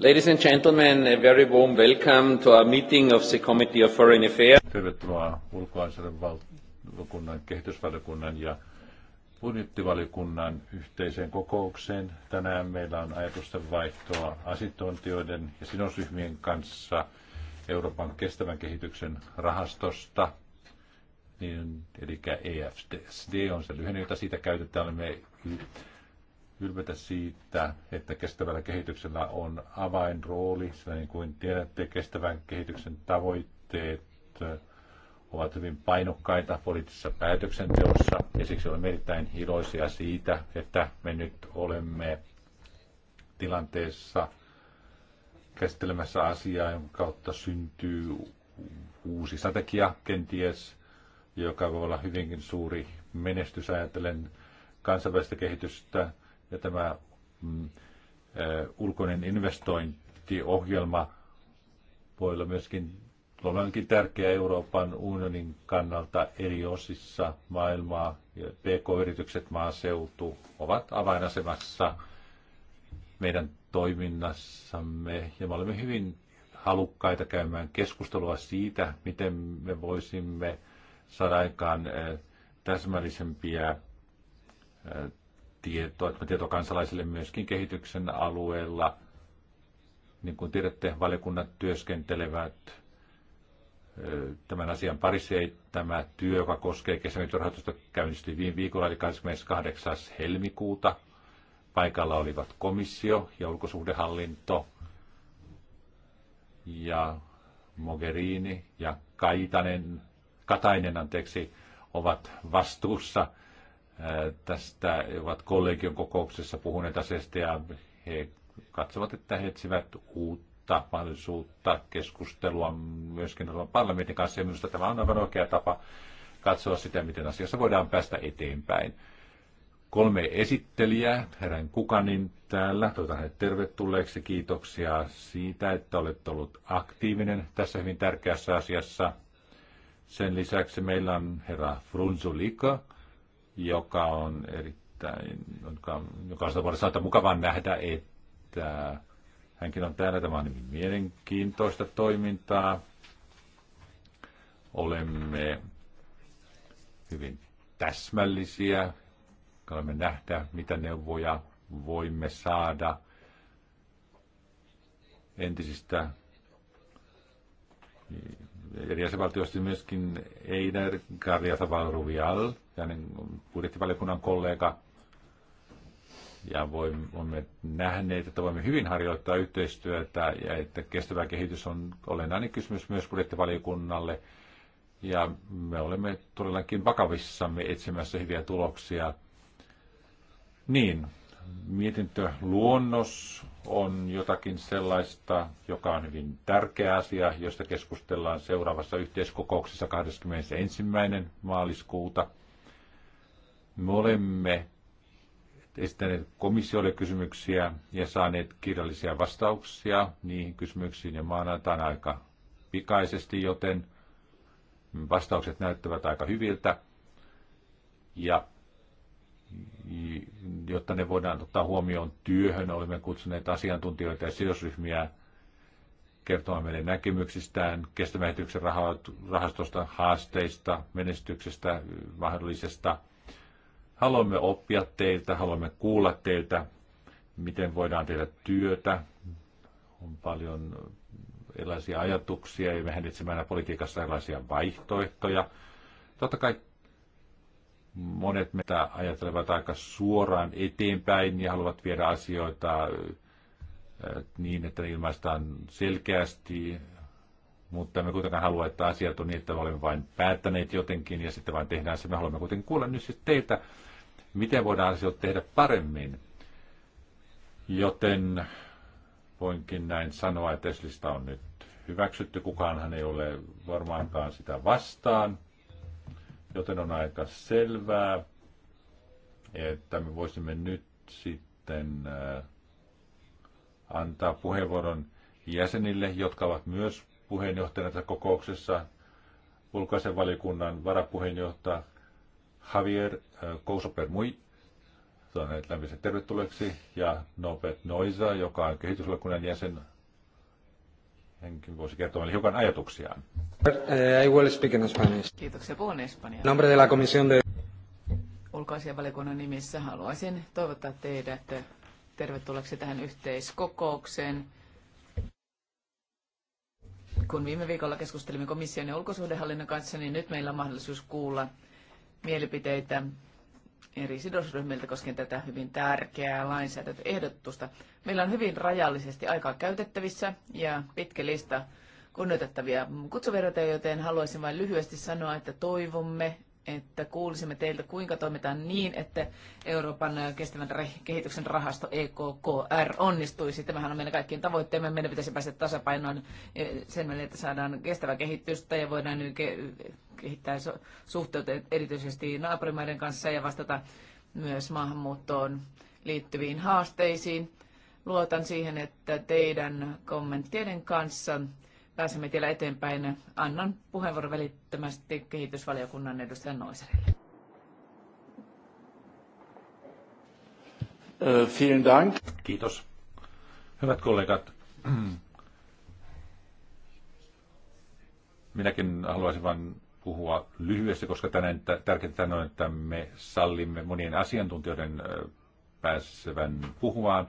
Ladies and gentlemen, a very warm welcome to our meeting of the Committee of Foreign Affairs. Tervetuloa ulkoasiainvaliokunnan kehitysvaliokunnan ja budjettivaliokunnan yhteiseen kokoukseen. Tänään meillä on ajatusten vaihtoa asiantuntijoiden ja sidosryhmien kanssa Euroopan kestävän kehityksen rahastosta, niin, eli EFSD on se lyhenne, jota siitä käytetään. Me ylpeitä siitä, että kestävällä kehityksellä on avainrooli, sillä niin kuin tiedätte, kestävän kehityksen tavoitteet ovat hyvin painokkaita poliittisessa päätöksenteossa, ja siksi olemme erittäin iloisia siitä, että me nyt olemme tilanteessa käsittelemässä asiaa, jonka kautta syntyy uusi strategia kenties, joka voi olla hyvinkin suuri menestys ajatellen kansainvälistä kehitystä, ja tämä mm, ulkoinen investointiohjelma voi olla myöskin olenkin tärkeä Euroopan unionin kannalta eri osissa maailmaa. PK-yritykset maaseutu ovat avainasemassa meidän toiminnassamme ja me olemme hyvin halukkaita käymään keskustelua siitä, miten me voisimme saada aikaan täsmällisempiä tietoa, tietoa kansalaisille myöskin kehityksen alueella. Niin kuin tiedätte, valiokunnat työskentelevät tämän asian parissa. Ei tämä työ, joka koskee kesämyyntirahoitusta, käynnistyi viime viikolla, eli 28. helmikuuta. Paikalla olivat komissio ja ulkosuhdehallinto ja Mogherini ja Kaitanen, Katainen anteeksi, ovat vastuussa – tästä, ovat kollegion kokouksessa puhuneet asiasta ja he katsovat, että he etsivät uutta mahdollisuutta keskustelua myöskin parlamentin kanssa. Ja minusta tämä on aivan oikea tapa katsoa sitä, miten asiassa voidaan päästä eteenpäin. Kolme esittelijää, herran Kukanin täällä, toivotan hänet tervetulleeksi. Kiitoksia siitä, että olet ollut aktiivinen tässä hyvin tärkeässä asiassa. Sen lisäksi meillä on herra Frunzulika, joka on erittäin, joka, joka on voida että mukavan nähdä, että hänkin on täällä. Tämä on hyvin mielenkiintoista toimintaa. Olemme hyvin täsmällisiä. Olemme nähdä, mitä neuvoja voimme saada entisistä eri jäsenvaltioista myöskin Eider Garria Ruvial, hänen niin budjettivaliokunnan kollega, ja voimme nähneet, että voimme hyvin harjoittaa yhteistyötä ja että kestävä kehitys on olennainen kysymys myös budjettivaliokunnalle. Ja me olemme todellakin vakavissamme etsimässä hyviä tuloksia. Niin, mietintöluonnos on jotakin sellaista, joka on hyvin tärkeä asia, josta keskustellaan seuraavassa yhteiskokouksessa 21. maaliskuuta. Me olemme esittäneet komissiolle kysymyksiä ja saaneet kirjallisia vastauksia niihin kysymyksiin ja maanantaina aika pikaisesti, joten vastaukset näyttävät aika hyviltä. Ja jotta ne voidaan ottaa huomioon työhön. Olemme kutsuneet asiantuntijoita ja sidosryhmiä kertomaan meille näkemyksistään, kestävän rahastosta, haasteista, menestyksestä, mahdollisesta. Haluamme oppia teiltä, haluamme kuulla teiltä, miten voidaan tehdä työtä. On paljon erilaisia ajatuksia ja mehän etsimme aina politiikassa erilaisia vaihtoehtoja. Totta kai Monet meitä ajattelevat aika suoraan eteenpäin ja haluavat viedä asioita äh, niin, että ne ilmaistaan selkeästi, mutta me kuitenkaan halua, että asiat on niin, että me olemme vain päättäneet jotenkin ja sitten vain tehdään se. Me haluamme kuitenkin kuulla nyt siis teiltä, miten voidaan asioita tehdä paremmin. Joten voinkin näin sanoa, että Teslista on nyt hyväksytty. Kukaanhan ei ole varmaankaan sitä vastaan joten on aika selvää, että me voisimme nyt sitten äh, antaa puheenvuoron jäsenille, jotka ovat myös puheenjohtajana tässä kokouksessa. Ulkoasevaliokunnan varapuheenjohtaja Javier Kousoper-Mui, äh, hänet lämpimisen tervetulleeksi, ja Nobet Noisa, joka on kehitysvaliokunnan jäsen, Henkin voisi kertoa meille hiukan ajatuksiaan. Eh, I will speak in Spanish. Kiitoksia, puhun Espanjaa. Nombre de la comisión de... Ulkoasianvalikunnan nimissä haluaisin toivottaa teidät tervetulleeksi tähän yhteiskokoukseen. Kun viime viikolla keskustelimme komission ja ulkosuhdehallinnon kanssa, niin nyt meillä on mahdollisuus kuulla mielipiteitä eri sidosryhmiltä koskien tätä hyvin tärkeää lainsäädäntöehdotusta. Meillä on hyvin rajallisesti aikaa käytettävissä ja pitkä lista kunnioitettavia kutsuvirtoja, joten haluaisin vain lyhyesti sanoa, että toivomme, että kuulisimme teiltä, kuinka toimitaan niin, että Euroopan kestävän kehityksen rahasto EKKR onnistuisi. Tämähän on meidän kaikkien tavoitteemme. Meidän pitäisi päästä tasapainoon eh, sen välillä, että saadaan kestävää kehitystä ja voidaan kehittää suhteita erityisesti naapurimaiden kanssa ja vastata myös maahanmuuttoon liittyviin haasteisiin. Luotan siihen, että teidän kommenttien kanssa pääsemme vielä eteenpäin. Annan puheenvuoron välittömästi kehitysvaliokunnan edustaja Noiserille. Vielen Dank. Kiitos. Hyvät kollegat, minäkin haluaisin vain puhua lyhyesti, koska tänään tärkeintä on, että me sallimme monien asiantuntijoiden pääsevän puhumaan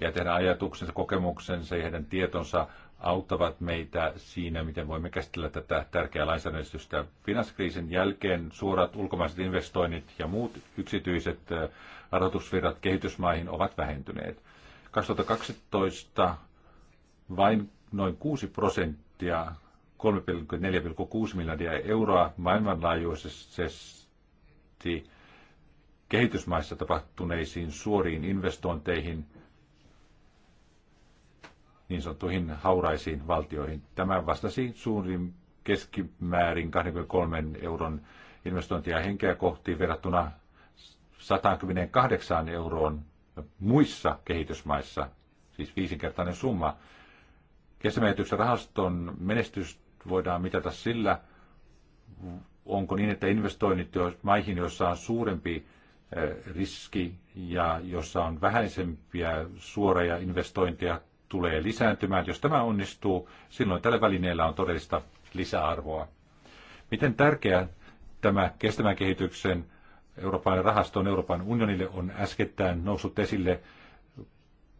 ja tehdä ajatuksensa, kokemuksensa ja heidän tietonsa auttavat meitä siinä, miten voimme käsitellä tätä tärkeää lainsäädännöstä. Finanssikriisin jälkeen suorat ulkomaiset investoinnit ja muut yksityiset rahoitusvirrat kehitysmaihin ovat vähentyneet. 2012 vain noin 6 prosenttia, 3,4,6 miljardia euroa maailmanlaajuisesti kehitysmaissa tapahtuneisiin suoriin investointeihin – niin sanottuihin hauraisiin valtioihin. Tämä vastasi suurin keskimäärin 23 euron investointia henkeä kohti verrattuna 128 euroon muissa kehitysmaissa, siis viisinkertainen summa. Kestävän rahaston menestys voidaan mitata sillä, onko niin, että investoinnit maihin, joissa on suurempi eh, riski ja jossa on vähäisempiä suoria investointeja, tulee lisääntymään. Jos tämä onnistuu, silloin tällä välineellä on todellista lisäarvoa. Miten tärkeä tämä kestävän kehityksen Euroopan rahaston Euroopan unionille on äskettäin noussut esille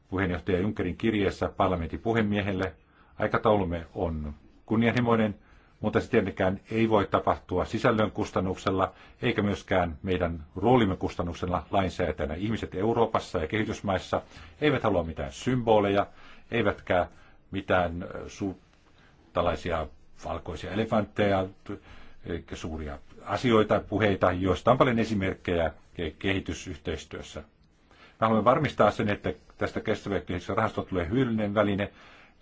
puheenjohtaja Junckerin kirjeessä parlamentin puhemiehelle. Aikataulumme on kunnianhimoinen, mutta se tietenkään ei voi tapahtua sisällön kustannuksella eikä myöskään meidän roolimme kustannuksella lainsäätäjänä. Ihmiset Euroopassa ja kehitysmaissa eivät halua mitään symboleja, eivätkä mitään su- tällaisia valkoisia elefantteja, eikä suuria asioita, puheita, joista on paljon esimerkkejä kehitysyhteistyössä. Me haluamme varmistaa sen, että tästä kestävän kehityksen rahastosta tulee hyödyllinen väline,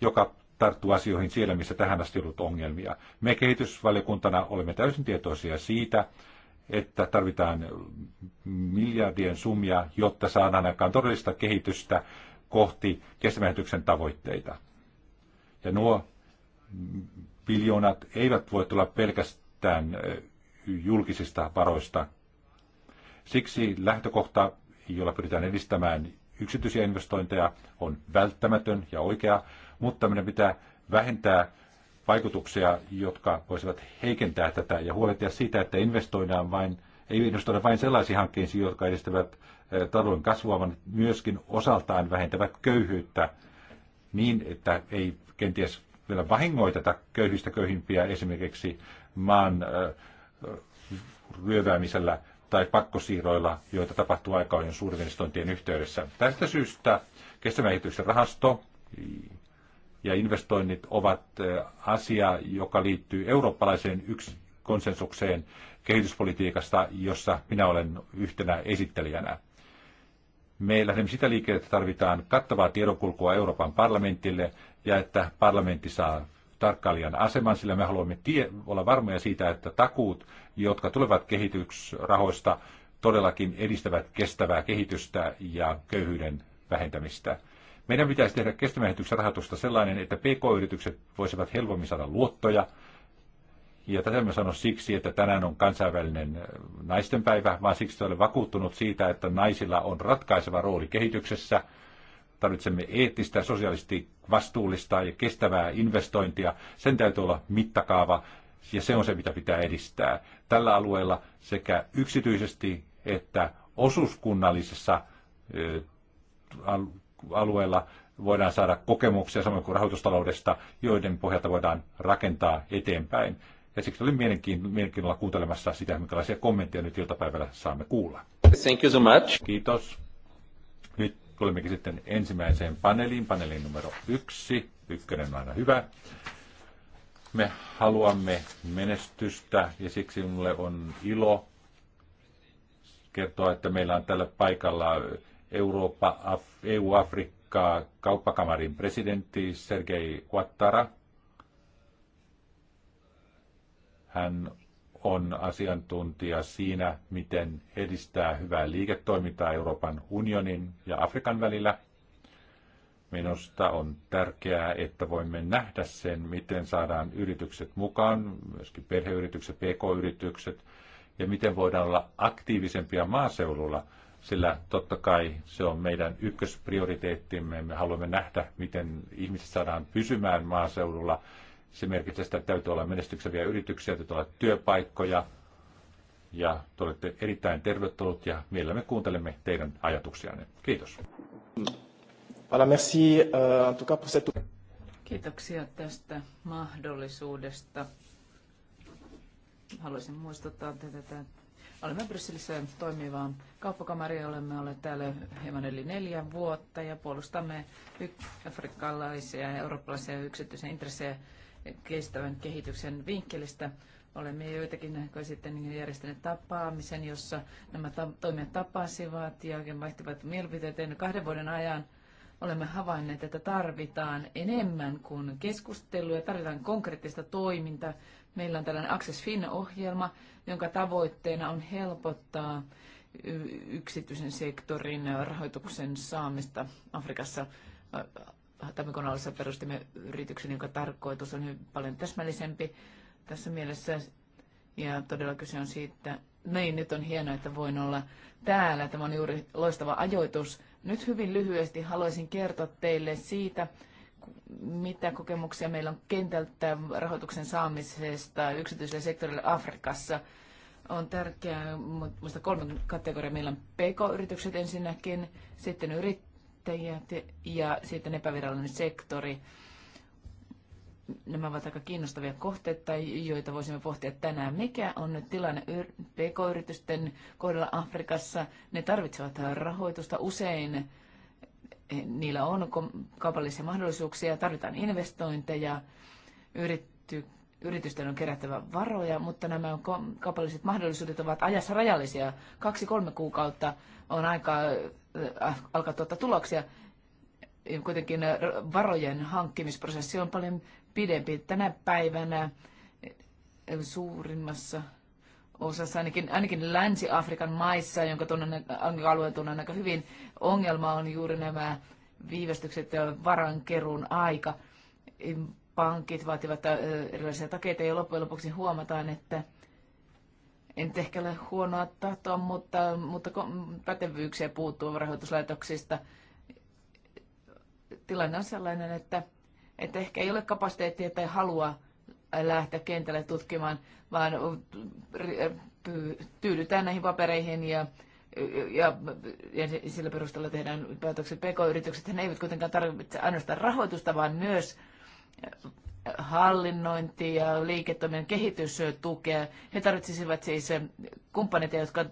joka tarttuu asioihin siellä, missä tähän asti on ollut ongelmia. Me kehitysvaliokuntana olemme täysin tietoisia siitä, että tarvitaan miljardien summia, jotta saadaan aikaan todellista kehitystä kohti kestävän tavoitteita. Ja nuo biljoonat eivät voi tulla pelkästään julkisista varoista. Siksi lähtökohta, jolla pyritään edistämään yksityisiä investointeja, on välttämätön ja oikea, mutta meidän pitää vähentää vaikutuksia, jotka voisivat heikentää tätä ja huolehtia siitä, että investoidaan vain ei investoida vain sellaisiin hankkeisiin, jotka edistävät talouden kasvua, vaan myöskin osaltaan vähentävät köyhyyttä niin, että ei kenties vielä vahingoiteta köyhistä köyhimpiä esimerkiksi maan ryöväämisellä tai pakkosiirroilla, joita tapahtuu aikaan suurinvestointien yhteydessä. Tästä syystä kestävän kehityksen rahasto ja investoinnit ovat asia, joka liittyy eurooppalaiseen yksi konsensukseen kehityspolitiikasta, jossa minä olen yhtenä esittelijänä. Me lähdemme sitä liikkeelle, että tarvitaan kattavaa tiedonkulkua Euroopan parlamentille ja että parlamentti saa tarkkailijan aseman, sillä me haluamme tie- olla varmoja siitä, että takuut, jotka tulevat kehitysrahoista, todellakin edistävät kestävää kehitystä ja köyhyyden vähentämistä. Meidän pitäisi tehdä kestävän rahoitusta sellainen, että PK-yritykset voisivat helpommin saada luottoja – ja tätä mä sanon siksi, että tänään on kansainvälinen äh, naistenpäivä, vaan siksi, että olen vakuuttunut siitä, että naisilla on ratkaiseva rooli kehityksessä. Tarvitsemme eettistä, sosiaalisesti vastuullista ja kestävää investointia. Sen täytyy olla mittakaava, ja se on se, mitä pitää edistää. Tällä alueella sekä yksityisesti että osuuskunnallisessa äh, alueella voidaan saada kokemuksia samoin kuin rahoitustaloudesta, joiden pohjalta voidaan rakentaa eteenpäin ja siksi olin mielenkiinnolla kuuntelemassa sitä, minkälaisia kommentteja nyt iltapäivällä saamme kuulla. Thank you so much. Kiitos. Nyt tulemmekin sitten ensimmäiseen paneeliin, paneeliin numero yksi. Ykkönen on aina hyvä. Me haluamme menestystä ja siksi minulle on ilo kertoa, että meillä on tällä paikalla Eurooppa, EU-Afrikkaa kauppakamarin presidentti Sergei Ouattara – Hän on asiantuntija siinä, miten edistää hyvää liiketoimintaa Euroopan unionin ja Afrikan välillä. Minusta on tärkeää, että voimme nähdä sen, miten saadaan yritykset mukaan, myöskin perheyritykset, pk-yritykset, ja miten voidaan olla aktiivisempia maaseudulla, sillä totta kai se on meidän ykkösprioriteettimme. Me haluamme nähdä, miten ihmiset saadaan pysymään maaseudulla se merkitsee sitä, että täytyy olla menestykseviä yrityksiä, täytyy olla työpaikkoja. Ja te olette erittäin tervetullut ja mielellämme kuuntelemme teidän ajatuksianne. Kiitos. Voilà, merci, euh, en pour cette... Kiitoksia tästä mahdollisuudesta. Haluaisin muistuttaa teitä, että olemme Brysselissä toimivaan kauppakamariin. Olemme olleet täällä hieman yli neljä vuotta ja puolustamme afrikkalaisia ja eurooppalaisia yksityisiä intressejä kestävän kehityksen vinkkelistä. Olemme joitakin aikaa sitten järjestäneet tapaamisen, jossa nämä ta- toimijat tapasivat ja vaihtivat mielipiteitä kahden vuoden ajan olemme havainneet, että tarvitaan enemmän kuin keskustelua, tarvitaan konkreettista toimintaa. Meillä on tällainen Access Fin-ohjelma, jonka tavoitteena on helpottaa yksityisen sektorin rahoituksen saamista Afrikassa tammikuun alussa perustimme yrityksen, jonka tarkoitus on hyvin paljon täsmällisempi tässä mielessä. Ja todella kyse on siitä, niin nyt on hienoa, että voin olla täällä. Tämä on juuri loistava ajoitus. Nyt hyvin lyhyesti haluaisin kertoa teille siitä, mitä kokemuksia meillä on kentältä rahoituksen saamisesta yksityiselle sektorille Afrikassa. On tärkeää, muista kolme kategoriaa. Meillä on PK-yritykset ensinnäkin, sitten yrit yrittäjät ja sitten epävirallinen sektori. Nämä ovat aika kiinnostavia kohteita, joita voisimme pohtia tänään. Mikä on nyt tilanne pk-yritysten kohdalla Afrikassa? Ne tarvitsevat rahoitusta usein. Eh, niillä on kaupallisia mahdollisuuksia, tarvitaan investointeja, yrittäjät yritysten on kerättävä varoja, mutta nämä kaupalliset mahdollisuudet ovat ajassa rajallisia. Kaksi-kolme kuukautta on aika äh, äh, alkaa tuottaa tuloksia. Kuitenkin äh, varojen hankkimisprosessi on paljon pidempi. Tänä päivänä suurimmassa osassa, ainakin, ainakin Länsi-Afrikan maissa, jonka tunnen, alueen tunnen aika hyvin, ongelma on juuri nämä viivästykset ja varankeruun aika pankit vaativat äh, erilaisia takeita ja loppujen lopuksi huomataan, että en ehkä ole huonoa tahtoa, mutta, mutta pätevyyksiä puuttuu rahoituslaitoksista. Tilanne on sellainen, että, että ehkä ei ole kapasiteettia tai halua lähteä kentälle tutkimaan, vaan äh, tyydytään näihin papereihin ja, ja, ja sillä perusteella tehdään päätökset. PK-yritykset ne eivät kuitenkaan tarvitse ainoastaan rahoitusta, vaan myös hallinnointi ja liiketoiminnan kehitystukea. He tarvitsisivat siis eh, kumppaneita, jotka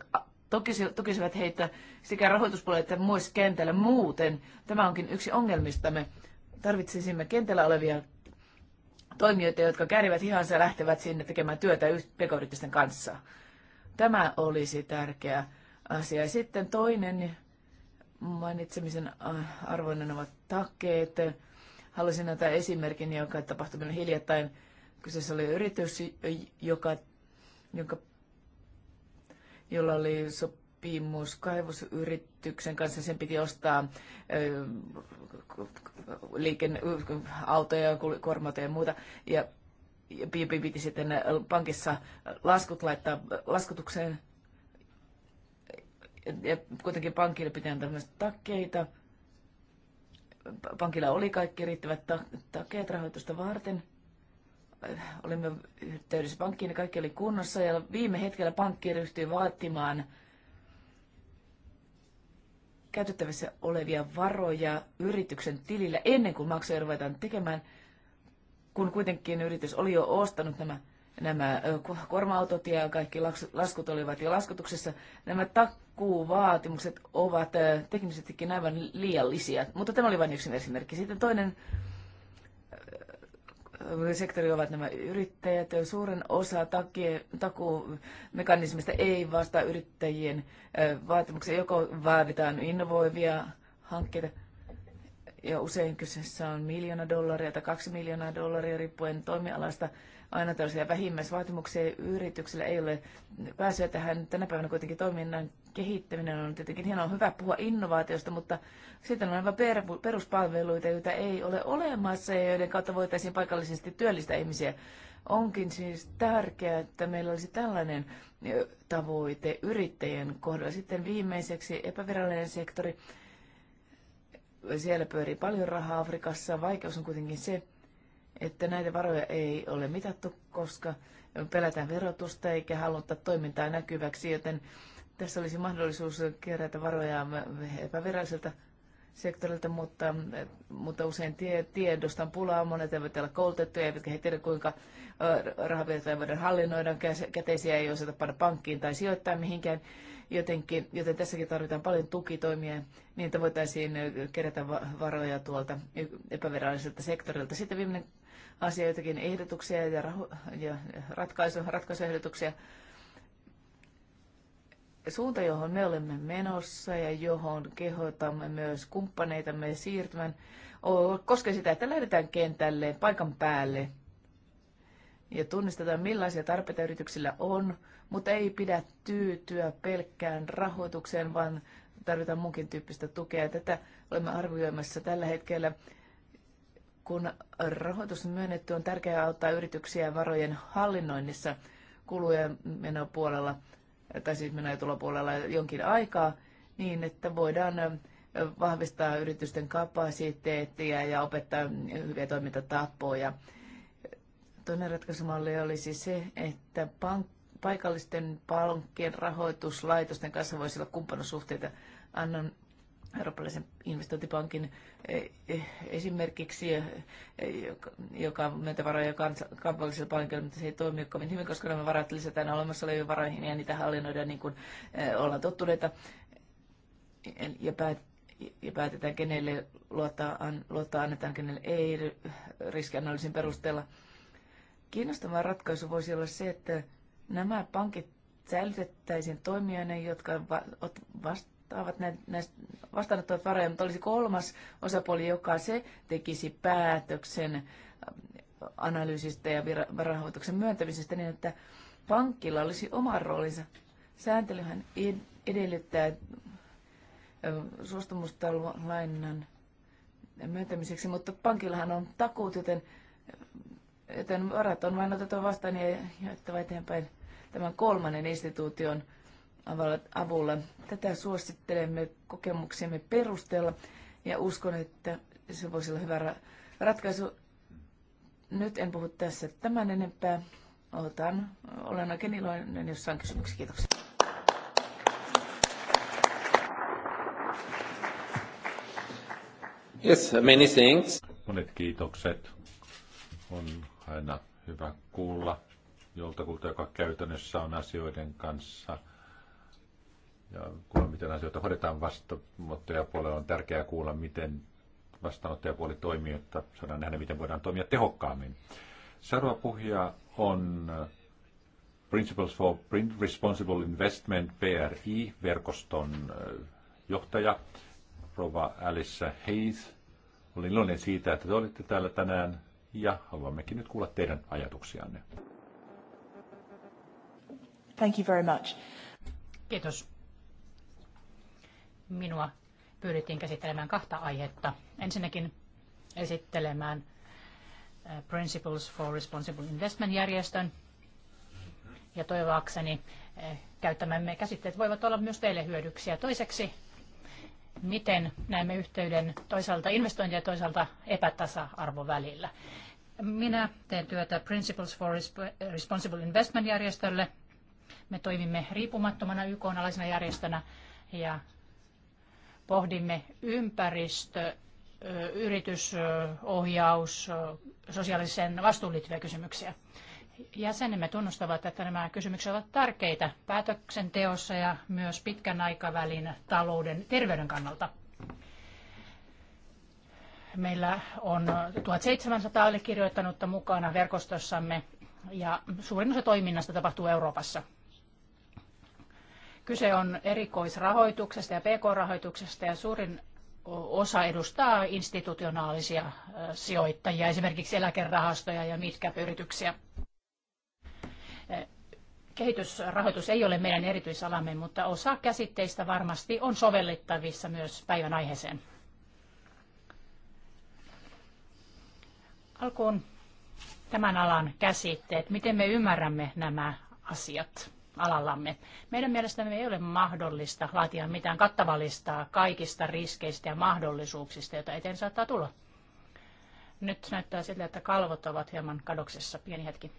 tukisivat heitä sekä rahoituspuolella että muissa kentällä muuten. Tämä onkin yksi ongelmistamme. Tarvitsisimme kentällä olevia toimijoita, jotka käärivät hihansa ja lähtevät sinne tekemään työtä pekoyritysten kanssa. Tämä olisi tärkeä asia. sitten toinen mainitsemisen arvoinen ovat takeet Haluaisin antaa esimerkin, joka tapahtui minun hiljattain. Kyseessä oli yritys, joka, joka, jolla oli sopimus kaivosyrityksen kanssa. Sen piti ostaa liiken, autoja, ja muuta. Ja ja piti sitten pankissa laskut laittaa laskutukseen. Ja kuitenkin pankille pitää antaa myös takkeita pankilla oli kaikki riittävät takeet rahoitusta varten. Olimme yhteydessä pankkiin ja niin kaikki oli kunnossa ja viime hetkellä pankki ryhtyi vaatimaan käytettävissä olevia varoja yrityksen tilillä ennen kuin maksuja ruvetaan tekemään, kun kuitenkin yritys oli jo ostanut nämä nämä kuorma-autot ja kaikki laskut olivat jo laskutuksessa. Nämä takkuvaatimukset ovat teknisestikin aivan liiallisia, mutta tämä oli vain yksi esimerkki. Sitten toinen sektori ovat nämä yrittäjät. Suuren osa takia, takuumekanismista ei vastaa yrittäjien vaatimuksia. Joko vaaditaan innovoivia hankkeita, ja usein kyseessä on miljoona dollaria tai kaksi miljoonaa dollaria riippuen toimialasta – aina tällaisia vähimmäisvaatimuksia. Yrityksillä ei ole pääsyä tähän. Tänä päivänä kuitenkin toiminnan kehittäminen on tietenkin hienoa hyvä puhua innovaatiosta, mutta sitten on aivan peruspalveluita, joita ei ole olemassa ja joiden kautta voitaisiin paikallisesti työllistää ihmisiä. Onkin siis tärkeää, että meillä olisi tällainen tavoite yrittäjien kohdalla. Sitten viimeiseksi epävirallinen sektori. Siellä pyörii paljon rahaa Afrikassa. Vaikeus on kuitenkin se, että näitä varoja ei ole mitattu, koska pelätään verotusta eikä haluta toimintaa näkyväksi, joten tässä olisi mahdollisuus kerätä varoja epäviralliselta sektorilta, mutta, mutta usein tie, tiedostan pulaa. Monet eivät ole koulutettuja, eivätkä he tiedä, kuinka rahavirtoja voidaan hallinnoida, käteisiä ei osata panna pankkiin tai sijoittaa mihinkään. Jotenkin, joten tässäkin tarvitaan paljon tukitoimia, niin että voitaisiin kerätä varoja tuolta epäviralliselta sektorilta. Sitten viimeinen asioitakin, ehdotuksia ja, rahu, ja ratkaisu, ratkaisuehdotuksia. Suunta, johon me olemme menossa ja johon kehotamme myös kumppaneitamme siirtymään, koskee sitä, että lähdetään kentälle, paikan päälle ja tunnistetaan, millaisia tarpeita yrityksillä on, mutta ei pidä tyytyä pelkkään rahoitukseen, vaan tarvitaan munkin tyyppistä tukea. Tätä olemme arvioimassa tällä hetkellä kun rahoitus on myönnetty, on tärkeää auttaa yrityksiä varojen hallinnoinnissa kulujen menopuolella, tai siis meno- ja tulopuolella jonkin aikaa, niin että voidaan vahvistaa yritysten kapasiteettia ja opettaa hyviä toimintatapoja. Toinen ratkaisumalli olisi se, että pank- paikallisten pankkien rahoituslaitosten kanssa voisi olla kumppanuussuhteita. Annan eurooppalaisen investointipankin e, e, esimerkiksi, e, joka meitä varoja kansallisilla pankilla, mutta se ei toimi kovin hyvin, koska nämä varat lisätään olemassa oleviin varoihin ja niitä hallinnoidaan niin kuin ollaan tottuneita ja, päät, ja päätetään, kenelle luottaa, an, luottaa annetaan, kenelle ei riskianalyysin perusteella. Kiinnostava ratkaisu voisi olla se, että nämä pankit säilytettäisiin toimijoiden, jotka va, ot, ottavat näistä vastaanottavat varoja, mutta olisi kolmas osapuoli, joka se tekisi päätöksen äh, analyysistä ja rahoituksen myöntämisestä niin, että pankkilla olisi oma roolinsa. Sääntelyhän edellyttää äh, suostumusta lainan myöntämiseksi, mutta pankillahan on takuut, joten, joten varat on vain otettava vastaan ja jaettava eteenpäin tämän kolmannen instituution – avulla. Tätä suosittelemme kokemuksemme perusteella ja uskon, että se voisi olla hyvä ratkaisu. Nyt en puhu tässä tämän enempää. Otan, olen oikein iloinen, jos saan kysymyksiä. Kiitoksia. Yes, many things. Monet kiitokset. On aina hyvä kuulla joltakulta, joka käytännössä on asioiden kanssa – ja kuulla, miten asioita hoidetaan vastaanottajapuolella. On tärkeää kuulla, miten vastaanottajapuoli toimii, että saadaan nähdä, miten voidaan toimia tehokkaammin. Seuraava puhuja on Principles for Responsible Investment, PRI-verkoston eh, johtaja, Rova Alice Hayes. Olin iloinen siitä, että te olitte täällä tänään ja haluammekin nyt kuulla teidän ajatuksianne. Thank you very much. Kiitos minua pyydettiin käsittelemään kahta aihetta. Ensinnäkin esittelemään äh, Principles for Responsible Investment järjestön ja toivoakseni äh, käyttämämme käsitteet voivat olla myös teille hyödyksiä toiseksi, miten näemme yhteyden toisaalta investointi ja toisaalta epätasa-arvo välillä. Minä teen työtä Principles for Responsible Investment järjestölle. Me toimimme riippumattomana YK-alaisena järjestönä ja pohdimme ympäristö, yritysohjaus, sosiaalisen vastuun liittyviä kysymyksiä. Jäsenemme tunnustavat, että nämä kysymykset ovat tärkeitä päätöksenteossa ja myös pitkän aikavälin talouden terveyden kannalta. Meillä on 1700 allekirjoittanutta mukana verkostossamme ja suurin osa toiminnasta tapahtuu Euroopassa. Kyse on erikoisrahoituksesta ja pk-rahoituksesta ja suurin osa edustaa institutionaalisia sijoittajia, esimerkiksi eläkerahastoja ja mitkä yrityksiä. Kehitysrahoitus ei ole meidän erityisalamme, mutta osa käsitteistä varmasti on sovellettavissa myös päivän aiheeseen. Alkuun tämän alan käsitteet, miten me ymmärrämme nämä asiat alallamme. Meidän mielestämme ei ole mahdollista laatia mitään kattavaa listaa kaikista riskeistä ja mahdollisuuksista, joita eteen saattaa tulla. Nyt näyttää siltä, että kalvot ovat hieman kadoksessa. Pieni hetki.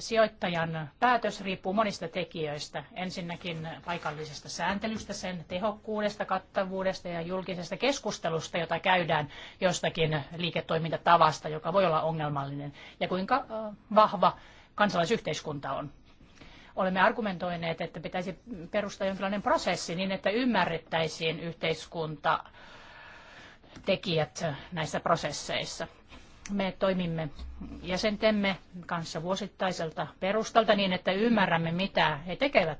sijoittajan päätös riippuu monista tekijöistä. Ensinnäkin paikallisesta sääntelystä, sen tehokkuudesta, kattavuudesta ja julkisesta keskustelusta, jota käydään jostakin liiketoimintatavasta, joka voi olla ongelmallinen, ja kuinka vahva kansalaisyhteiskunta on. Olemme argumentoineet, että pitäisi perustaa jonkinlainen prosessi niin, että ymmärrettäisiin yhteiskunta tekijät näissä prosesseissa. Me toimimme jäsentemme kanssa vuosittaiselta perustalta niin, että ymmärrämme, mitä he tekevät.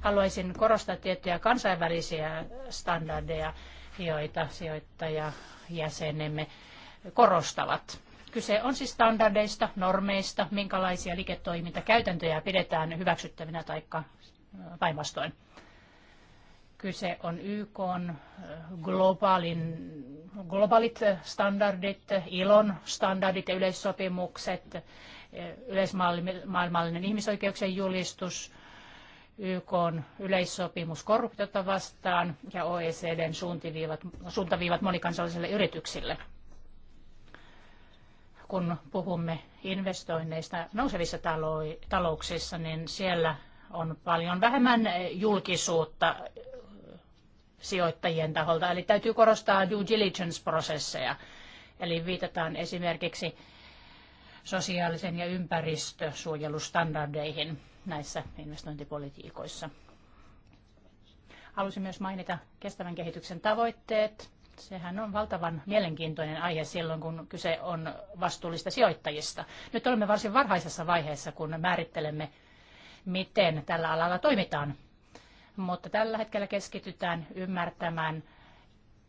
Haluaisin korostaa tiettyjä kansainvälisiä standardeja, joita sijoittajajäsenemme korostavat. Kyse on siis standardeista, normeista, minkälaisia liiketoimintakäytäntöjä pidetään hyväksyttävinä tai päinvastoin. Kyse on YK on globaalin, globaalit standardit, ilon standardit ja yleissopimukset, yleismaailmallinen ihmisoikeuksien julistus, YK on yleissopimus korruptiota vastaan ja OECDn suuntaviivat, suuntaviivat monikansallisille yrityksille. Kun puhumme investoinneista nousevissa talouksissa, niin siellä on paljon vähemmän julkisuutta sijoittajien taholta. Eli täytyy korostaa due diligence-prosesseja. Eli viitataan esimerkiksi sosiaalisen ja ympäristösuojelustandardeihin näissä investointipolitiikoissa. Halusin myös mainita kestävän kehityksen tavoitteet. Sehän on valtavan mielenkiintoinen aihe silloin, kun kyse on vastuullista sijoittajista. Nyt olemme varsin varhaisessa vaiheessa, kun määrittelemme, miten tällä alalla toimitaan mutta tällä hetkellä keskitytään ymmärtämään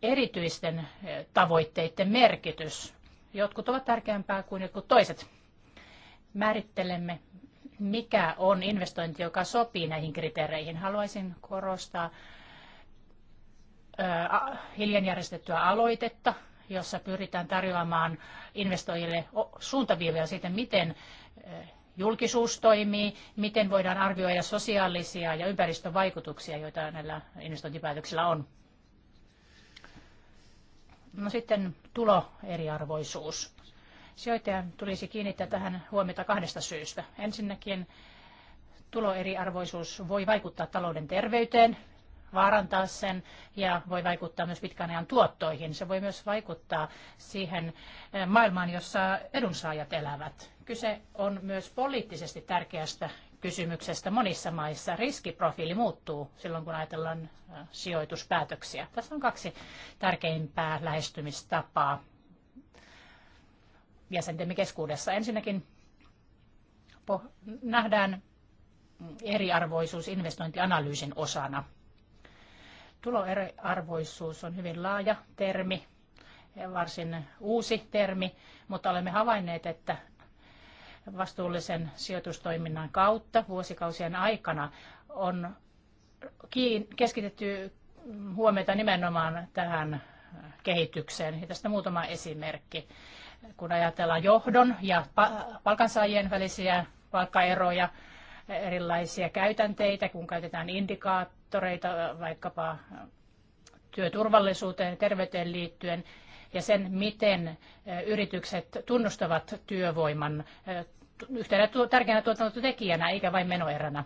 erityisten eh, tavoitteiden merkitys. Jotkut ovat tärkeämpää kuin jotkut toiset. Määrittelemme, mikä on investointi, joka sopii näihin kriteereihin. Haluaisin korostaa eh, hiljan järjestettyä aloitetta, jossa pyritään tarjoamaan investoijille suuntaviivoja siitä, miten eh, julkisuus toimii, miten voidaan arvioida sosiaalisia ja ympäristövaikutuksia, joita näillä investointipäätöksillä on. No sitten tuloeriarvoisuus. Sijoittajan tulisi kiinnittää tähän huomiota kahdesta syystä. Ensinnäkin tuloeriarvoisuus voi vaikuttaa talouden terveyteen vaarantaa sen ja voi vaikuttaa myös pitkän ajan tuottoihin. Se voi myös vaikuttaa siihen eh, maailmaan, jossa edunsaajat elävät. Kyse on myös poliittisesti tärkeästä kysymyksestä monissa maissa. Riskiprofiili muuttuu silloin, kun ajatellaan eh, sijoituspäätöksiä. Tässä on kaksi tärkeimpää lähestymistapaa jäsentemme keskuudessa. Ensinnäkin nähdään eriarvoisuus investointianalyysin osana. Tuloeriarvoisuus on hyvin laaja termi, varsin uusi termi, mutta olemme havainneet, että vastuullisen sijoitustoiminnan kautta vuosikausien aikana on keskitetty huomiota nimenomaan tähän kehitykseen. Ja tästä muutama esimerkki. Kun ajatellaan johdon ja palkansaajien välisiä palkkaeroja, erilaisia käytänteitä, kun käytetään indikaattoreita vaikkapa työturvallisuuteen, terveyteen liittyen ja sen, miten eh, yritykset tunnustavat työvoiman eh, yhtenä tärkeänä tuotantotekijänä eikä vain menoeränä.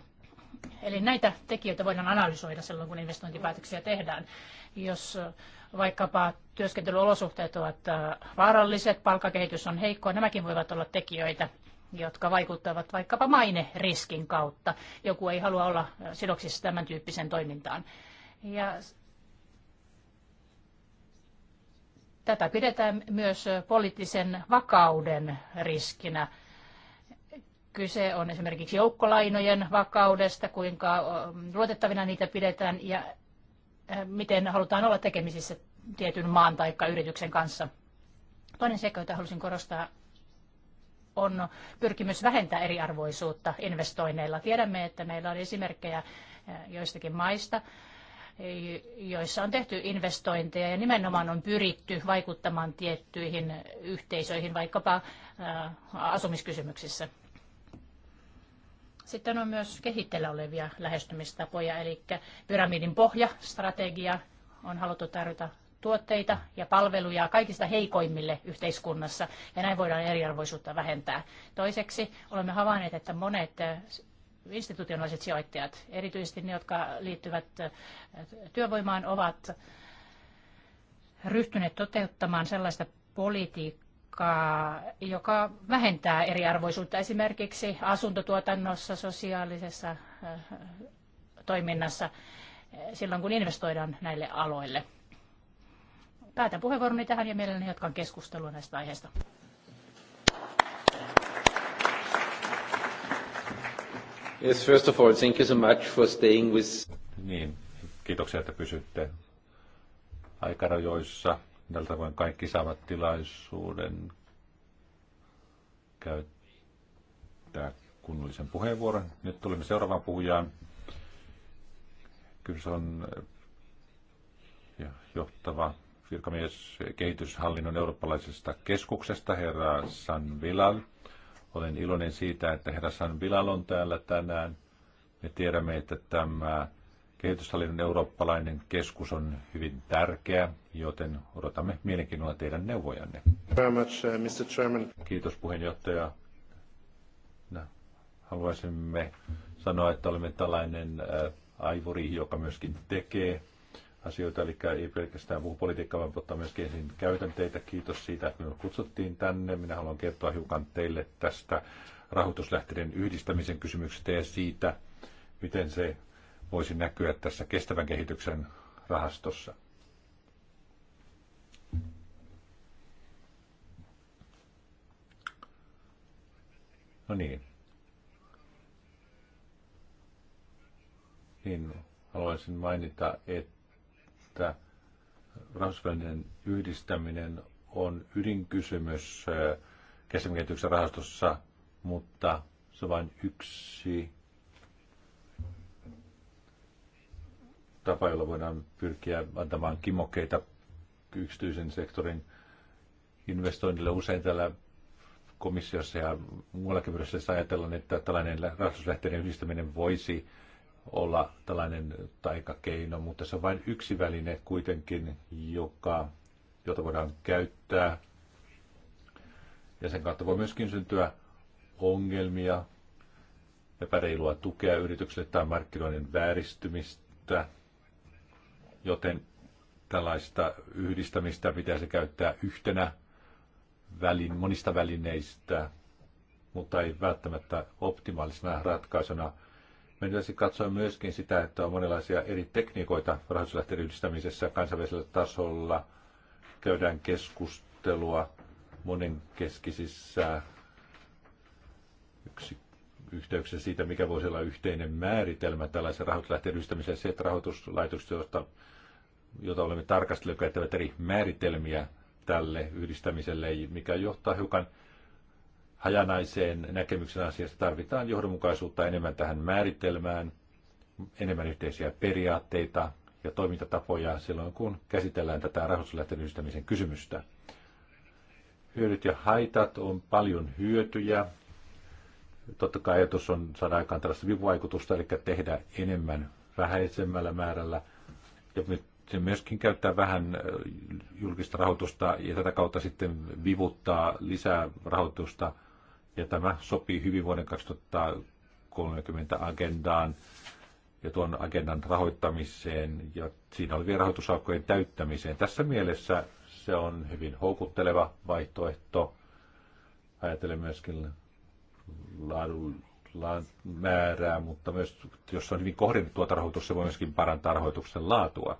Eli näitä tekijöitä voidaan analysoida silloin, kun investointipäätöksiä tehdään. Jos eh, vaikkapa työskentelyolosuhteet ovat vaaralliset, palkkakehitys on heikkoa, nämäkin voivat olla tekijöitä jotka vaikuttavat vaikkapa maineriskin kautta. Joku ei halua olla sidoksissa tämän tyyppiseen toimintaan. Ja tätä pidetään myös poliittisen vakauden riskinä. Kyse on esimerkiksi joukkolainojen vakaudesta, kuinka luotettavina niitä pidetään ja miten halutaan olla tekemisissä tietyn maan tai yrityksen kanssa. Toinen seikka, jota halusin korostaa, on pyrkimys vähentää eriarvoisuutta investoinneilla. Tiedämme, että meillä on esimerkkejä eh, joistakin maista, joissa on tehty investointeja ja nimenomaan on pyritty vaikuttamaan tiettyihin yhteisöihin, vaikkapa eh, asumiskysymyksissä. Sitten on myös kehitteillä olevia lähestymistapoja, eli pyramidin pohjastrategia on haluttu tarjota tuotteita ja palveluja kaikista heikoimmille yhteiskunnassa ja näin voidaan eriarvoisuutta vähentää. Toiseksi olemme havainneet, että monet eh, institutionaaliset sijoittajat, erityisesti ne, jotka liittyvät eh, työvoimaan, ovat ryhtyneet toteuttamaan sellaista politiikkaa, joka vähentää eriarvoisuutta esimerkiksi asuntotuotannossa, sosiaalisessa eh, toiminnassa silloin, kun investoidaan näille aloille päätän puheenvuoroni tähän ja mielelläni jatkan keskustelua näistä aiheista. Yes, first of all, thank you so much for staying with... Niin, kiitoksia, että pysytte aikarajoissa. Tältä voin kaikki saavat tilaisuuden käyttää kunnollisen puheenvuoron. Nyt tulemme seuraavaan puhujaan. Kyllä se on eh, johtava virkamies kehityshallinnon eurooppalaisesta keskuksesta, herra San Vilal. Olen iloinen siitä, että herra San Vilal on täällä tänään. Me tiedämme, että tämä kehityshallinnon eurooppalainen keskus on hyvin tärkeä, joten odotamme mielenkiinnolla teidän neuvojanne. Very much, uh, Mr. Chairman. Kiitos puheenjohtaja. No, haluaisimme sanoa, että olemme tällainen äh, aivori, joka myöskin tekee asioita, eli ei pelkästään muu politiikka, vaan ottaa myöskin esiin käytänteitä. Kiitos siitä, että minut kutsuttiin tänne. Minä haluan kertoa hiukan teille tästä rahoituslähteiden yhdistämisen kysymyksestä ja siitä, miten se voisi näkyä tässä kestävän kehityksen rahastossa. No niin. Niin, haluaisin mainita, että että rahoitusvälineen yhdistäminen on ydinkysymys äh, kestävän kehityksen rahastossa, mutta se on vain yksi tapa, jolla voidaan pyrkiä antamaan kimokkeita yksityisen sektorin investoinnille. Usein täällä komissiossa ja muuallakin myös ajatellaan, että tällainen rahoituslähteiden yhdistäminen voisi olla tällainen taikakeino, mutta se on vain yksi väline kuitenkin, joka, jota voidaan käyttää. Ja sen kautta voi myöskin syntyä ongelmia, epäreilua tukea yritykselle tai markkinoiden vääristymistä, joten tällaista yhdistämistä pitäisi käyttää yhtenä välin, monista välineistä, mutta ei välttämättä optimaalisena ratkaisuna – meidän pitäisi katsoa myöskin sitä, että on monenlaisia eri tekniikoita rahoituslähteiden yhdistämisessä kansainvälisellä tasolla. Käydään keskustelua monenkeskisissä yksi yhteyksissä siitä, mikä voisi olla yhteinen määritelmä tällaisen rahoituslähteiden yhdistämiseen. Se, että rahoituslaitokset, joita, joita olemme tarkastelleet, käyttävät eri määritelmiä tälle yhdistämiselle, mikä johtaa hiukan hajanaiseen näkemyksen asiasta tarvitaan johdonmukaisuutta enemmän tähän määritelmään, enemmän yhteisiä periaatteita ja toimintatapoja silloin, kun käsitellään tätä rahoituslähteen yhdistämisen kysymystä. Hyödyt ja haitat on paljon hyötyjä. Totta kai ajatus on saada aikaan tällaista vivuvaikutusta, eli tehdä enemmän vähäisemmällä määrällä. Ja nyt se myöskin käyttää vähän julkista rahoitusta ja tätä kautta sitten vivuttaa lisää rahoitusta – ja tämä sopii hyvin vuoden 2030 agendaan ja tuon agendan rahoittamiseen ja siinä olevien rahoitusaukkojen täyttämiseen. Tässä mielessä se on hyvin houkutteleva vaihtoehto. Ajattelen myöskin laadun määrää, mutta myös jos on hyvin kohdennettua tuota rahoitus, se voi myöskin parantaa rahoituksen laatua.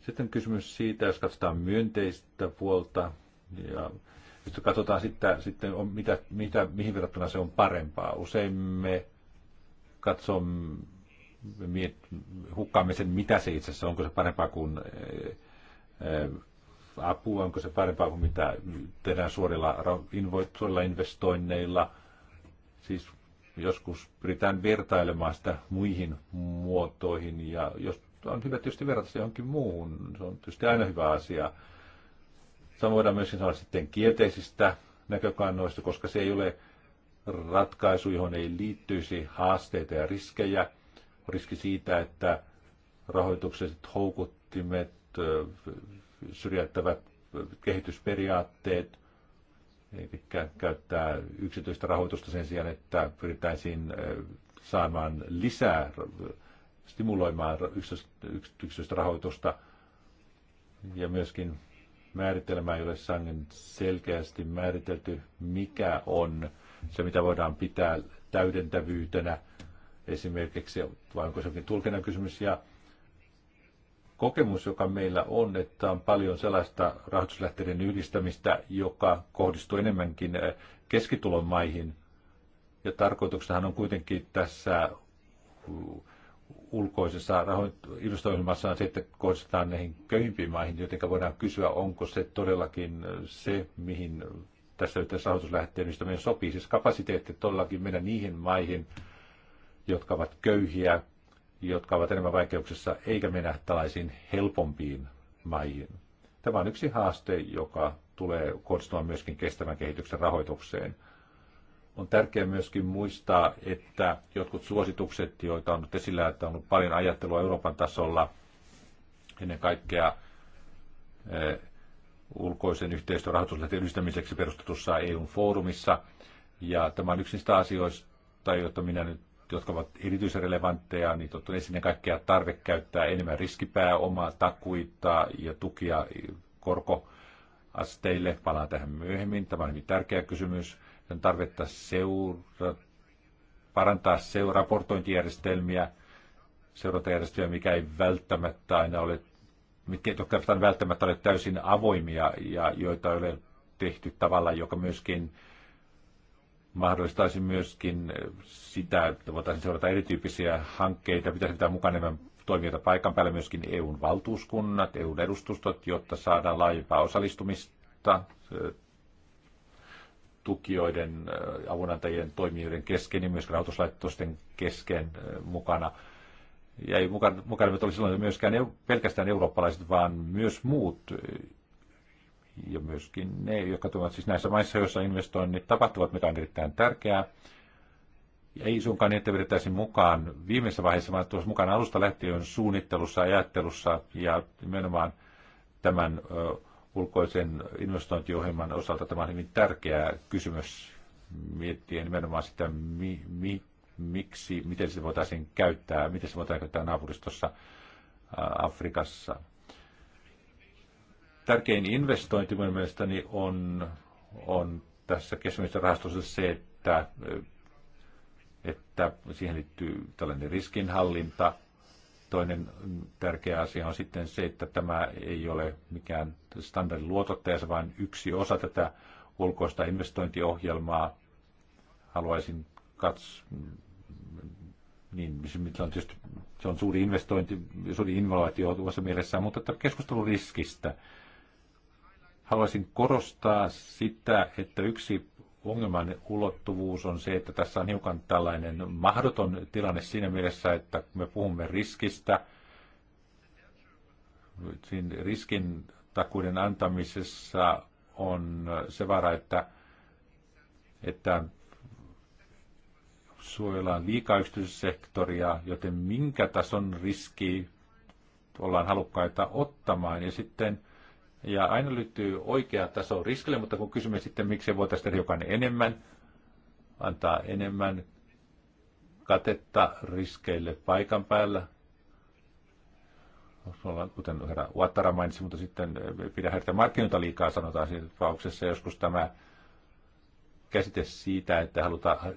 Sitten kysymys siitä, jos katsotaan myönteistä puolta ja sitten katsotaan sitten, sitten on mitä, mitä, mihin verrattuna se on parempaa. Usein me katsomme, hukkaamme sen, mitä se itse asiassa, onko se parempaa kuin apua, onko se parempaa kuin mitä tehdään suorilla, suorilla investoinneilla. Siis joskus pyritään vertailemaan sitä muihin muotoihin ja jos on hyvä tietysti verrata se johonkin muuhun, se on tietysti aina hyvä asia. Samoin voidaan myös sanoa sitten kielteisistä näkökannoista, koska se ei ole ratkaisu, johon ei liittyisi haasteita ja riskejä. Riski siitä, että rahoitukset, houkuttimet, syrjäyttävät kehitysperiaatteet, eli käyttää yksityistä rahoitusta sen sijaan, että pyritäisiin saamaan lisää, stimuloimaan yksityistä rahoitusta ja myöskin määritelmä ei ole sangen selkeästi määritelty, mikä on se, mitä voidaan pitää täydentävyytenä esimerkiksi, vai onko se jokin tulkinnan kysymys. Ja kokemus, joka meillä on, että on paljon sellaista rahoituslähteiden yhdistämistä, joka kohdistuu enemmänkin eh, keskitulon maihin. Ja tarkoituksenahan on kuitenkin tässä ulkoisessa investoinnissa sitten kohdistetaan näihin köyhimpiin maihin, joten voidaan kysyä, onko se todellakin se, mihin tässä yhteydessä rahoituslähteenistä meidän sopii. Siis kapasiteetti todellakin mennä niihin maihin, jotka ovat köyhiä, jotka ovat enemmän vaikeuksissa, eikä mennä tällaisiin helpompiin maihin. Tämä on yksi haaste, joka tulee kohdistumaan myöskin kestävän kehityksen rahoitukseen. On tärkeää myöskin muistaa, että jotkut suositukset, joita on nyt esillä, että on ollut paljon ajattelua Euroopan tasolla, ennen kaikkea eh, ulkoisen yhteistyön rahoituslähteen yhdistämiseksi perustetussa EU-foorumissa. Ja tämä on yksi niistä asioista, joita minä nyt, jotka ovat erityisen relevantteja, niin on ennen kaikkea tarve käyttää enemmän riskipääomaa, takuita ja tukia korkoasteille. Palaan tähän myöhemmin. Tämä on hyvin tärkeä kysymys on tarvetta seura, parantaa seura, raportointijärjestelmiä, seurantajärjestelmiä, mikä ei välttämättä aina ole, mitkä ei eivät välttämättä ole täysin avoimia ja joita ei ole tehty tavalla, joka myöskin mahdollistaisi myöskin sitä, että voitaisiin seurata erityyppisiä hankkeita, pitäisi pitää mukana enemmän toimijoita paikan päällä, myöskin EUn valtuuskunnat, EUn edustustot, jotta saadaan laajempaa osallistumista tukijoiden, äh, avunantajien, toimijoiden kesken ja myös rahoituslaitosten kesken äh, mukana. Ja ei mukana, mukana oli silloin myöskään pelkästään eurooppalaiset, vaan myös muut äh, ja myöskin ne, jotka tuovat siis näissä maissa, joissa investoinnit tapahtuvat, mikä on erittäin tärkeää. Ja ei suinkaan niin, että vedettäisiin mukaan viimeisessä vaiheessa, vaan tuossa mukana alusta lähtien suunnittelussa, ajattelussa ja nimenomaan tämän ulkoisen investointiohjelman osalta tämä on hyvin tärkeä kysymys miettiä nimenomaan sitä, mi, mi, miksi, miten se voitaisiin käyttää, miten se voitaisiin käyttää naapuristossa Afrikassa. Tärkein investointi minun mielestäni on, on tässä kestävistä rahastossa se, että, että siihen liittyy tällainen riskinhallinta – Toinen tärkeä asia on sitten se, että tämä ei ole mikään standardin luotottaja, vaan yksi osa tätä ulkoista investointiohjelmaa. Haluaisin katsoa, niin se on tietysti se on suuri investointi, suuri innovaatio tuossa mielessä, mutta että keskustelu riskistä. Haluaisin korostaa sitä, että yksi ongelman ulottuvuus on se, että tässä on hiukan tällainen mahdoton tilanne siinä mielessä, että me puhumme riskistä, siinä riskin takuuden antamisessa on se vara, että, että suojellaan liikaa yksityissektoria, joten minkä tason riski ollaan halukkaita ottamaan. Ja sitten ja aina löytyy oikea taso riskille, mutta kun kysymme sitten, miksi voitaisiin tehdä jokainen enemmän, antaa enemmän katetta riskeille paikan päällä, kuten herra Uattara mainitsi, mutta sitten eh, pidä herätä markkinoita liikaa, sanotaan siinä tapauksessa joskus tämä käsite siitä, että halutaan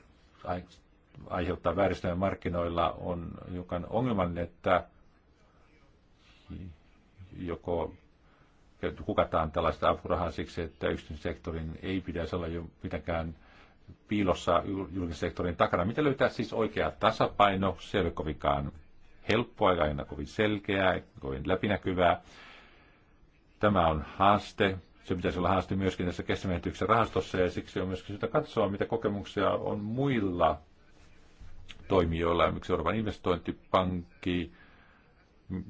aiheuttaa vääristöjä markkinoilla on hiukan ongelman, että joko hukataan tällaista apurahaa siksi, että yksityisen sektorin ei pitäisi olla jo mitenkään piilossa julkisen sektorin takana. Miten löytää siis oikea tasapaino? Se ei ole kovinkaan helppoa, eikä aina kovin selkeää, kovin läpinäkyvää. Tämä on haaste. Se pitäisi olla haaste myöskin tässä kestävän rahastossa ja siksi on myöskin syytä katsoa, mitä kokemuksia on muilla toimijoilla, miksi Euroopan investointipankki,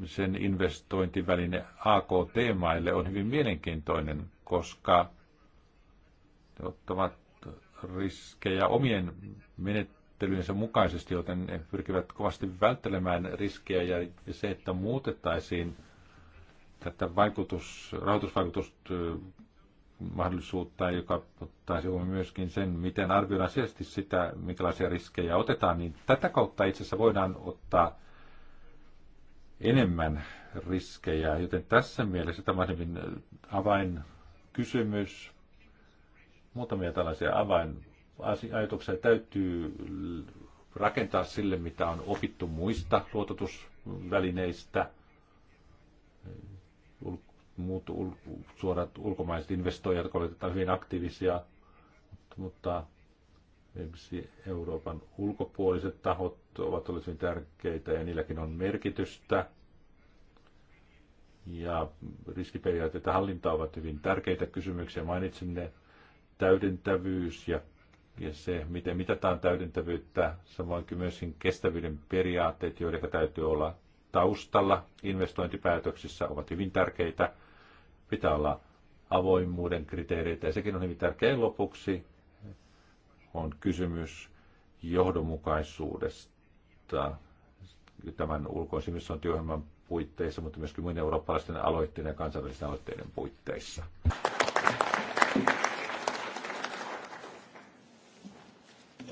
sen investointiväline AKT-maille on hyvin mielenkiintoinen, koska ne ottavat riskejä omien menettelyjensä mukaisesti, joten ne pyrkivät kovasti välttelemään riskejä ja se, että muutettaisiin tätä vaikutus, rahoitusvaikutusmahdollisuutta, joka ottaisi huomioon myöskin sen, miten arvioidaan sitä, minkälaisia riskejä otetaan, niin tätä kautta itse asiassa voidaan ottaa enemmän riskejä, joten tässä mielessä tämä on hyvin äh, avainkysymys. Muutamia tällaisia avainajatuksia täytyy rakentaa sille, mitä on opittu muista luototusvälineistä, muut ul, suorat ulkomaiset investoijat, jotka olivat hyvin aktiivisia, mutta esimerkiksi Euroopan ulkopuoliset tahot ovat olleet hyvin tärkeitä ja niilläkin on merkitystä. Ja riskiperiaatteet ja hallinta ovat hyvin tärkeitä kysymyksiä. Mainitsin ne täydentävyys ja, ja se, miten mitataan täydentävyyttä, samoin kuin myöskin kestävyyden periaatteet, joiden täytyy olla taustalla investointipäätöksissä, ovat hyvin tärkeitä. Pitää olla avoimuuden kriteereitä ja sekin on hyvin tärkeä lopuksi on kysymys johdonmukaisuudesta mutta tämän ulkoisimmissaan investointiohjelman puitteissa, mutta myöskin muiden eurooppalaisten aloitteiden ja kansainvälisten aloitteiden puitteissa.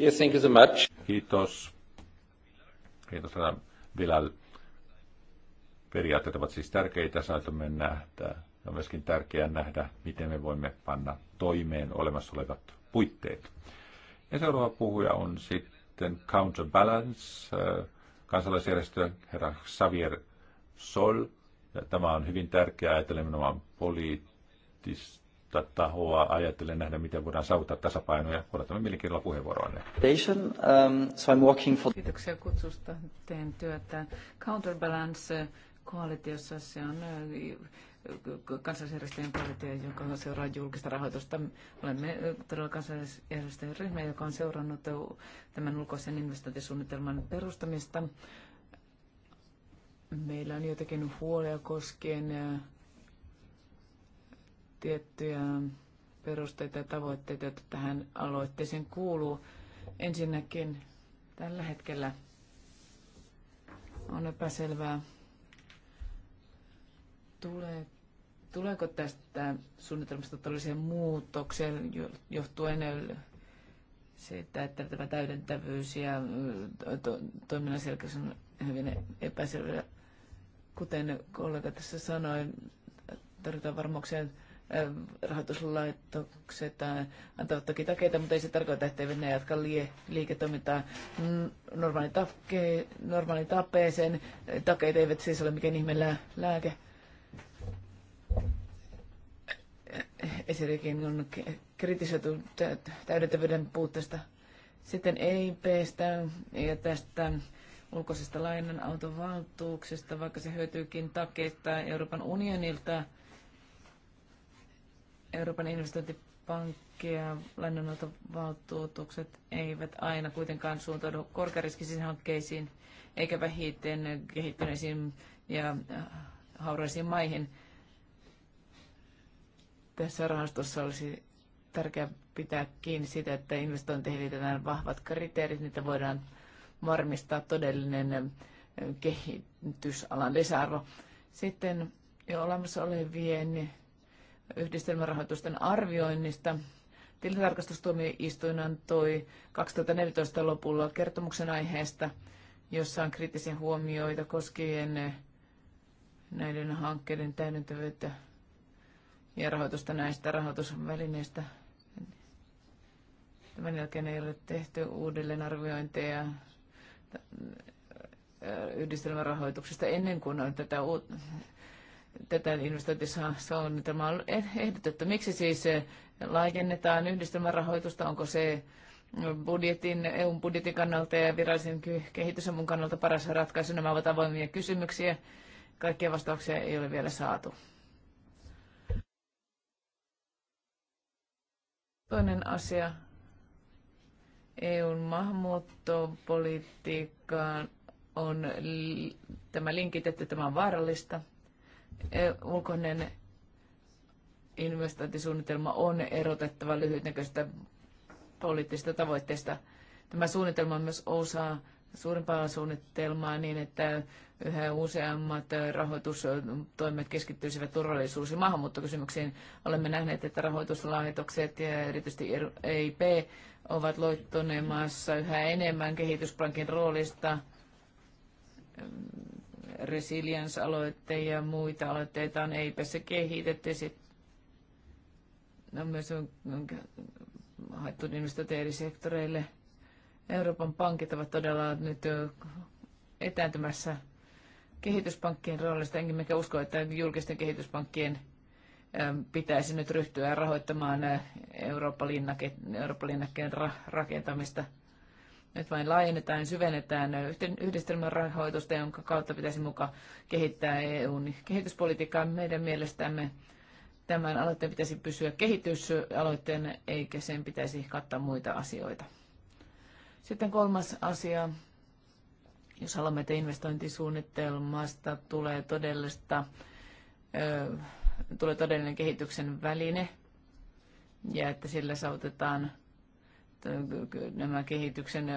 Yes, thank you so much. Kiitos. Kiitos, Rana Bilal. Periaatteet ovat siis tärkeitä, saatamme nähdä. On myöskin tärkeää nähdä, miten me voimme panna toimeen olemassa olevat puitteet. Ja seuraava puhuja on sitten sitten Counterbalance, äh, kansalaisjärjestö herra Xavier Sol. Ja tämä on hyvin tärkeää ajatellen nimenomaan poliittista tahoa, ajatellen nähdä, miten voidaan saavuttaa tasapainoja. Odotamme mielenkiinnolla puheenvuoroanne. Um, Kiitoksia kutsusta. Teen työtä Counterbalance koalitiossa. Se on kansalaisjärjestöjen komitea, joka seuraa julkista rahoitusta. Olemme todella kansalaisjärjestöjen ryhmä, joka on seurannut tämän ulkoisen investointisuunnitelman perustamista. Meillä on jotakin huolia koskien tiettyjä perusteita ja tavoitteita, joita tähän aloitteeseen kuuluu. Ensinnäkin tällä hetkellä on epäselvää, tuleeko Tuleeko tästä suunnitelmasta tällaiseen muutoksia johtuen siitä, että tämä täydentävyys ja to- toiminnan selkeys on hyvin epäselvä. Kuten kollega tässä sanoi, tarvitaan varmuuksia rahoituslaitokset antavat toki takeita, mutta ei se tarkoita, että eivät ne jatka lie, liiketoimintaa normaali, takke, normaali tapeeseen. Takeet eivät siis ole mikään ihme lääke. Esitäkin on kritisoitu täydentävyyden puutteesta. Sitten EIPstä ja tästä ulkoisesta lainanautovaltuuksesta, vaikka se hyötyykin takeista Euroopan unionilta, Euroopan investointipankkia lainanautovaltuutukset eivät aina kuitenkaan suuntaudu korkeariskisiin hankkeisiin eikä vähiten kehittyneisiin ja äh, hauraisiin maihin – tässä rahastossa olisi tärkeää pitää kiinni siitä, että investointeihin liitetään vahvat kriteerit, niitä voidaan varmistaa todellinen eh, kehitysalan lisäarvo. Sitten jo olemassa olevien yhdistelmärahoitusten arvioinnista. Tilintarkastustuomioistuin antoi 2014 lopulla kertomuksen aiheesta, jossa on kriittisiä huomioita koskien eh, näiden hankkeiden täydentävyyttä ja rahoitusta näistä rahoitusvälineistä. Tämän jälkeen ei ole tehty uudelleenarviointeja äh, yhdistelmärahoituksesta ennen kuin on tätä, uut, tätä investointisuunnitelmaa eh, ehdotettu. Miksi siis äh, laajennetaan yhdistelmärahoitusta? Onko se budjetin, EUn budjetin kannalta ja virallisen kehitysavun kannalta paras ratkaisu? Nämä ovat avoimia kysymyksiä. Kaikkia vastauksia ei ole vielä saatu. Toinen asia EUn maahanmuuttopolitiikkaan on tämä linkitetty, tämä on vaarallista. E- ulkoinen investointisuunnitelma on erotettava lyhytnäköistä poliittisista tavoitteista. Tämä suunnitelma on myös osa suurempaa suunnitelmaa niin, että yhä useammat rahoitustoimet keskittyisivät turvallisuus- ja maahanmuuttokysymyksiin. Olemme nähneet, että rahoituslaitokset ja erityisesti EIP ovat loittonemassa yhä enemmän kehityspankin roolista resilience-aloitteita ja muita aloitteita on EIPssä kehitetty. Sitten on myös haettu investointeja eri sektoreille – Euroopan pankit ovat todella nyt etääntymässä kehityspankkien roolista, enkä mikä usko, että julkisten kehityspankkien ähm, pitäisi nyt ryhtyä rahoittamaan äh, Eurooppa-linnakkeen rakentamista. Nyt vain laajennetaan ja syvennetään yhdistelmän rahoitusta, jonka kautta pitäisi mukaan kehittää EUn kehityspolitiikkaa. Meidän mielestämme tämän aloitteen pitäisi pysyä kehitysaloitteena, eikä sen pitäisi kattaa muita asioita. Sitten kolmas asia, jos haluamme, että investointisuunnitelmasta tulee todellista, tulee todellinen kehityksen väline ja että sillä saavutetaan nämä kehityksen,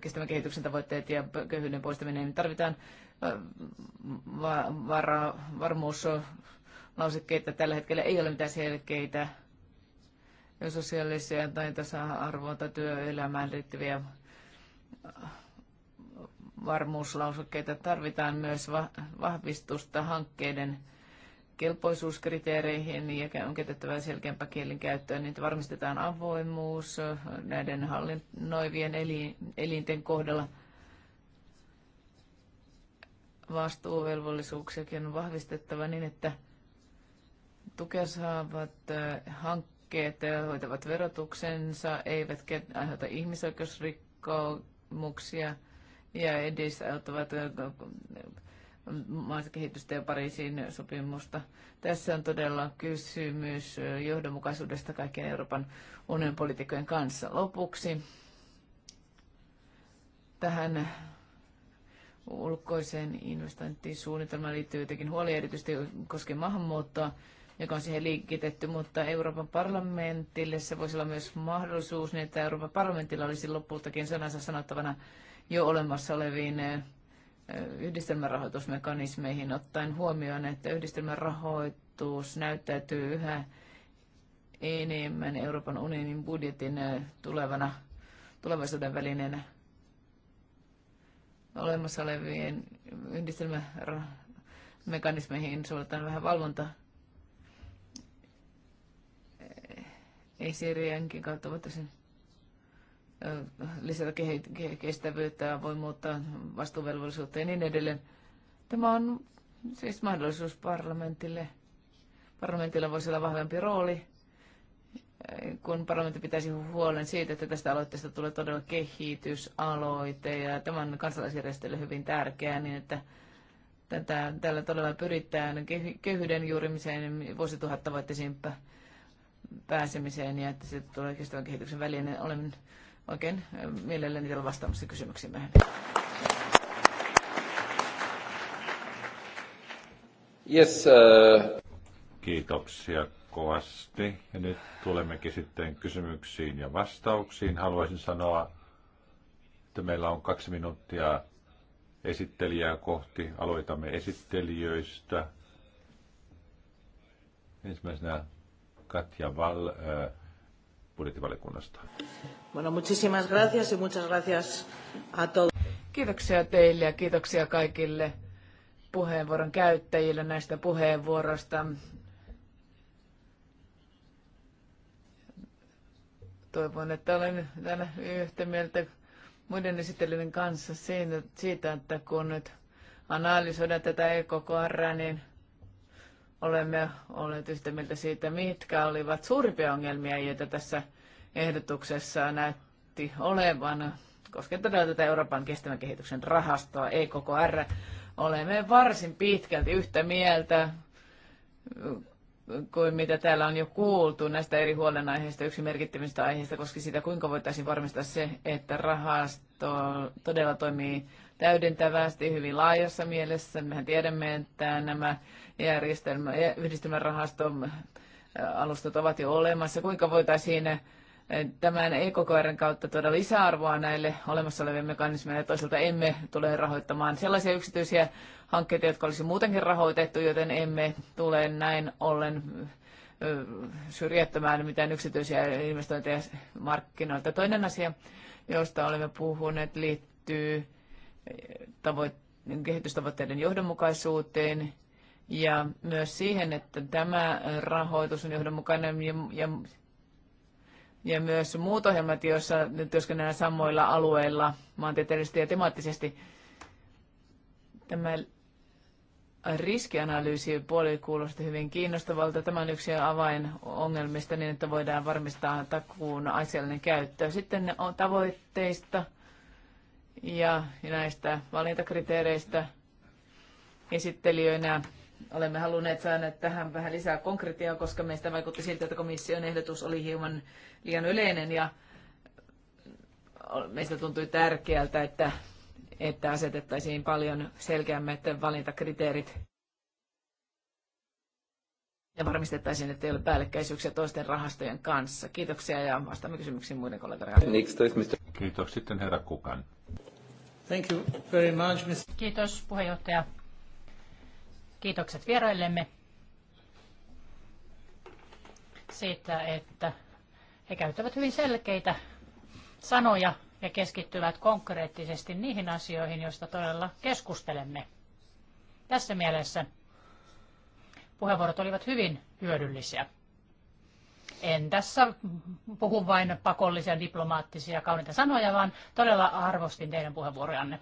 kestävän kehityksen tavoitteet ja köyhyyden poistaminen, niin tarvitaan var, var, varmuuslausekkeita. Tällä hetkellä ei ole mitään selkeitä sosiaalisia tai tasa-arvoa tai työelämään liittyviä varmuuslausukkeita. Tarvitaan myös vahvistusta hankkeiden kelpoisuuskriteereihin ja on käytettävä selkeämpää kielen käyttöön. niin varmistetaan avoimuus näiden hallinnoivien elinten kohdalla. Vastuuvelvollisuuksiakin on vahvistettava niin, että tukea saavat eh, hankkeet liikkeet eh, hoitavat verotuksensa, eivät aiheuta ihmisoikeusrikkomuksia ja edesauttavat eh, kehitystä ja Pariisin sopimusta. Tässä on todella kysymys eh, johdonmukaisuudesta kaikkien Euroopan unionin poliitikkojen kanssa. Lopuksi tähän ulkoiseen investointisuunnitelmaan liittyy jotenkin huoli erityisesti koskien maahanmuuttoa joka on siihen liikitetty, mutta Euroopan parlamentille se voisi olla myös mahdollisuus, niin että Euroopan parlamentilla olisi lopultakin sanansa sanottavana jo olemassa oleviin yhdistelmärahoitusmekanismeihin ottaen huomioon, että yhdistelmärahoitus näyttäytyy yhä enemmän Euroopan unionin budjetin tulevana tulevaisuuden välineenä olemassa olevien yhdistelmämekanismeihin suunnataan vähän valvontaa ei Siriankin kautta voitaisiin lisätä kestävyyttä ja voi muuttaa vastuuvelvollisuutta ja niin edelleen. Tämä on siis mahdollisuus parlamentille. Parlamentilla voisi olla vahvempi rooli, kun parlamentti pitäisi huolen siitä, että tästä aloitteesta tulee todella kehitysaloite ja tämä on kansalaisjärjestölle hyvin tärkeää, niin että tätä, tällä todella pyritään köyhyyden juurimiseen vuosituhattavoitteisiin pääsemiseen ja että se tulee kestävän kehityksen niin Olen oikein mielelläni teillä vastaamassa kysymyksiin myöhemmin. Yes, uh... Kiitoksia kovasti. Ja nyt tulemmekin sitten kysymyksiin ja vastauksiin. Haluaisin sanoa, että meillä on kaksi minuuttia esittelijää kohti. Aloitamme esittelijöistä. Ensimmäisenä Katja Val äh, budjettivalikunnasta. Bueno, muchísimas gracias y muchas gracias a todos. Kiitoksia teille ja kiitoksia kaikille puheenvuoron käyttäjille näistä puheenvuoroista. Toivon, että olen täällä yhtä mieltä muiden esittelyiden kanssa siitä, että kun nyt analysoidaan tätä EKKR, niin olemme olleet yhtä mieltä siitä, mitkä olivat suurimpia ongelmia, joita tässä ehdotuksessa näytti olevan. Koskien todella tätä Euroopan kestävän kehityksen rahastoa, EKKR, olemme varsin pitkälti yhtä mieltä kuin mitä täällä on jo kuultu näistä eri huolenaiheista, yksi merkittävistä aiheista koski sitä, kuinka voitaisiin varmistaa se, että rahasto todella toimii täydentävästi hyvin laajassa mielessä. Mehän tiedämme, että nämä järjestelmä, e, yhdistelmän e, alustat ovat jo olemassa. Kuinka voitaisiin e, tämän EKKRn kautta tuoda lisäarvoa näille olemassa oleville mekanismeille. Toisaalta emme tule rahoittamaan sellaisia yksityisiä hankkeita, jotka olisi muutenkin rahoitettu, joten emme tule näin ollen syrjättämään mitään yksityisiä investointeja markkinoilta. Toinen asia, josta olemme puhuneet, liittyy tavoitteeseen kehitystavoitteiden johdonmukaisuuteen ja myös siihen, että tämä rahoitus on johdonmukainen ja, ja, ja myös muut ohjelmat, joissa työskennellään samoilla alueilla maantieteellisesti ja temaattisesti. Tämä riskianalyysi puoli kuulosti hyvin kiinnostavalta. Tämä on yksi avainongelmista niin, että voidaan varmistaa takuun asiallinen käyttö. Sitten on tavoitteista ja näistä valintakriteereistä esittelijöinä olemme halunneet saada tähän vähän lisää konkretiaa, koska meistä vaikutti siltä, että komission ehdotus oli hieman liian yleinen ja meistä tuntui tärkeältä, että, että asetettaisiin paljon selkeämmät valintakriteerit ja varmistettaisiin, että ei ole päällekkäisyyksiä toisten rahastojen kanssa. Kiitoksia ja vastaamme kysymyksiin muiden kollegoiden Kiitos sitten herra Kukan. Thank you very much, Mr. Kiitos puheenjohtaja. Kiitokset vieraillemme siitä, että he käyttävät hyvin selkeitä sanoja ja keskittyvät konkreettisesti niihin asioihin, joista todella keskustelemme. Tässä mielessä puheenvuorot olivat hyvin hyödyllisiä. En tässä puhu vain pakollisia diplomaattisia kauniita sanoja, vaan todella arvostin teidän puheenvuorojanne.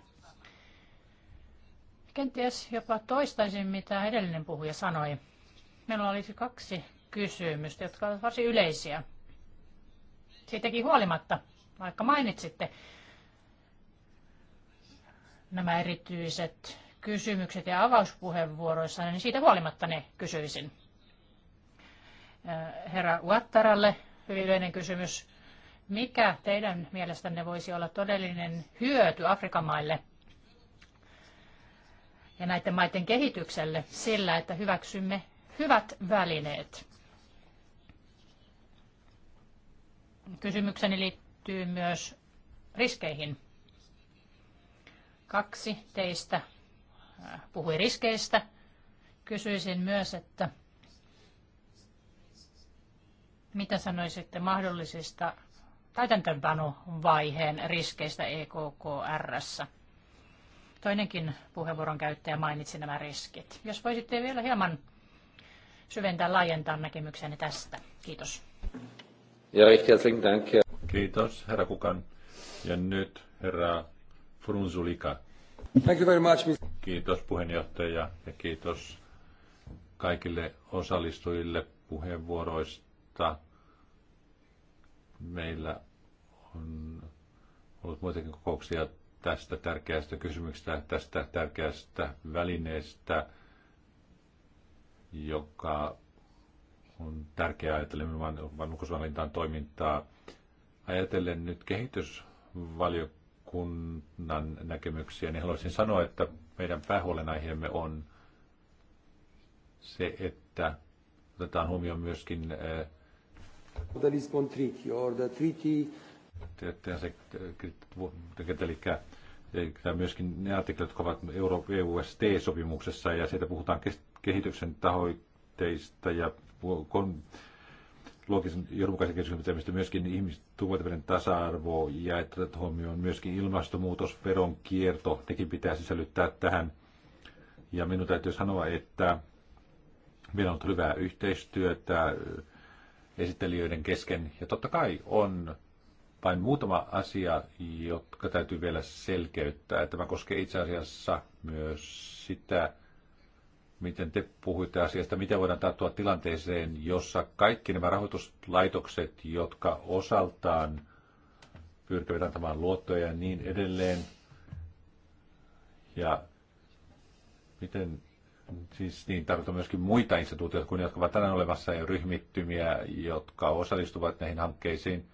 Kenties jopa toistaisin, mitä edellinen puhuja sanoi. Meillä olisi kaksi kysymystä, jotka ovat varsin yleisiä. Siitäkin huolimatta, vaikka mainitsitte nämä erityiset kysymykset ja avauspuheenvuoroissa, niin siitä huolimatta ne kysyisin. Äh, herra Uattaralle hyvin yleinen kysymys. Mikä teidän mielestänne voisi olla todellinen hyöty Afrikan maille – ja näiden maiden kehitykselle sillä, että hyväksymme hyvät välineet. Kysymykseni liittyy myös riskeihin. Kaksi teistä äh, puhui riskeistä. Kysyisin myös, että mitä sanoisitte mahdollisista täytäntöönpanovaiheen riskeistä EKKRssä? Toinenkin puheenvuoron käyttäjä mainitsi nämä riskit. Jos voisitte vielä hieman syventää, laajentaa näkemyksenne tästä. Kiitos. Ja herzlichen Dank. Kiitos, herra Kukan. Ja nyt herra Frunzulika. Thank you very much. Kiitos puheenjohtaja ja kiitos kaikille osallistujille puheenvuoroista. Meillä on ollut muitakin kokouksia tästä tärkeästä kysymyksestä, tästä tärkeästä välineestä, joka on tärkeää ajatellen vanhukosvalintaan toimintaa. Ajatellen nyt kehitysvaliokunnan näkemyksiä, niin haluaisin sanoa, että meidän päähuolenaiheemme on se, että otetaan huomioon myöskin eh, the Lisbon Treaty eh, eli tämä myöskin ne artiklet jotka ovat EUST-sopimuksessa, e ja siitä puhutaan kehityksen tahoitteista ja kon, loogisen johdonmukaisen kehityksen myöskin ihmisten tasa-arvo ja että huomioon myöskin ilmastonmuutos, veronkierto, nekin pitää sisällyttää tähän. Ja minun täytyy sanoa, että meillä on ollut hyvää yhteistyötä äh, esittelijöiden kesken ja totta kai on vain muutama asia, jotka täytyy vielä selkeyttää. Tämä koskee itse asiassa myös sitä, miten te puhuitte asiasta, miten voidaan tarttua tilanteeseen, jossa kaikki nämä rahoituslaitokset, jotka osaltaan pyrkivät antamaan luottoja ja niin edelleen, ja miten siis niin tarvitaan myöskin muita instituutioita kuin jotka ovat tänään olemassa ja ryhmittymiä, jotka osallistuvat näihin hankkeisiin –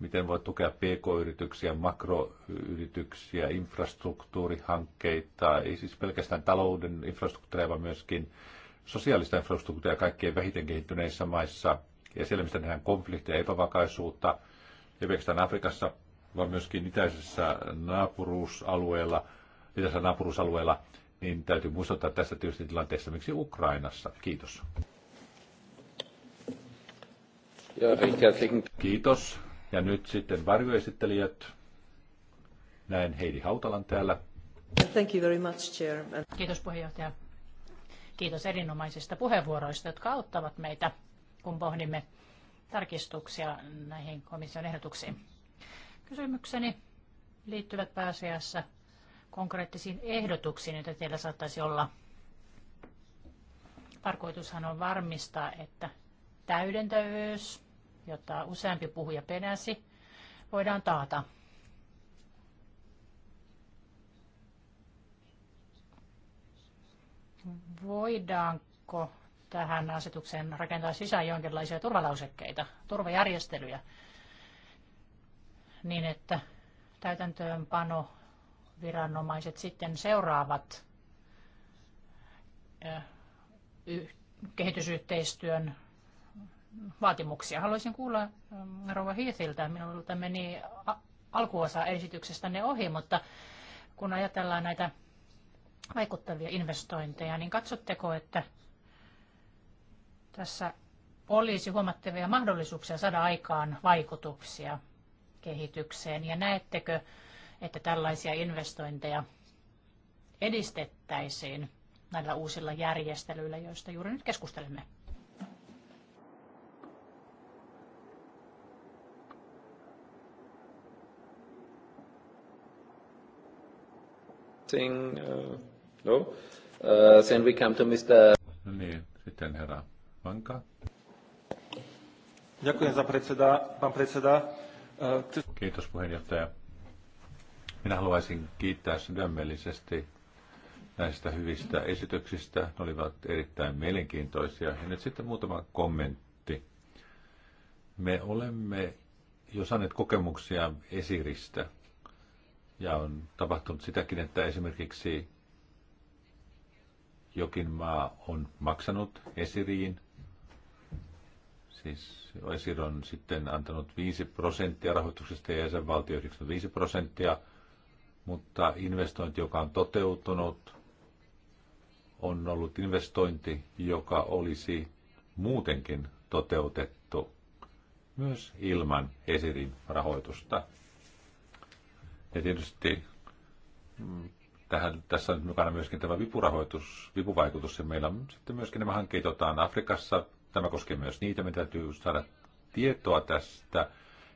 miten voi tukea pk-yrityksiä, makroyrityksiä, infrastruktuurihankkeita, ei siis pelkästään talouden infrastruktuuria, vaan myöskin sosiaalista infrastruktuuria kaikkein vähiten kehittyneissä maissa ja siellä, mistä nähdään konflikteja ja epävakaisuutta, ei pelkästään Afrikassa, vaan myöskin itäisessä naapuruusalueella, itäisessä naapuruusalueella, niin täytyy muistuttaa tästä tietysti tilanteessa, miksi Ukrainassa. Kiitos. Kiitos. Ja nyt sitten varjoesittelijät. Näen Heidi Hautalan täällä. Thank you very much, Chair. Kiitos puheenjohtaja. Kiitos erinomaisista puheenvuoroista, jotka auttavat meitä, kun pohdimme tarkistuksia näihin komission ehdotuksiin. Kysymykseni liittyvät pääasiassa konkreettisiin ehdotuksiin, joita teillä saattaisi olla. Tarkoitushan on varmistaa, että täydentävyys, jota useampi puhuja penäsi, voidaan taata. Voidaanko tähän asetukseen rakentaa sisään jonkinlaisia turvalausekkeita, turvajärjestelyjä, niin että täytäntöönpano viranomaiset sitten seuraavat kehitysyhteistyön vaatimuksia. Haluaisin kuulla ähm, Rova Hiithiltä, minulta meni niin alkuosa esityksestänne ohi, mutta kun ajatellaan näitä vaikuttavia investointeja, niin katsotteko, että tässä olisi huomattavia mahdollisuuksia saada aikaan vaikutuksia kehitykseen ja näettekö, että tällaisia investointeja edistettäisiin näillä uusilla järjestelyillä, joista juuri nyt keskustelemme? nothing? Uh, no? Uh, then we come to Mr. No niin, sitten herra Vanka. Ďakujem za predseda, pán predseda. Uh, Kiitos puheenjohtaja. Minä haluaisin kiittää sydämellisesti näistä hyvistä esityksistä. Ne olivat erittäin mielenkiintoisia. Ja nyt sitten muutama kommentti. Me olemme jo saaneet kokemuksia esiristä. Ja on tapahtunut sitäkin, että esimerkiksi jokin maa on maksanut esiriin, siis esir on sitten antanut 5 prosenttia rahoituksesta ja jäsenvaltio 95 prosenttia, mutta investointi, joka on toteutunut, on ollut investointi, joka olisi muutenkin toteutettu myös ilman esirin rahoitusta. Ja tietysti mm, tähän, tässä on mukana myöskin tämä vipurahoitus, vipuvaikutus, ja meillä on sitten myöskin nämä hankkeet otetaan Afrikassa. Tämä koskee myös niitä, me täytyy saada tietoa tästä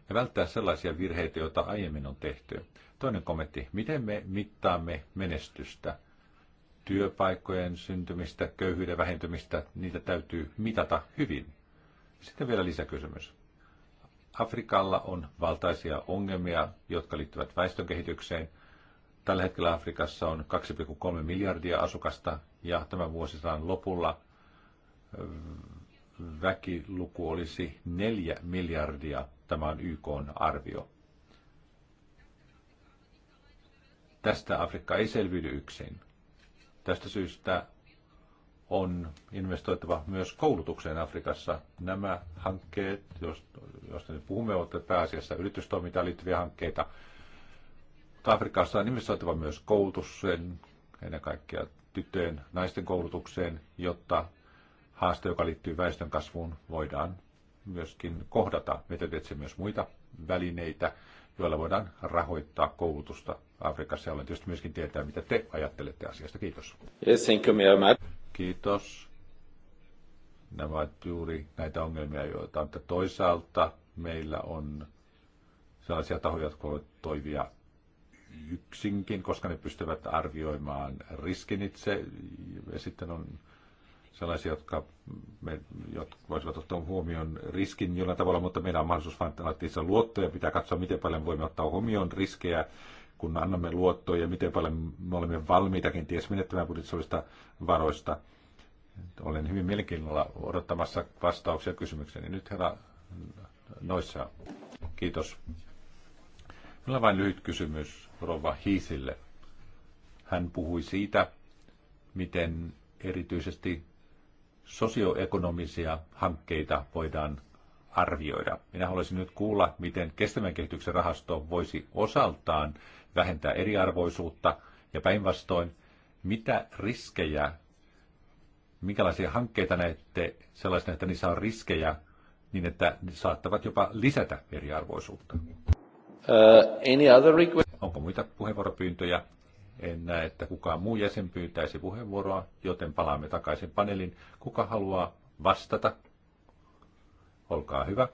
ja välttää sellaisia virheitä, joita aiemmin on tehty. Toinen kommentti, miten me mittaamme menestystä? Työpaikkojen syntymistä, köyhyyden vähentymistä, niitä täytyy mitata hyvin. Sitten vielä lisäkysymys. Afrikalla on valtaisia ongelmia, jotka liittyvät väestönkehitykseen. Tällä hetkellä Afrikassa on 2,3 miljardia asukasta ja tämän vuosisadan lopulla väkiluku olisi 4 miljardia. Tämä on YK on arvio. Tästä Afrikka ei selviydy yksin. Tästä syystä on investoitava myös koulutukseen Afrikassa. Nämä hankkeet, joista nyt puhumme, ovat pääasiassa yritystoimintaan liittyviä hankkeita. Mutta Afrikassa on investoitava myös koulutukseen, ennen kaikkea tyttöjen, naisten koulutukseen, jotta haaste, joka liittyy väestön kasvuun, voidaan myöskin kohdata. Me tarvitsemme myös muita välineitä, joilla voidaan rahoittaa koulutusta Afrikassa. Ja olen tietysti myöskin tietää, mitä te ajattelette asiasta. Kiitos. Yes, thank you Kiitos. Nämä ovat juuri näitä ongelmia, joita on. Toisaalta meillä on sellaisia tahoja, jotka ovat toivia yksinkin, koska ne pystyvät arvioimaan riskin itse. Ja sitten on sellaisia, jotka, me, jotka voisivat ottaa huomioon riskin jollain tavalla, mutta meillä on mahdollisuus vain luottoja. Pitää katsoa, miten paljon voimme ottaa huomioon riskejä kun annamme luottoja ja miten paljon me olemme valmiita kenties menettämään budjettisolista varoista. Olen hyvin mielenkiinnolla odottamassa vastauksia kysymykseen. Nyt herra Noissa, kiitos. Minulla on vain lyhyt kysymys Rova Hiisille. Hän puhui siitä, miten erityisesti sosioekonomisia hankkeita voidaan arvioida. Minä haluaisin nyt kuulla, miten kestävän kehityksen rahasto voisi osaltaan vähentää eriarvoisuutta ja päinvastoin, mitä riskejä, minkälaisia hankkeita näette sellaisena, että niissä on riskejä niin, että ne saattavat jopa lisätä eriarvoisuutta? Uh, any other request? Onko muita puheenvuoropyyntöjä? En näe, että kukaan muu jäsen pyytäisi puheenvuoroa, joten palaamme takaisin paneelin. Kuka haluaa vastata? Olkaa hyvä.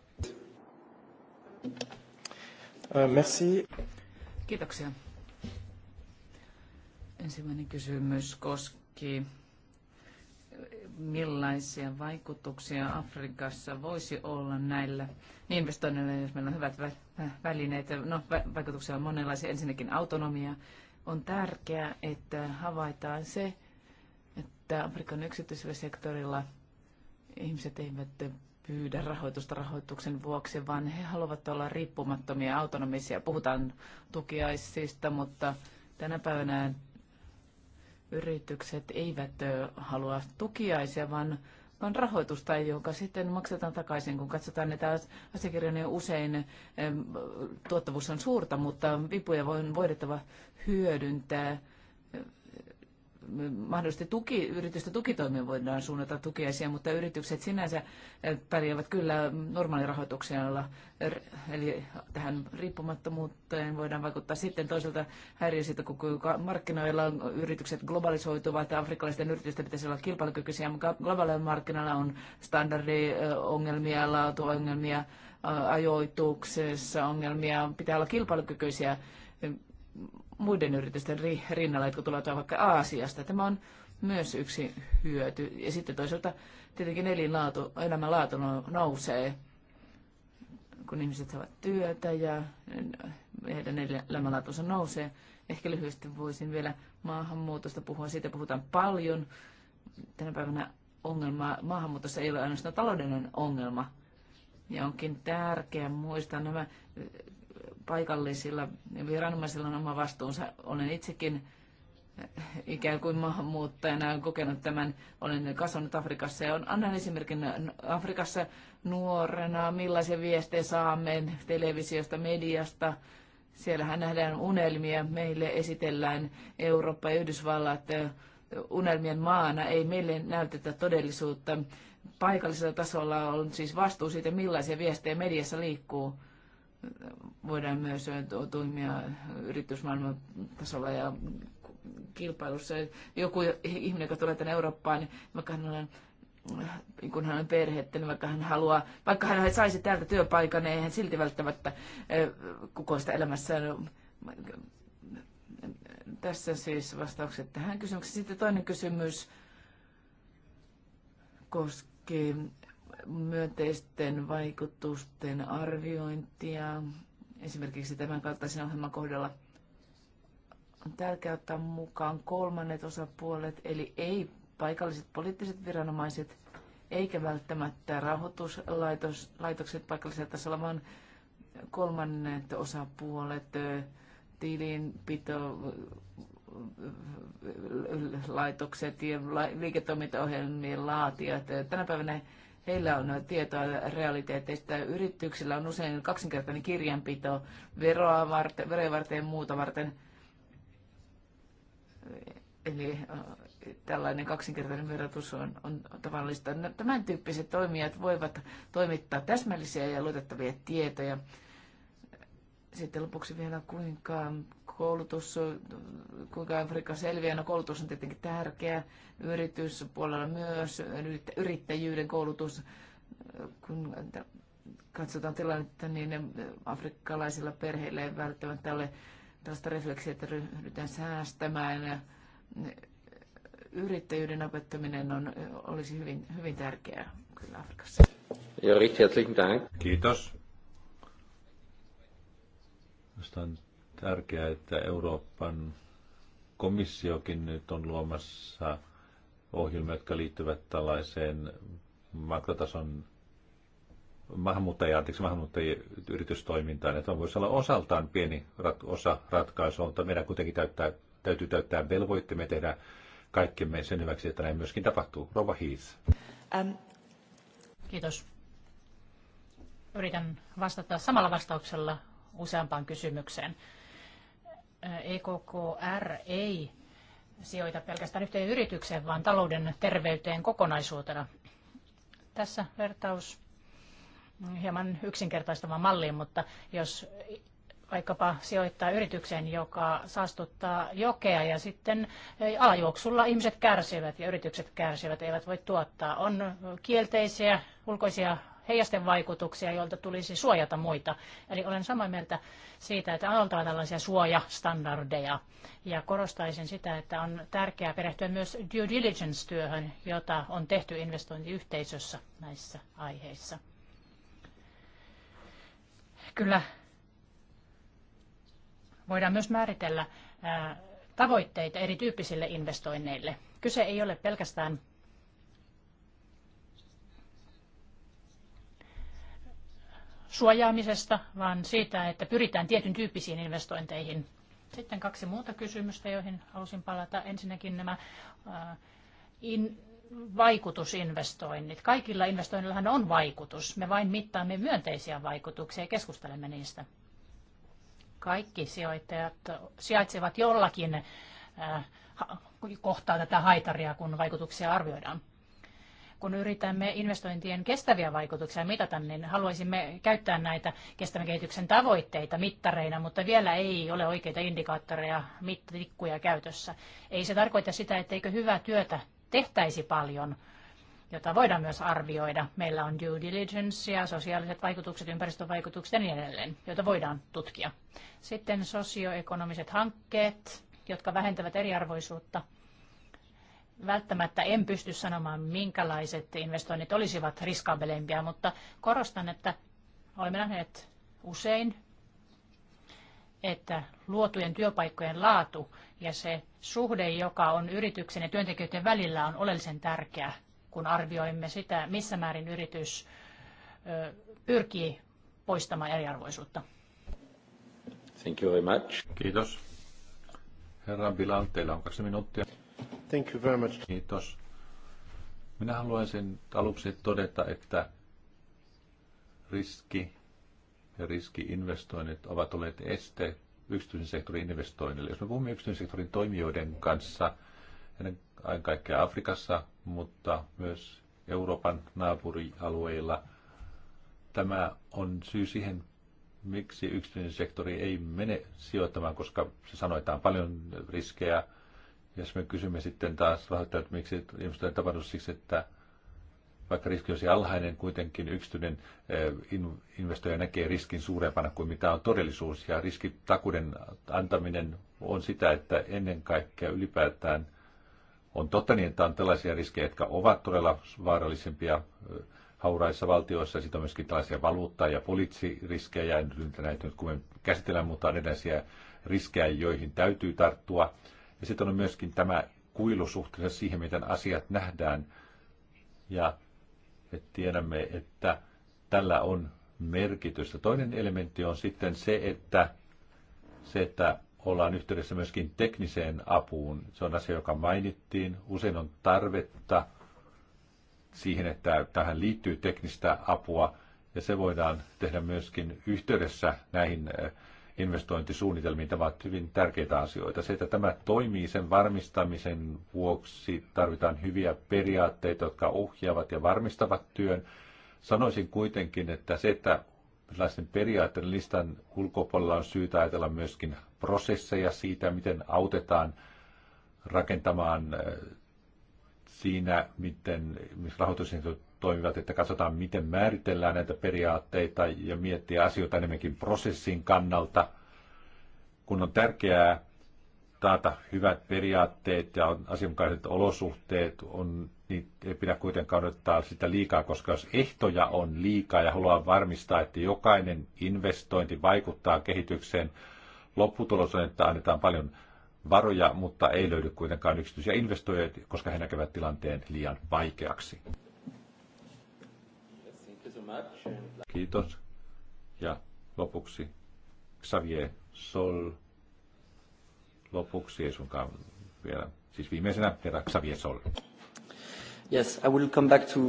Uh, merci. Kiitoksia. Ensimmäinen kysymys koski, millaisia vaikutuksia Afrikassa voisi olla näillä investoinneilla, jos meillä on hyvät äh, välineet. No, vaikutuksia on monenlaisia. Ensinnäkin autonomia. On tärkeää, että havaitaan se, että Afrikan yksityisellä sektorilla ihmiset eivät pyydä rahoitusta rahoituksen vuoksi, vaan he haluavat olla riippumattomia, autonomisia. Puhutaan tukiaisista, mutta tänä päivänä yritykset eivät halua tukiaisia, vaan vaan rahoitusta, joka sitten maksetaan takaisin, kun katsotaan näitä asiakirjoja, niin usein tuottavuus on suurta, mutta vipuja voi voidettava hyödyntää mahdollisesti tuki, yritysten tukitoimia voidaan suunnata tukiaisia, mutta yritykset sinänsä eh, pärjäävät kyllä normaalirahoituksella. Eli tähän riippumattomuuteen voidaan vaikuttaa sitten toiselta häiriöstä, kun markkinoilla yritykset globalisoituvat, afrikkalaisten yritysten pitäisi olla kilpailukykyisiä, mutta globaalilla markkinoilla on standardiongelmia, eh, laatuongelmia, eh, ajoituksessa ongelmia, pitää olla kilpailukykyisiä muiden yritysten rinnalla, jotka tulevat vaikka Aasiasta. Tämä on myös yksi hyöty. Ja sitten toisaalta tietenkin elinlaatu, elämänlaatu no, nousee, kun ihmiset saavat työtä ja heidän elämänlaatuunsa nousee. Ehkä lyhyesti voisin vielä maahanmuutosta puhua. Siitä puhutaan paljon. Tänä päivänä ongelma maahanmuutossa ei ole ainoastaan taloudellinen ongelma. Ja onkin tärkeää muistaa nämä paikallisilla viranomaisilla on oma vastuunsa. Olen itsekin ikään kuin maahanmuuttajana kokenut tämän, olen kasvanut Afrikassa ja on, annan esimerkin Afrikassa nuorena, millaisia viestejä saamme televisiosta, mediasta. Siellähän nähdään unelmia, meille esitellään Eurooppa ja Yhdysvallat unelmien maana, ei meille näytetä todellisuutta. Paikallisella tasolla on siis vastuu siitä, millaisia viestejä mediassa liikkuu voidaan myös toimia yritysmaailman tasolla ja kilpailussa. Joku ihminen, joka tulee tänne Eurooppaan, niin vaikka hän on äh, kun hän on perhettä, niin vaikka hän haluaa, vaikka hän saisi täältä työpaikan, niin eihän silti välttämättä kukoista elämässään. tässä siis vastaukset tähän kysymykseen. Sitten toinen kysymys koskee myönteisten vaikutusten arviointia. Esimerkiksi tämän kaltaisen ohjelman kohdalla on tärkeää ottaa mukaan kolmannet osapuolet, eli ei paikalliset poliittiset viranomaiset, eikä välttämättä rahoituslaitokset paikallisella tasolla, vaan kolmannet osapuolet, tilinpito, laitokset ja liiketoimintaohjelmien laatijat. Tänä päivänä Heillä on tietoa realiteeteista. Yrityksillä on usein kaksinkertainen kirjanpito veroa varten, veroja varten ja muuta varten. Eli äh, tällainen kaksinkertainen verotus on, on tavallista. No, tämän tyyppiset toimijat voivat toimittaa täsmällisiä ja luotettavia tietoja. Sitten lopuksi vielä, kuinka koulutus, kuinka Afrikka selviää. No koulutus on tietenkin tärkeä, yrityspuolella myös, yrittäjyyden koulutus. Kun katsotaan tilannetta, niin afrikkalaisilla perheillä ei välttämättä ole tällaista refleksiä, että ryhdytään säästämään. Yrittäjyyden opettaminen on, olisi hyvin, hyvin tärkeää kyllä Afrikassa. Joo, richtig Dank. Kiitos. Jostain tärkeää, että Euroopan komissiokin nyt on luomassa ohjelmia, jotka liittyvät tällaiseen makrotason maahanmuuttajia, anteeksi, maahanmuuttajien yritystoimintaan. Että on voisi olla osaltaan pieni rat, osa ratkaisua, mutta meidän kuitenkin täyttää, täytyy täyttää velvoitteemme tehdä kaikkemme sen hyväksi, että näin myöskin tapahtuu. Rova Heath. Ähm. Kiitos. Yritän vastata samalla vastauksella useampaan kysymykseen. EKKR ei sijoita pelkästään yhteen yritykseen, vaan talouden terveyteen kokonaisuutena. Tässä vertaus hieman yksinkertaistava malliin, mutta jos vaikkapa sijoittaa yritykseen, joka saastuttaa jokea ja sitten alajuoksulla ihmiset kärsivät ja yritykset kärsivät, eivät voi tuottaa. On kielteisiä ulkoisia heijasten vaikutuksia, joilta tulisi suojata muita. Eli olen samaa mieltä siitä, että on oltava tällaisia suojastandardeja. Ja korostaisin sitä, että on tärkeää perehtyä myös due diligence-työhön, jota on tehty investointiyhteisössä näissä aiheissa. Kyllä voidaan myös määritellä tavoitteita erityyppisille investoinneille. Kyse ei ole pelkästään suojaamisesta, vaan siitä, että pyritään tietyn tyyppisiin investointeihin. Sitten kaksi muuta kysymystä, joihin halusin palata. Ensinnäkin nämä äh, in, vaikutusinvestoinnit. Kaikilla investoinnillahan on vaikutus. Me vain mittaamme myönteisiä vaikutuksia ja keskustelemme niistä. Kaikki sijoittajat sijaitsevat jollakin äh, kohtaa tätä haitaria, kun vaikutuksia arvioidaan kun yritämme investointien kestäviä vaikutuksia mitata, niin haluaisimme käyttää näitä kestävän kehityksen tavoitteita mittareina, mutta vielä ei ole oikeita indikaattoreja, mittatikkuja käytössä. Ei se tarkoita sitä, etteikö hyvää työtä tehtäisi paljon, jota voidaan myös arvioida. Meillä on due diligence ja sosiaaliset vaikutukset, ympäristövaikutukset ja niin edelleen, joita voidaan tutkia. Sitten sosioekonomiset hankkeet, jotka vähentävät eriarvoisuutta – välttämättä en pysty sanomaan, minkälaiset investoinnit olisivat riskaabeleimpia, mutta korostan, että olemme nähneet usein, että luotujen työpaikkojen laatu ja se suhde, joka on yrityksen ja työntekijöiden välillä, on oleellisen tärkeä, kun arvioimme sitä, missä määrin yritys pyrkii poistamaan eriarvoisuutta. Thank you very much. Kiitos. Herra Bilal, teillä on kaksi minuuttia. Thank you very much. Kiitos. Minä haluaisin aluksi todeta, että riski ja riskiinvestoinnit ovat olleet este yksityisen sektorin investoinnille. Jos me puhumme yksityisen sektorin toimijoiden kanssa, ennen kaikkea Afrikassa, mutta myös Euroopan naapurialueilla, tämä on syy siihen, miksi yksityinen sektori ei mene sijoittamaan, koska se sanoitaan paljon riskejä, jos me kysymme sitten taas että miksi ihmiset on tapahtunut siksi, että vaikka riski olisi alhainen, kuitenkin yksityinen eh, investoija näkee riskin suurempana kuin mitä on todellisuus. Ja riskitakuden antaminen on sitä, että ennen kaikkea ylipäätään on totta niin, että on tällaisia riskejä, jotka ovat todella vaarallisempia eh, hauraissa valtioissa. Sitten on myöskin tällaisia valuutta- ja poliitsiriskejä, en nyt näitä nyt kun me käsitellään, mutta on erilaisia riskejä, joihin täytyy tarttua. Ja sitten on myöskin tämä kuilu suhteessa siihen, miten asiat nähdään. Ja että tiedämme, että tällä on merkitystä. Toinen elementti on sitten se, että, se, että ollaan yhteydessä myöskin tekniseen apuun. Se on asia, joka mainittiin. Usein on tarvetta siihen, että tähän liittyy teknistä apua, ja se voidaan tehdä myöskin yhteydessä näihin investointisuunnitelmiin. Tämä on hyvin tärkeitä asioita. Se, että tämä toimii sen varmistamisen vuoksi, tarvitaan hyviä periaatteita, jotka ohjaavat ja varmistavat työn. Sanoisin kuitenkin, että se, että sellaisen periaatteiden listan ulkopuolella on syytä ajatella myöskin prosesseja siitä, miten autetaan rakentamaan siinä, miten rahoitusinstituutit toimivat, että katsotaan, miten määritellään näitä periaatteita ja miettiä asioita enemmänkin prosessin kannalta, kun on tärkeää taata hyvät periaatteet ja asianmukaiset olosuhteet, on, niin ei pidä kuitenkaan odottaa sitä liikaa, koska jos ehtoja on liikaa ja haluaa varmistaa, että jokainen investointi vaikuttaa kehitykseen, lopputulos on, että annetaan paljon varoja, mutta ei löydy kuitenkaan yksityisiä investoijia, koska he näkevät tilanteen liian vaikeaksi. Kiitos. Ja lopuksi Xavier Sol. Lopuksi ei sunkaan vielä. Siis viimeisenä herra Xavier Sol. Yes, I will come back to...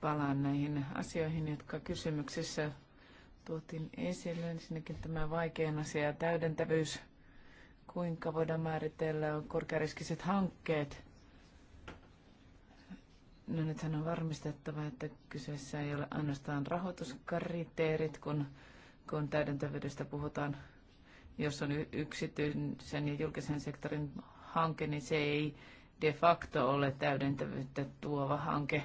Palaan näihin asioihin, jotka kysymyksessä tuotiin esille. Ensinnäkin tämä vaikean asia ja täydentävyys kuinka voidaan määritellä korkeariskiset hankkeet. No nythän on varmistettava, että kyseessä ei ole ainoastaan rahoituskriteerit, kun, kun täydentävyydestä puhutaan. Jos on yksityisen ja julkisen sektorin hanke, niin se ei de facto ole täydentävyyttä tuova hanke.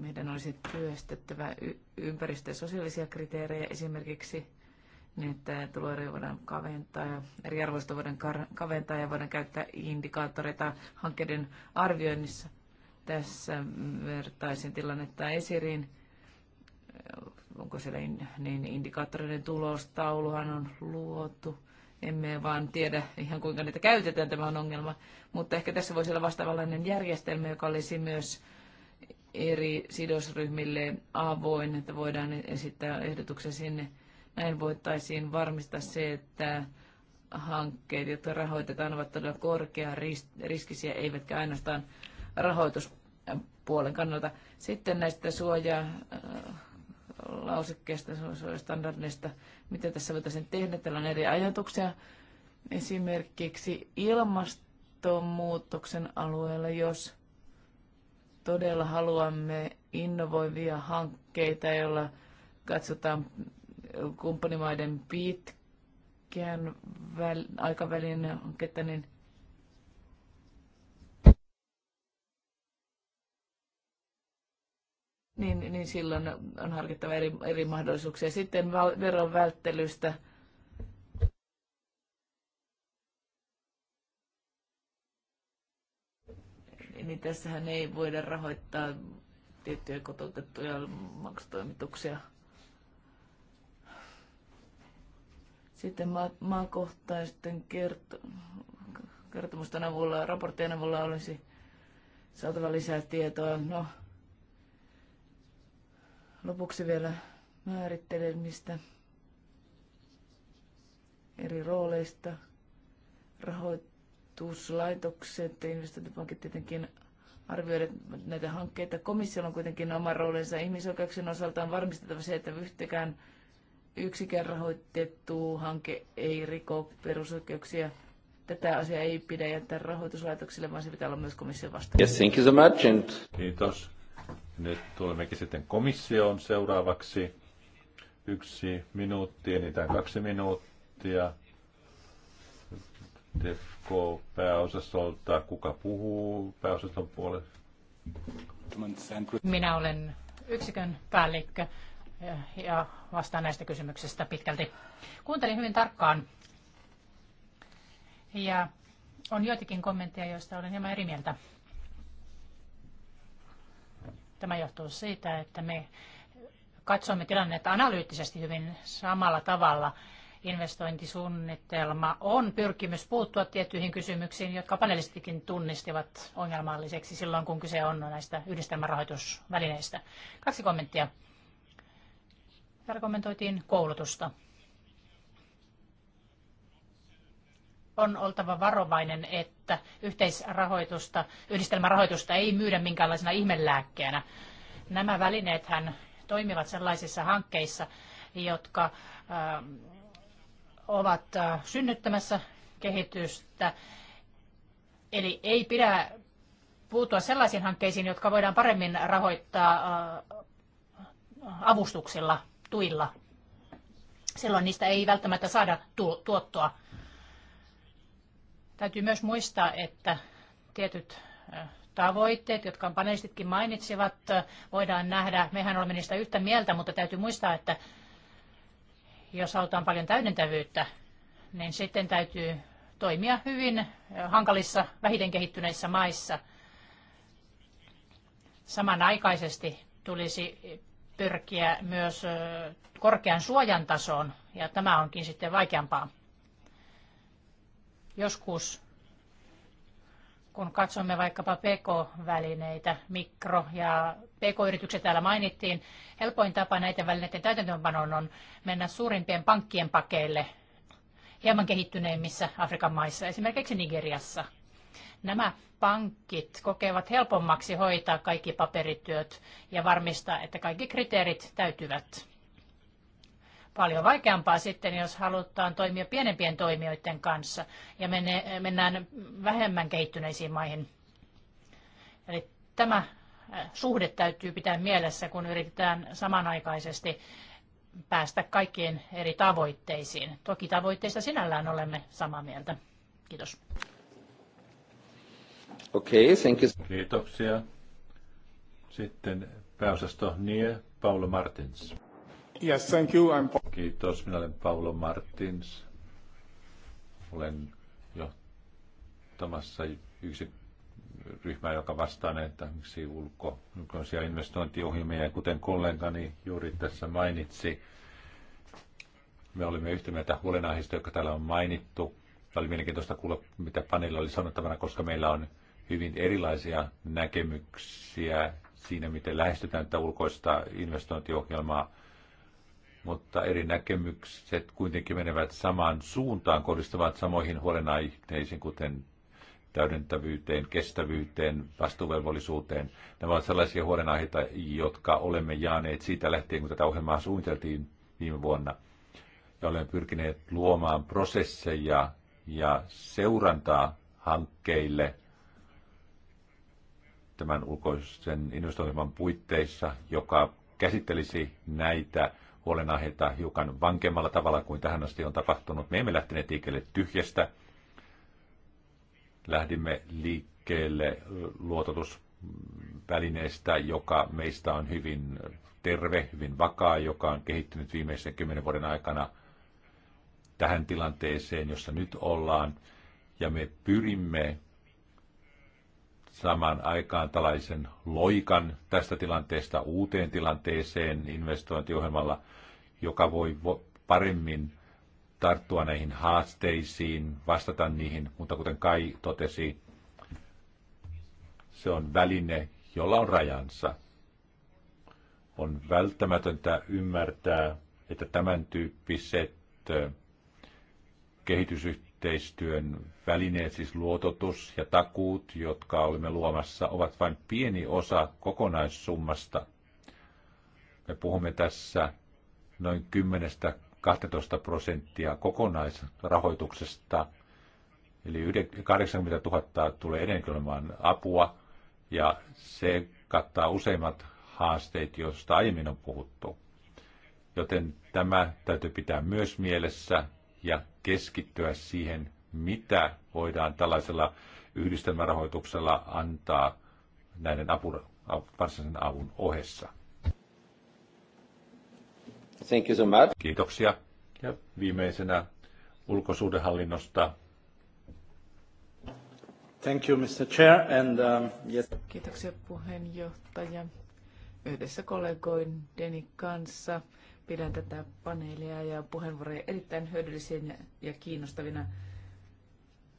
Meidän olisi työstettävä y- ympäristö- ja sosiaalisia kriteerejä esimerkiksi – Näitä tuloeroja voidaan kaventaa ja arvoista voidaan kaventaa ja voidaan käyttää indikaattoreita hankkeiden arvioinnissa. Tässä vertaisin tilannetta esiriin. Onko siellä in, niin indikaattoreiden tulostauluhan on luotu. Emme vaan tiedä ihan kuinka niitä käytetään, tämä on ongelma. Mutta ehkä tässä voisi olla vastaavanlainen järjestelmä, joka olisi myös eri sidosryhmille avoin, että voidaan esittää ehdotuksia sinne näin voitaisiin varmistaa se, että hankkeet, jotka rahoitetaan, ovat todella korkea riskisiä, eivätkä ainoastaan rahoituspuolen kannalta. Sitten näistä suojaa äh, lausekkeesta, standardista, mitä tässä voitaisiin tehdä. Täällä on eri ajatuksia. Esimerkiksi ilmastonmuutoksen alueella, jos todella haluamme innovoivia hankkeita, joilla katsotaan kumppanimaiden pitkän väl, aikavälin hanketta, niin niin, niin silloin on harkittava eri, eri mahdollisuuksia. Sitten val, veron välttelystä. Niin tässähän ei voida rahoittaa tiettyjä kotoutettuja maksutoimituksia. Sitten ma- maakohtaisten kert- kertomusten avulla, raporttien avulla olisi saatava lisää tietoa. No, lopuksi vielä määrittelemistä eri rooleista, rahoituslaitokset, investointipankit tietenkin arvioida näitä hankkeita. Komissiolla on kuitenkin oma roolinsa ihmisoikeuksien osalta on varmistettava se, että yhtäkään yksikään rahoitettu hanke ei riko perusoikeuksia. Tätä asiaa ei pidä jättää rahoituslaitoksille, vaan se pitää olla myös komission vastaan. Yes, thank you so Kiitos. Nyt tulemmekin sitten komissioon seuraavaksi. Yksi minuutti, enintään kaksi minuuttia. Defko pääosastolta, kuka puhuu pääosaston puolesta? Minä olen yksikön päällikkö ja vastaan näistä kysymyksistä pitkälti. Kuuntelin hyvin tarkkaan ja on joitakin kommentteja, joista olen hieman eri mieltä. Tämä johtuu siitä, että me katsomme tilannetta analyyttisesti hyvin samalla tavalla. Investointisuunnitelma on pyrkimys puuttua tiettyihin kysymyksiin, jotka panelistikin tunnistivat ongelmalliseksi silloin, kun kyse on näistä yhdistelmärahoitusvälineistä. Kaksi kommenttia. Täällä kommentoitiin koulutusta. On oltava varovainen, että yhteisrahoitusta, yhdistelmärahoitusta ei myydä minkäänlaisena ihmelääkkeenä. Nämä hän toimivat sellaisissa hankkeissa, jotka äh, ovat äh, synnyttämässä kehitystä. Eli ei pidä puuttua sellaisiin hankkeisiin, jotka voidaan paremmin rahoittaa äh, avustuksilla tuilla. Silloin niistä ei välttämättä saada tuottoa. Täytyy myös muistaa, että tietyt tavoitteet, jotka panelistitkin mainitsivat, voidaan nähdä. Mehän olemme niistä yhtä mieltä, mutta täytyy muistaa, että jos halutaan paljon täydentävyyttä, niin sitten täytyy toimia hyvin hankalissa, vähiten kehittyneissä maissa. Samanaikaisesti tulisi pyrkiä myös korkean suojan tasoon, ja tämä onkin sitten vaikeampaa. Joskus, kun katsomme vaikkapa PK-välineitä, mikro- ja PK-yritykset täällä mainittiin, helpoin tapa näiden välineiden täytäntöönpanoon on mennä suurimpien pankkien pakeille hieman kehittyneimmissä Afrikan maissa, esimerkiksi Nigeriassa – Nämä pankit kokevat helpommaksi hoitaa kaikki paperityöt ja varmistaa, että kaikki kriteerit täytyvät. Paljon vaikeampaa sitten, jos halutaan toimia pienempien toimijoiden kanssa ja mennään vähemmän kehittyneisiin maihin. Eli tämä äh, suhde täytyy pitää mielessä, kun yritetään samanaikaisesti päästä kaikkiin eri tavoitteisiin. Toki tavoitteista sinällään olemme samaa mieltä. Kiitos. Okei, okay, thank you. Kiitoksia. Sitten pääosasto NIE, Paulo Martins. Yes, thank you. I'm... Kiitos, minä olen Paulo Martins. Olen johtamassa yksi ryhmä, joka vastaa näitä ulko, ulkoisia investointiohjelmia. Ja kuten kollegani juuri tässä mainitsi, me olimme yhtä mieltä huolenaiheista, joka täällä on mainittu. Tämä oli mielenkiintoista kuulla, mitä panilla oli sanottavana, koska meillä on hyvin erilaisia näkemyksiä siinä, miten lähestytään tätä ulkoista investointiohjelmaa, mutta eri näkemykset kuitenkin menevät samaan suuntaan, kohdistuvat samoihin huolenaiheisiin, kuten täydentävyyteen, kestävyyteen, vastuuvelvollisuuteen. Nämä ovat sellaisia huolenaiheita, jotka olemme jaaneet siitä lähtien, kun tätä ohjelmaa suunniteltiin viime vuonna. Ja olemme pyrkineet luomaan prosesseja ja seurantaa hankkeille – tämän ulkoisen investointiohjelman puitteissa, joka käsittelisi näitä huolenaiheita hiukan vankemmalla tavalla kuin tähän asti on tapahtunut. Me emme lähteneet liikkeelle tyhjästä. Lähdimme liikkeelle luototusvälineestä, joka meistä on hyvin terve, hyvin vakaa, joka on kehittynyt viimeisen kymmenen vuoden aikana tähän tilanteeseen, jossa nyt ollaan. Ja me pyrimme samaan aikaan tällaisen loikan tästä tilanteesta uuteen tilanteeseen investointiohjelmalla, joka voi paremmin tarttua näihin haasteisiin, vastata niihin, mutta kuten Kai totesi, se on väline, jolla on rajansa. On välttämätöntä ymmärtää, että tämän tyyppiset kehitysyhteistyöt, yhteistyön välineet, siis luototus ja takuut, jotka olemme luomassa, ovat vain pieni osa kokonaissummasta. Me puhumme tässä noin 10-12 prosenttia kokonaisrahoituksesta, eli 80 000 tulee edelleenkin apua, ja se kattaa useimmat haasteet, joista aiemmin on puhuttu. Joten tämä täytyy pitää myös mielessä ja keskittyä siihen, mitä voidaan tällaisella yhdistelmärahoituksella antaa näiden apu, varsinaisen avun ohessa. Thank you so much. Kiitoksia. Ja viimeisenä ulkosuhdehallinnosta Thank you, Mr. Chair, and, um, yes. Kiitoksia puheenjohtaja. Yhdessä kollegoideni kanssa Pidän tätä paneelia ja puheenvuoroja erittäin hyödyllisinä ja kiinnostavina.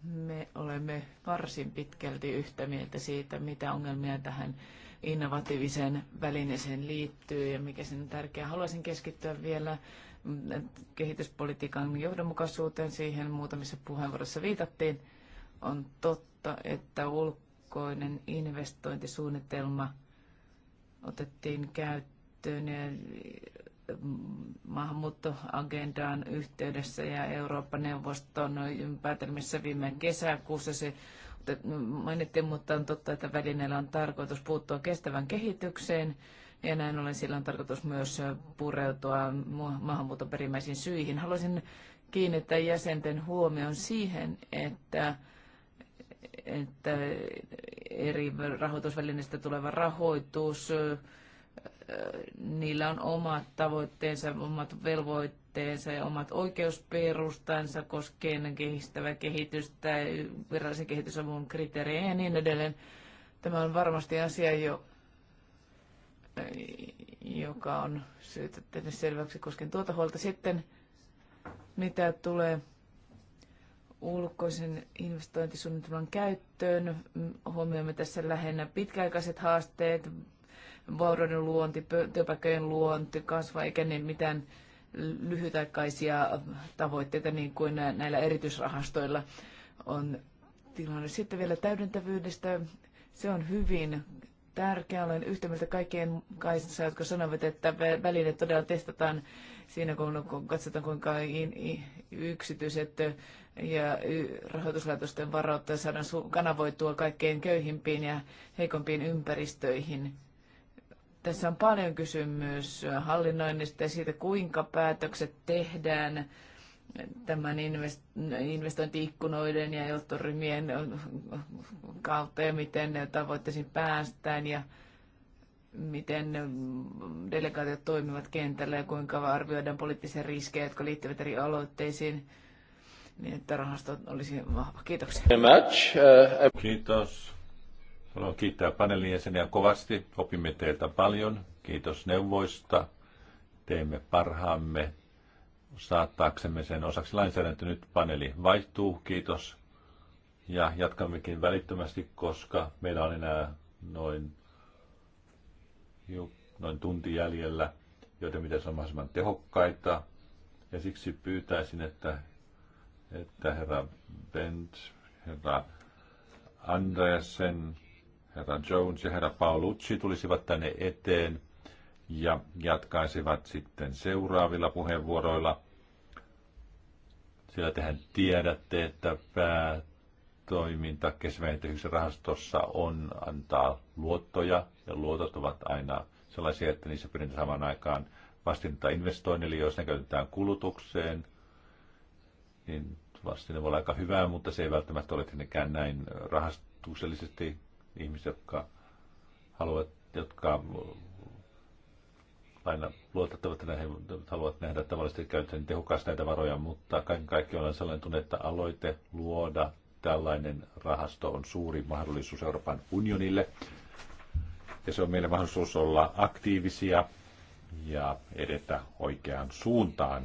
Me olemme varsin pitkälti yhtä mieltä siitä, mitä ongelmia tähän innovatiiviseen välineeseen liittyy ja mikä sen on tärkeää. Haluaisin keskittyä vielä mm, kehityspolitiikan johdonmukaisuuteen. Siihen muutamissa puheenvuoroissa viitattiin. On totta, että ulkoinen investointisuunnitelma otettiin käyttöön ja maahanmuuttoagendaan yhteydessä ja Eurooppa-neuvoston päätelmissä viime kesäkuussa se mainittiin, mutta on totta, että välineellä on tarkoitus puuttua kestävän kehitykseen ja näin ollen sillä on tarkoitus myös pureutua maahanmuuton perimmäisiin syihin. Haluaisin kiinnittää jäsenten huomioon siihen, että että eri rahoitusvälineistä tuleva rahoitus niillä on omat tavoitteensa, omat velvoitteensa ja omat oikeusperustansa koskien kehistävää kehitystä, virallisen kehitysavun kriteerejä ja niin edelleen. Tämä on varmasti asia, jo, joka on syytä tehdä selväksi koskien tuota huolta. Sitten mitä tulee ulkoisen investointisuunnitelman käyttöön, huomioimme tässä lähinnä pitkäaikaiset haasteet, vaurauden luonti, työpaikkojen luonti kasvaa, eikä ne niin mitään lyhytaikaisia tavoitteita niin kuin näillä erityisrahastoilla on tilanne. Sitten vielä täydentävyydestä. Se on hyvin tärkeää. Olen yhtä mieltä kaikkien kanssa, jotka sanovat, että väline todella testataan siinä, kun katsotaan kuinka yksityiset ja rahoituslaitosten varoittaa saadaan kanavoitua kaikkein köyhimpiin ja heikompiin ympäristöihin. Tässä on paljon kysymys hallinnoinnista ja siitä, kuinka päätökset tehdään tämän investointiikkunoiden ja johtoryhmien kautta ja miten tavoitteisiin päästään ja miten delegaatiot toimivat kentällä ja kuinka arvioidaan poliittisia riskejä, jotka liittyvät eri aloitteisiin, niin että rahasto olisi vahva. Kiitoksia. Uh, Kiitos. Haluan kiittää paneelin jäseniä kovasti. Opimme teiltä paljon. Kiitos neuvoista. Teemme parhaamme saattaaksemme sen osaksi lainsäädäntö. Nyt paneeli vaihtuu. Kiitos. Ja jatkammekin välittömästi, koska meillä on enää noin, noin tunti jäljellä, joten mitä on mahdollisimman tehokkaita. Ja siksi pyytäisin, että, että herra Bent, herra Andreasen, herra Jones ja herra Paulucci tulisivat tänne eteen ja jatkaisivat sitten seuraavilla puheenvuoroilla. Sillä tehän tiedätte, että päätoiminta kesäväitehyksen rahastossa on antaa luottoja ja luotot ovat aina sellaisia, että niissä pyritään samaan aikaan vastinta investoinnille, jos ne käytetään kulutukseen, niin vastine voi olla aika hyvää, mutta se ei välttämättä ole tietenkään näin rahastuksellisesti ihmiset, jotka haluavat, jotka aina luotettavat näihin, haluavat nähdä tavallisesti käyttöön tehokkaasti näitä varoja, mutta kaiken kaikkiaan on sellainen tunne, että aloite luoda tällainen rahasto on suuri mahdollisuus Euroopan unionille. Ja se on meille mahdollisuus olla aktiivisia ja edetä oikeaan suuntaan.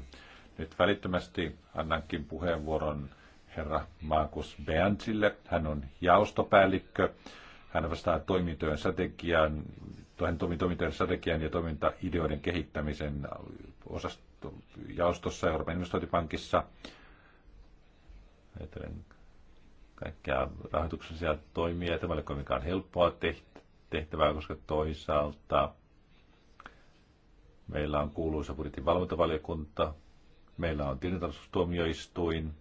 Nyt välittömästi annankin puheenvuoron herra Markus Beantsille. Hän on jaostopäällikkö hän vastaa toimintojen strategian, toimintojen strategian ja toimintaideoiden kehittämisen osasto, jaostossa Euroopan investointipankissa. Ajattelen kaikkia rahoituksellisia toimia. Tämä ei ole kovinkaan helppoa tehtävää, koska toisaalta meillä on kuuluisa budjetin valvontavaliokunta, meillä on tilintarkastustuomioistuin,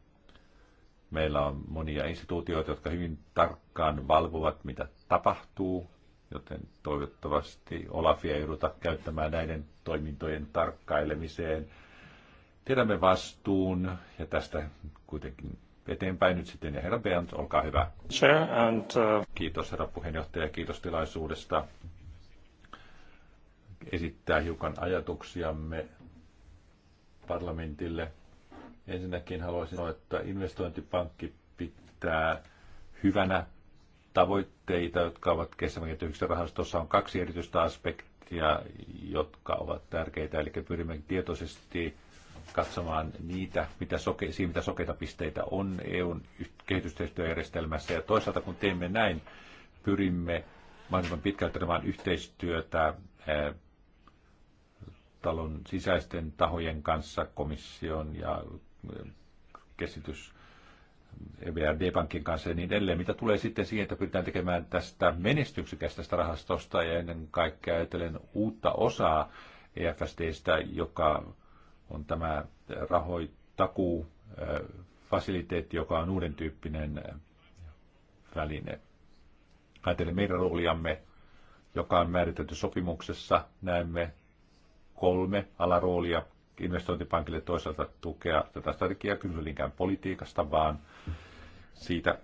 meillä on monia instituutioita, jotka hyvin tarkkaan valvovat, mitä tapahtuu, joten toivottavasti Olafia jouduta käyttämään näiden toimintojen tarkkailemiseen. Tiedämme vastuun ja tästä kuitenkin eteenpäin nyt sitten. Ja herra Beant, olkaa hyvä. Sure, and, uh... Kiitos herra puheenjohtaja, kiitos tilaisuudesta esittää hiukan ajatuksiamme parlamentille. Ensinnäkin haluaisin sanoa, että investointipankki pitää hyvänä tavoitteita, jotka ovat kestävän kehityksen rahastossa, on kaksi erityistä aspektia, jotka ovat tärkeitä. Eli pyrimme tietoisesti katsomaan niitä, mitä soke, siinä mitä sokeita pisteitä on EUn kehitysyhteistyöjärjestelmässä. Ja toisaalta kun teemme näin, pyrimme mahdollisimman pitkälti tekemään yhteistyötä talon sisäisten tahojen kanssa, komission ja kesitys EBRD-pankin kanssa ja niin edelleen. Mitä tulee sitten siihen, että pyritään tekemään tästä menestyksekästä rahastosta ja ennen kaikkea ajatellen uutta osaa EFSDstä, joka on tämä rahoitakuu fasiliteetti, joka on uuden tyyppinen väline. Ajatellen meidän rooliamme, joka on määritelty sopimuksessa, näemme kolme alaroolia, investointipankille toisaalta tukea tätä strategiaa kysymys politiikasta, vaan siitä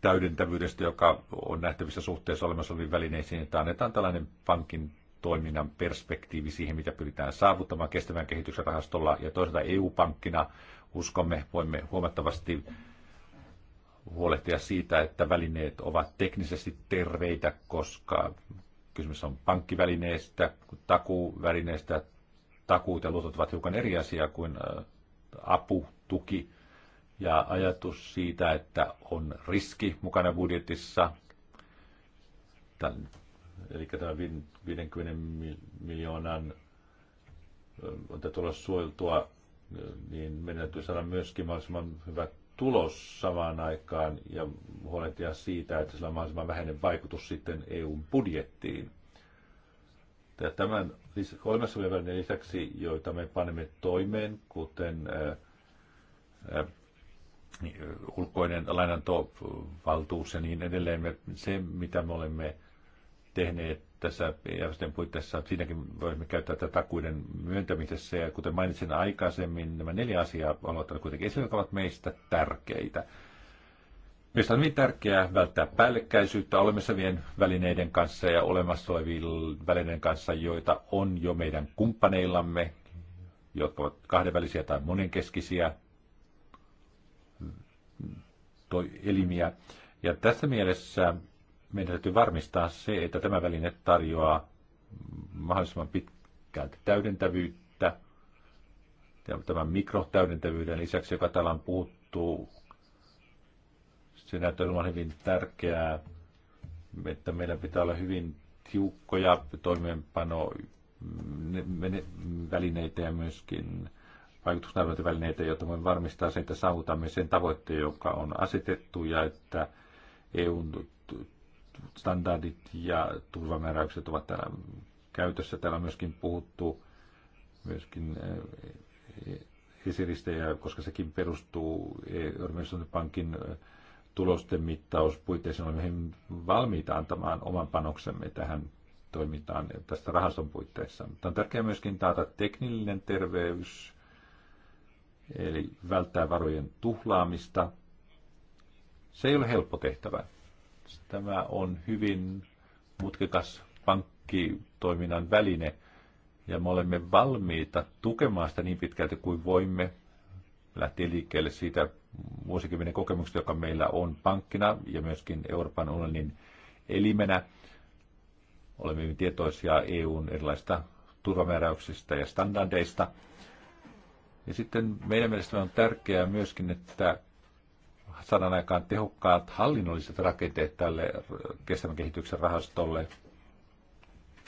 täydentävyydestä, joka on nähtävissä suhteessa olemassa oleviin välineisiin, että annetaan tällainen pankin toiminnan perspektiivi siihen, mitä pyritään saavuttamaan kestävän kehityksen rahastolla. Ja toisaalta EU-pankkina uskomme, voimme huomattavasti huolehtia siitä, että välineet ovat teknisesti terveitä, koska kysymys on pankkivälineestä, takuvälineestä, takuut ja luotot ovat hiukan eri asia kuin apu, tuki ja ajatus siitä, että on riski mukana budjetissa. Tämän, eli tämä 50 miljoonan on tulla suojeltua, niin meidän täytyy saada myöskin mahdollisimman hyvä tulos samaan aikaan ja huolehtia siitä, että sillä on mahdollisimman vähäinen vaikutus sitten EUn budjettiin. Ja tämän olemassa olevien lisäksi, joita me panemme toimeen, kuten ulkoinen lainantovaltuus ja niin edelleen. Me, se, mitä me olemme tehneet tässä järjestelmän puitteissa, siinäkin voimme käyttää tätä takuiden myöntämisessä. Ja kuten mainitsin aikaisemmin, nämä neljä asiaa ovat kuitenkin esille, jotka ovat meistä tärkeitä. Meistä on hyvin tärkeää välttää päällekkäisyyttä olemassavien välineiden kanssa ja olemassa olevien välineiden kanssa, joita on jo meidän kumppaneillamme, jotka ovat kahdenvälisiä tai monenkeskisiä elimiä. Ja tässä mielessä meidän täytyy varmistaa se, että tämä väline tarjoaa mahdollisimman pitkälti täydentävyyttä. Ja tämän mikrotäydentävyyden lisäksi, joka täällä on puhuttu, se näyttää olevan hyvin tärkeää, että meillä pitää olla hyvin tiukkoja toimeenpano välineitä ja myöskin vaikutusarviointivälineitä, jotta voimme varmistaa sen, että saavutamme sen tavoitteen, joka on asetettu ja että EUn standardit ja turvamääräykset ovat täällä käytössä. Täällä on myöskin puhuttu myöskin eh, eh, esiristejä, koska sekin perustuu eh, Euroopan pankin tulosten mittauspuitteissa olemme valmiita antamaan oman panoksemme tähän toimintaan tästä rahaston puitteissa. Mutta on tärkeää myöskin taata teknillinen terveys, eli välttää varojen tuhlaamista. Se ei ole helppo tehtävä. Tämä on hyvin mutkikas pankkitoiminnan väline, ja me olemme valmiita tukemaan sitä niin pitkälti kuin voimme, lähtien liikkeelle siitä vuosikymmenen kokemukset, joka meillä on pankkina ja myöskin Euroopan unionin elimenä. Olemme hyvin tietoisia EUn erilaisista turvamääräyksistä ja standardeista. Ja sitten meidän mielestämme on tärkeää myöskin, että saadaan aikaan tehokkaat hallinnolliset rakenteet tälle kestävän kehityksen rahastolle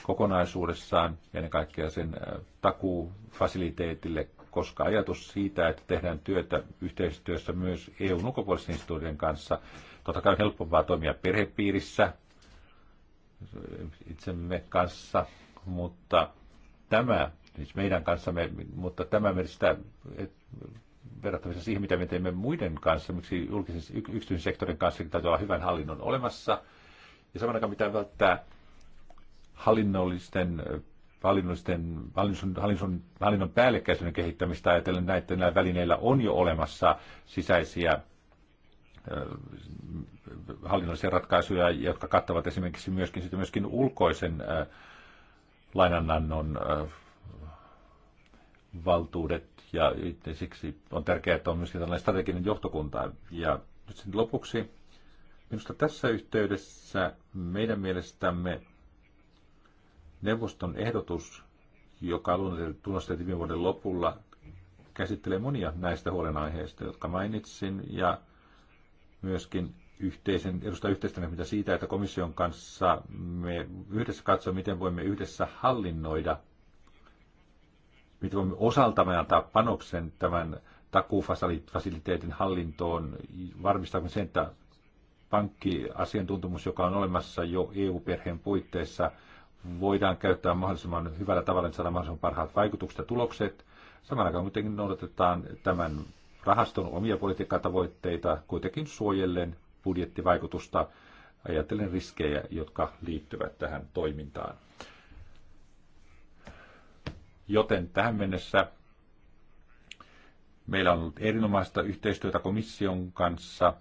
kokonaisuudessaan, ennen kaikkea sen äh, takuufasiliteetille, koska ajatus siitä, että tehdään työtä yhteistyössä myös EUn ulkopuolisten instituutioiden kanssa, totta kai on helpompaa toimia perhepiirissä itsemme kanssa, mutta tämä, siis meidän kanssamme, mutta tämä merkitsee verrattavissa siihen, mitä me teemme muiden kanssa, miksi julkisen yksityisen sektorin kanssa niin täytyy olla hyvän hallinnon olemassa, ja saman aikaan välttää hallinnollisten hallinnollisten, hallinnon, hallinnon päällekkäisyyden kehittämistä ajatellen näiden näillä välineillä on jo olemassa sisäisiä hallinnollisia ratkaisuja, jotka kattavat esimerkiksi myöskin, sitten myöskin ulkoisen lainannannon valtuudet ja siksi on tärkeää, että on myöskin tällainen strateginen johtokunta. Ja nyt sitten lopuksi, minusta tässä yhteydessä meidän mielestämme Neuvoston ehdotus, joka tunnustettiin viime vuoden lopulla, käsittelee monia näistä huolenaiheista, jotka mainitsin, ja myöskin yhteisen, edustaa yhteistä mitä siitä, että komission kanssa me yhdessä katsoa, miten voimme yhdessä hallinnoida, miten voimme osaltamme antaa panoksen tämän takuufasiliteetin hallintoon, varmistamme sen, että pankkiasiantuntemus, joka on olemassa jo EU-perheen puitteissa, voidaan käyttää mahdollisimman hyvällä tavalla, että saadaan mahdollisimman parhaat vaikutukset ja tulokset. Samalla aikaan kuitenkin noudatetaan tämän rahaston omia politiikkatavoitteita, kuitenkin suojellen budjettivaikutusta, ajatellen riskejä, jotka liittyvät tähän toimintaan. Joten tähän mennessä meillä on ollut erinomaista yhteistyötä komission kanssa –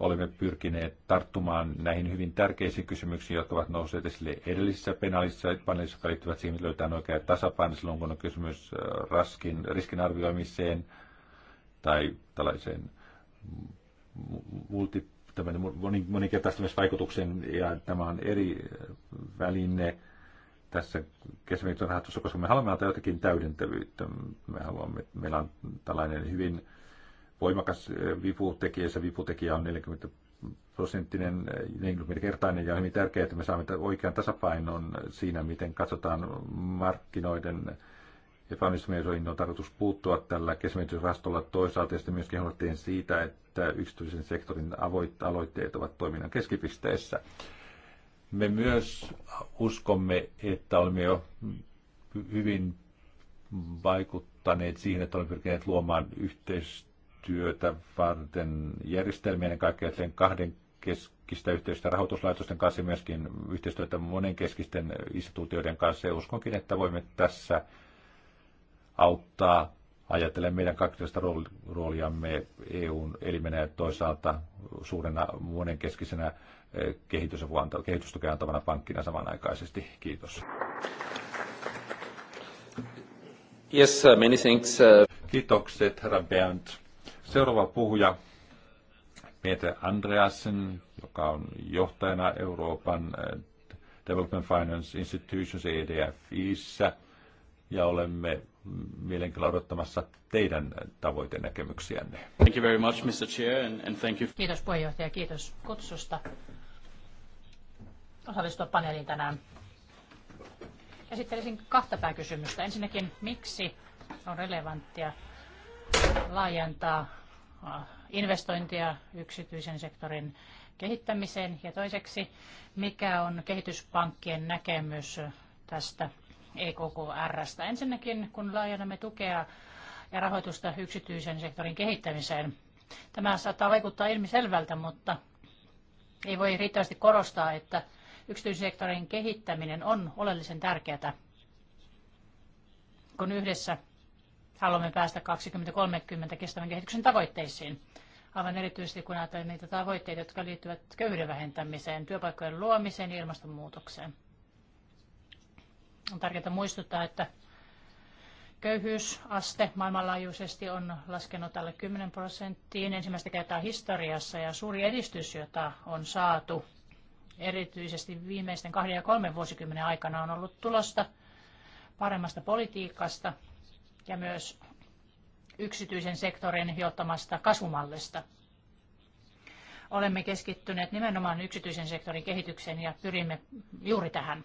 olemme pyrkineet tarttumaan näihin hyvin tärkeisiin kysymyksiin, jotka ovat nousseet esille edellisissä penaalissa, paneelissa, jotka liittyvät siihen, että löytää oikea tasapaino silloin, kun on kysymys äh, raskin, riskin arvioimiseen tai tällaiseen multi, monikertaistamisvaikutuksen, ja tämä on eri äh, väline tässä kesäviikon rahoitussa, koska me haluamme antaa jotakin täydentävyyttä. Me haluamme, meillä on tällainen hyvin voimakas eh, viputekijä. Se viputekijä on 40 prosenttinen, 40-kertainen eh, ja on hyvin tärkeää, että me saamme oikean tasapainon siinä, miten katsotaan markkinoiden epäonnistumisoihin on tarkoitus puuttua tällä keskimenetysrastolla toisaalta ja sitten myöskin huolehtiin siitä, että yksityisen sektorin aloitteet ovat toiminnan keskipisteessä. Me myös uskomme, että olemme jo hyvin vaikuttaneet siihen, että olemme pyrkineet luomaan yhteistyötä yhteistyötä varten järjestelmien ennen kaikkea sen kahden keskistä yhteistyötä rahoituslaitosten kanssa ja myöskin yhteistyötä monenkeskisten instituutioiden kanssa. Ja uskonkin, että voimme tässä auttaa ajatellen meidän kaksista rooliamme EUn elimenä ja toisaalta suurena monenkeskisenä eh, kehitystukea antavana pankkina samanaikaisesti. Kiitos. Yes, many thanks. Uh, Kiitokset, herra Bernd. Seuraava puhuja, Peter Andreasen, joka on johtajana Euroopan eh, Development Finance Institutions EDFissä, ja olemme mielenkiinnolla odottamassa teidän tavoitenäkemyksiänne. Thank you very much, Mr. Chair, and, thank you. Kiitos puheenjohtaja, kiitos kutsusta osallistua paneeliin tänään. Esittelisin kahta pääkysymystä. Ensinnäkin, miksi on relevanttia laajentaa Äh, investointeja yksityisen sektorin kehittämiseen? Ja toiseksi, mikä on kehityspankkien näkemys tästä EKKRstä? Ensinnäkin, kun laajennamme tukea ja rahoitusta yksityisen sektorin kehittämiseen, tämä saattaa vaikuttaa ilmiselvältä, mutta ei voi riittävästi korostaa, että yksityisen sektorin kehittäminen on oleellisen tärkeää, kun yhdessä haluamme päästä 2030 kestävän kehityksen tavoitteisiin. Aivan erityisesti kun ajatellaan niitä tavoitteita, jotka liittyvät köyhyyden vähentämiseen, työpaikkojen luomiseen ja ilmastonmuutokseen. On tärkeää muistuttaa, että köyhyysaste maailmanlaajuisesti on laskenut alle 10 prosenttiin ensimmäistä kertaa historiassa ja suuri edistys, jota on saatu erityisesti viimeisten kahden ja kolmen vuosikymmenen aikana on ollut tulosta paremmasta politiikasta, ja myös yksityisen sektorin johtamasta kasvumallista. Olemme keskittyneet nimenomaan yksityisen sektorin kehitykseen ja pyrimme juuri tähän.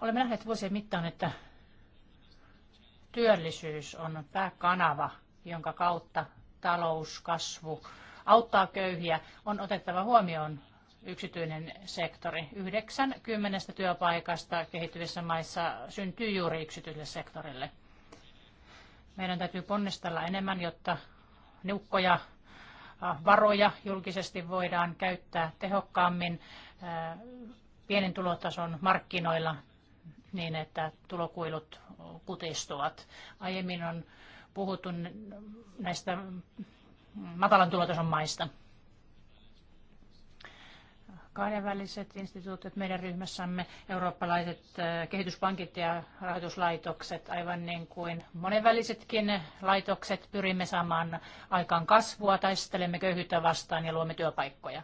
Olemme nähneet vuosien mittaan, että työllisyys on pääkanava, jonka kautta talouskasvu auttaa köyhiä. On otettava huomioon yksityinen sektori. yhdeksän kymmenestä työpaikasta kehittyvissä maissa syntyy juuri yksityiselle sektorille. Meidän täytyy ponnistella enemmän, jotta niukkoja äh, varoja julkisesti voidaan käyttää tehokkaammin äh, pienen tulotason markkinoilla niin, että tulokuilut kutistuvat. Aiemmin on puhuttu näistä matalan tulotason maista kahdenväliset instituutiot meidän ryhmässämme, eurooppalaiset kehityspankit ja rahoituslaitokset, aivan niin kuin monenvälisetkin laitokset, pyrimme saamaan aikaan kasvua, taistelemme köyhyyttä vastaan ja luomme työpaikkoja.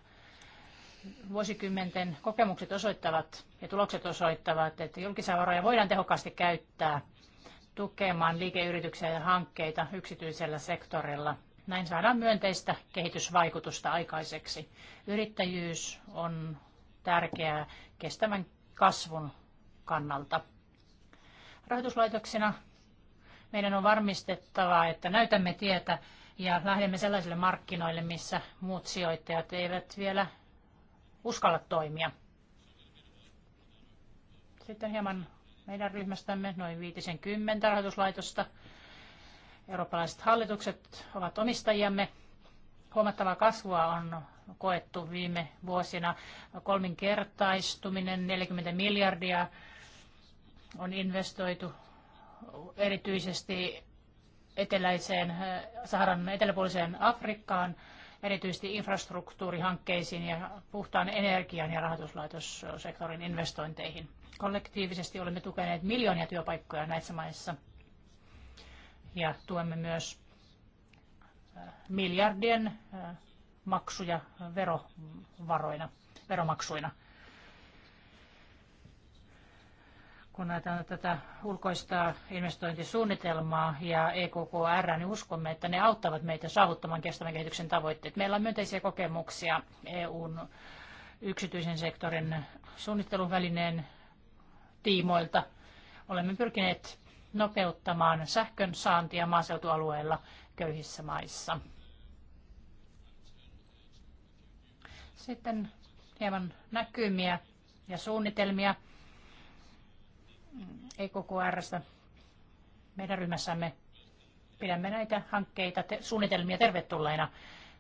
Vuosikymmenten kokemukset osoittavat ja tulokset osoittavat, että julkisia varoja voidaan tehokkaasti käyttää tukemaan liikeyrityksiä ja hankkeita yksityisellä sektorilla näin saadaan myönteistä kehitysvaikutusta aikaiseksi. Yrittäjyys on tärkeää kestävän kasvun kannalta. Rahoituslaitoksena meidän on varmistettava, että näytämme tietä ja lähdemme sellaisille markkinoille, missä muut sijoittajat eivät vielä uskalla toimia. Sitten hieman meidän ryhmästämme noin 50 rahoituslaitosta Eurooppalaiset hallitukset ovat omistajiamme. Huomattavaa kasvua on koettu viime vuosina. Kolminkertaistuminen, 40 miljardia on investoitu erityisesti eteläiseen Saharan eteläpuoliseen Afrikkaan, erityisesti infrastruktuurihankkeisiin ja puhtaan energian ja rahoituslaitossektorin investointeihin. Kollektiivisesti olemme tukeneet miljoonia työpaikkoja näissä maissa – ja tuemme myös äh, miljardien äh, maksuja verovaroina, veromaksuina. Kun ajatellaan tätä ulkoista investointisuunnitelmaa ja EKKR, niin uskomme, että ne auttavat meitä saavuttamaan kestävän kehityksen tavoitteet. Meillä on myönteisiä kokemuksia EUn yksityisen sektorin suunnitteluvälineen tiimoilta. Olemme pyrkineet nopeuttamaan sähkön saantia maaseutualueilla köyhissä maissa. Sitten hieman näkymiä ja suunnitelmia EKKRstä. Meidän ryhmässämme pidämme näitä hankkeita, te, suunnitelmia tervetulleina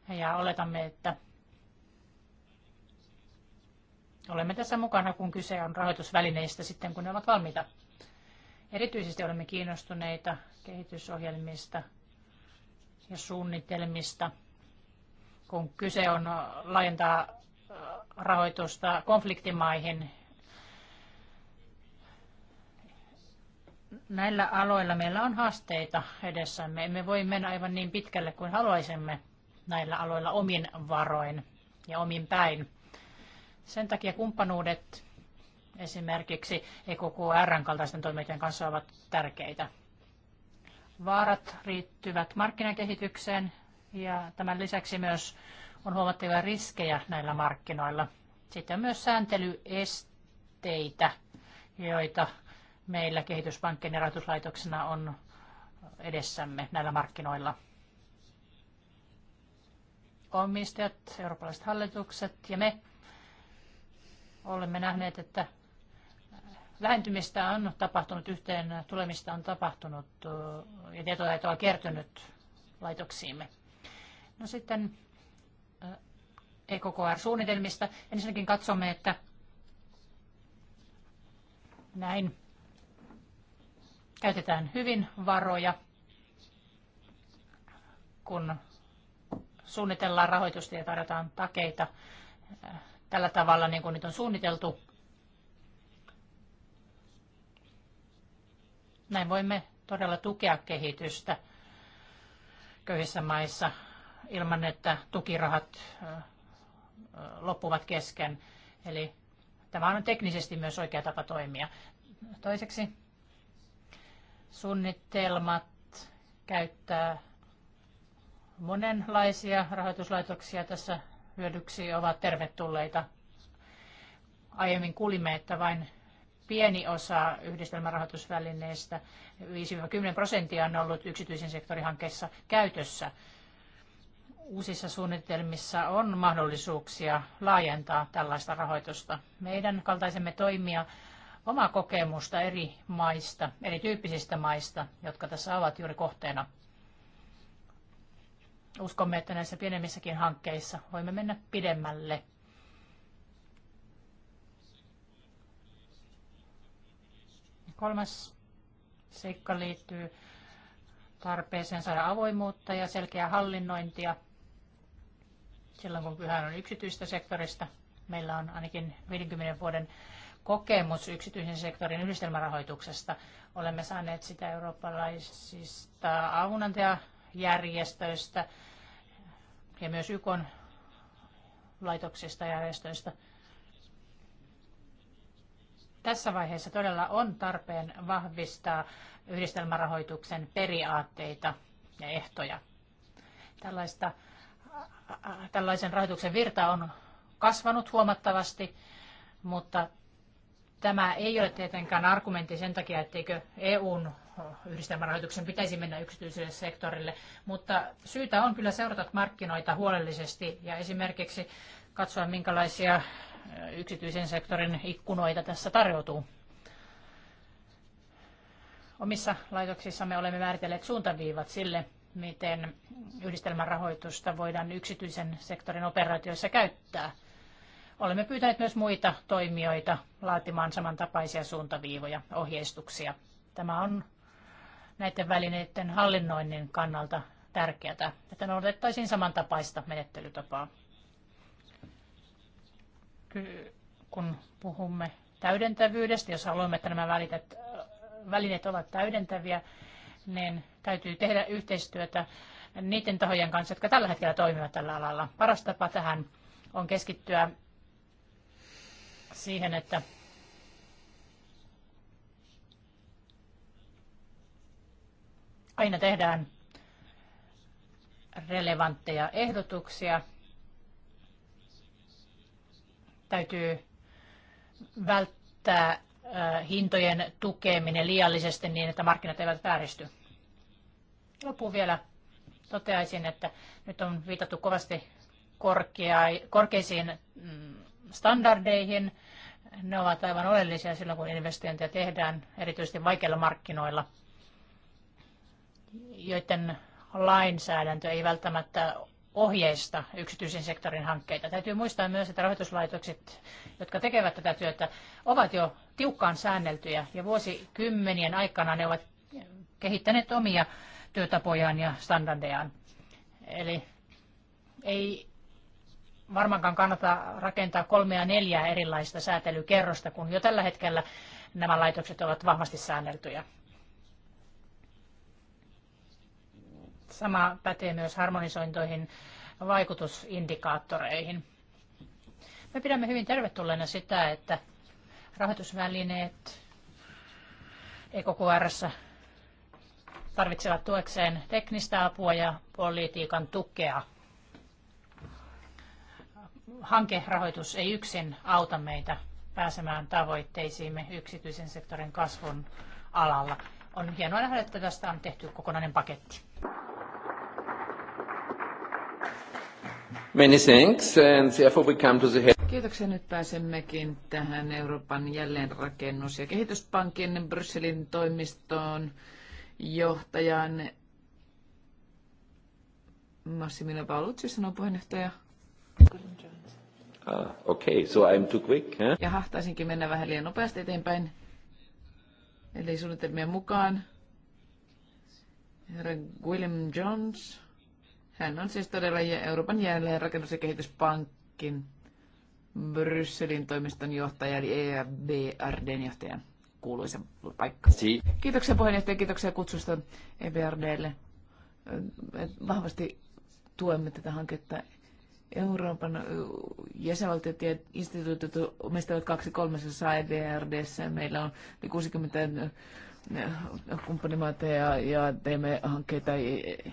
ja oletamme, että olemme tässä mukana, kun kyse on rahoitusvälineistä sitten, kun ne ovat valmiita. Erityisesti olemme kiinnostuneita kehitysohjelmista ja suunnitelmista, kun kyse on äh, laajentaa äh, rahoitusta konfliktimaihin. Näillä aloilla meillä on haasteita edessämme. Emme voi mennä aivan niin pitkälle kuin haluaisimme näillä aloilla omin varoin ja omin päin. Sen takia kumppanuudet esimerkiksi EQQRn kaltaisten toimijoiden kanssa ovat tärkeitä. Vaarat riittyvät markkinakehitykseen ja tämän lisäksi myös on huomattavia riskejä näillä markkinoilla. Sitten on myös sääntelyesteitä, joita meillä kehityspankkien ja rahoituslaitoksena on edessämme näillä markkinoilla. Omistajat, eurooppalaiset hallitukset ja me olemme nähneet, että vähentymistä on tapahtunut, yhteen tulemista on tapahtunut ja tietotaitoa kertynyt laitoksiimme. No sitten EKKR-suunnitelmista. Ensinnäkin katsomme, että näin käytetään hyvin varoja, kun suunnitellaan rahoitusta ja tarjotaan takeita tällä tavalla, niin kuin nyt on suunniteltu. Näin voimme todella tukea kehitystä köyhissä maissa ilman, että tukirahat loppuvat kesken. Eli tämä on teknisesti myös oikea tapa toimia. Toiseksi suunnitelmat käyttää monenlaisia rahoituslaitoksia tässä hyödyksi ovat tervetulleita. Aiemmin kuulimme, että vain pieni osa yhdistelmärahoitusvälineestä, 5-10 prosenttia on ollut yksityisen sektorin hankkeissa käytössä. Uusissa suunnitelmissa on mahdollisuuksia laajentaa tällaista rahoitusta. Meidän kaltaisemme toimia omaa kokemusta eri maista, erityyppisistä maista, jotka tässä ovat juuri kohteena. Uskomme, että näissä pienemmissäkin hankkeissa voimme mennä pidemmälle Kolmas seikka liittyy tarpeeseen saada avoimuutta ja selkeää hallinnointia. Silloin kun kyhän on yksityistä sektorista, meillä on ainakin 50 vuoden kokemus yksityisen sektorin yhdistelmärahoituksesta. Olemme saaneet sitä eurooppalaisista avunantajajärjestöistä ja myös YK laitoksista ja järjestöistä – tässä vaiheessa todella on tarpeen vahvistaa yhdistelmärahoituksen periaatteita ja ehtoja. Tällaista, tällaisen rahoituksen virta on kasvanut huomattavasti, mutta tämä ei ole tietenkään argumentti sen takia, etteikö EUn yhdistelmärahoituksen pitäisi mennä yksityiselle sektorille, mutta syytä on kyllä seurata markkinoita huolellisesti ja esimerkiksi katsoa, minkälaisia yksityisen sektorin ikkunoita tässä tarjoutuu. Omissa laitoksissamme olemme määritelleet suuntaviivat sille, miten yhdistelmän rahoitusta voidaan yksityisen sektorin operaatioissa käyttää. Olemme pyytäneet myös muita toimijoita laatimaan samantapaisia suuntaviivoja, ohjeistuksia. Tämä on näiden välineiden hallinnoinnin kannalta tärkeää, että noudatettaisiin samantapaista menettelytapaa kun puhumme täydentävyydestä, jos haluamme, että nämä välitet, välineet ovat täydentäviä, niin täytyy tehdä yhteistyötä niiden tahojen kanssa, jotka tällä hetkellä toimivat tällä alalla. Paras tapa tähän on keskittyä siihen, että aina tehdään relevantteja ehdotuksia Täytyy välttää äh, hintojen tukeminen liiallisesti niin, että markkinat eivät vääristy. Lopuun vielä toteaisin, että nyt on viitattu kovasti korkeisiin mm, standardeihin. Ne ovat aivan oleellisia silloin, kun investointeja tehdään, erityisesti vaikeilla markkinoilla, joiden lainsäädäntö ei välttämättä ohjeista yksityisen sektorin hankkeita. Täytyy muistaa myös, että rahoituslaitokset, jotka tekevät tätä työtä, ovat jo tiukkaan säänneltyjä ja vuosikymmenien aikana ne ovat kehittäneet omia työtapojaan ja standardejaan. Eli ei varmaankaan kannata rakentaa kolmea neljää erilaista säätelykerrosta, kun jo tällä hetkellä nämä laitokset ovat vahvasti säänneltyjä. Sama pätee myös harmonisointoihin vaikutusindikaattoreihin. Me pidämme hyvin tervetulleena sitä, että rahoitusvälineet EKQRssä tarvitsevat tuekseen teknistä apua ja politiikan tukea. Hankerahoitus ei yksin auta meitä pääsemään tavoitteisiimme yksityisen sektorin kasvun alalla. On hienoa nähdä, että tästä on tehty kokonainen paketti. Many thanks, and therefore we come to the... Kiitoksia. Nyt pääsemmekin tähän Euroopan jälleenrakennus- ja kehityspankin Brysselin toimistoon johtajan Massimino Paolucci sanoo puheenjohtaja. Ah, okay, so I'm too quick. Eh? Ja hahtaisinkin mennä vähän liian nopeasti eteenpäin. Eli suunnitelmien mukaan herra William Jones hän on siis todella Euroopan jälleenrakennus- ja kehityspankin Brysselin toimiston johtaja, eli EBRDn johtajan kuuluisa paikka. Si- kiitoksia puheenjohtaja, kiitoksia kutsusta EBRDlle. Vahvasti tuemme tätä hanketta. Euroopan jäsenvaltiot ja instituutiot omistavat kaksi kolmasosaa EBRDssä. Meillä on 60 kumppanimaata ja, ja teemme hankkeita e,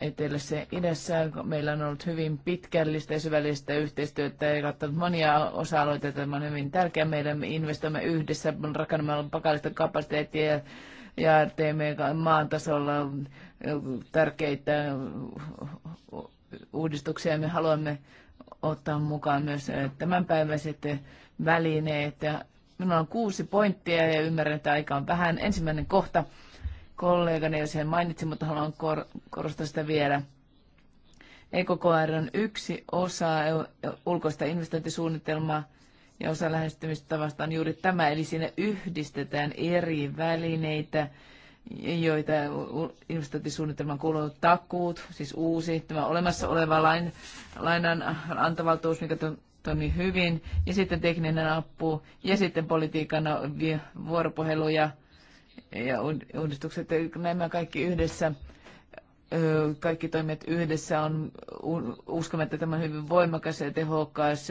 etelässä ja idässä. Meillä on ollut hyvin pitkällistä ja syvällistä yhteistyötä ja kattanut monia osa-alueita. Tämä on hyvin tärkeää. Meidän investoimme yhdessä, rakennamme pakallista kapasiteettia ja, ja teemme maan tasolla tärkeitä uudistuksia. Me haluamme ottaa mukaan myös tämän päivän sitten välineet. Minulla on kuusi pointtia ja ymmärrän, että aika on vähän. Ensimmäinen kohta kollegani jo sen mainitsi, mutta haluan kor- korostaa sitä vielä. EKKR on yksi osa ulkoista investointisuunnitelmaa ja osa lähestymistavasta on juuri tämä, eli siinä yhdistetään eri välineitä, joita investointisuunnitelman kuuluu takuut, siis uusi, tämä olemassa oleva lain, lainan antavaltuus, mikä toimii hyvin, ja sitten tekninen apu, ja sitten politiikan vuoropuhelu ja ja uudistukset, nämä kaikki yhdessä, kaikki toimet yhdessä on, uskomme, että tämä on hyvin voimakas ja tehokas,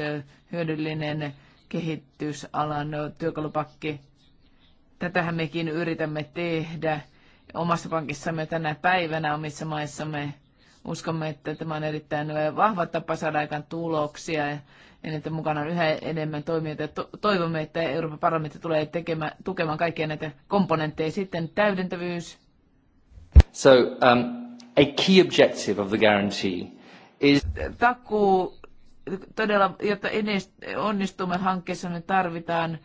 hyödyllinen kehitysalan työkalupakki. Tätähän mekin yritämme tehdä omassa pankissamme tänä päivänä omissa maissamme. Uskomme, että tämä on erittäin vahva tapa saada aikaan tuloksia niin mukana on yhä enemmän toimijoita. Toivomme, että Euroopan parlamentti tulee tekemään, tukemaan kaikkia näitä komponentteja. Sitten täydentävyys. So, um, a key objective of the guarantee is... Takuu, todella, jotta onnistumme hankkeessa, me tarvitaan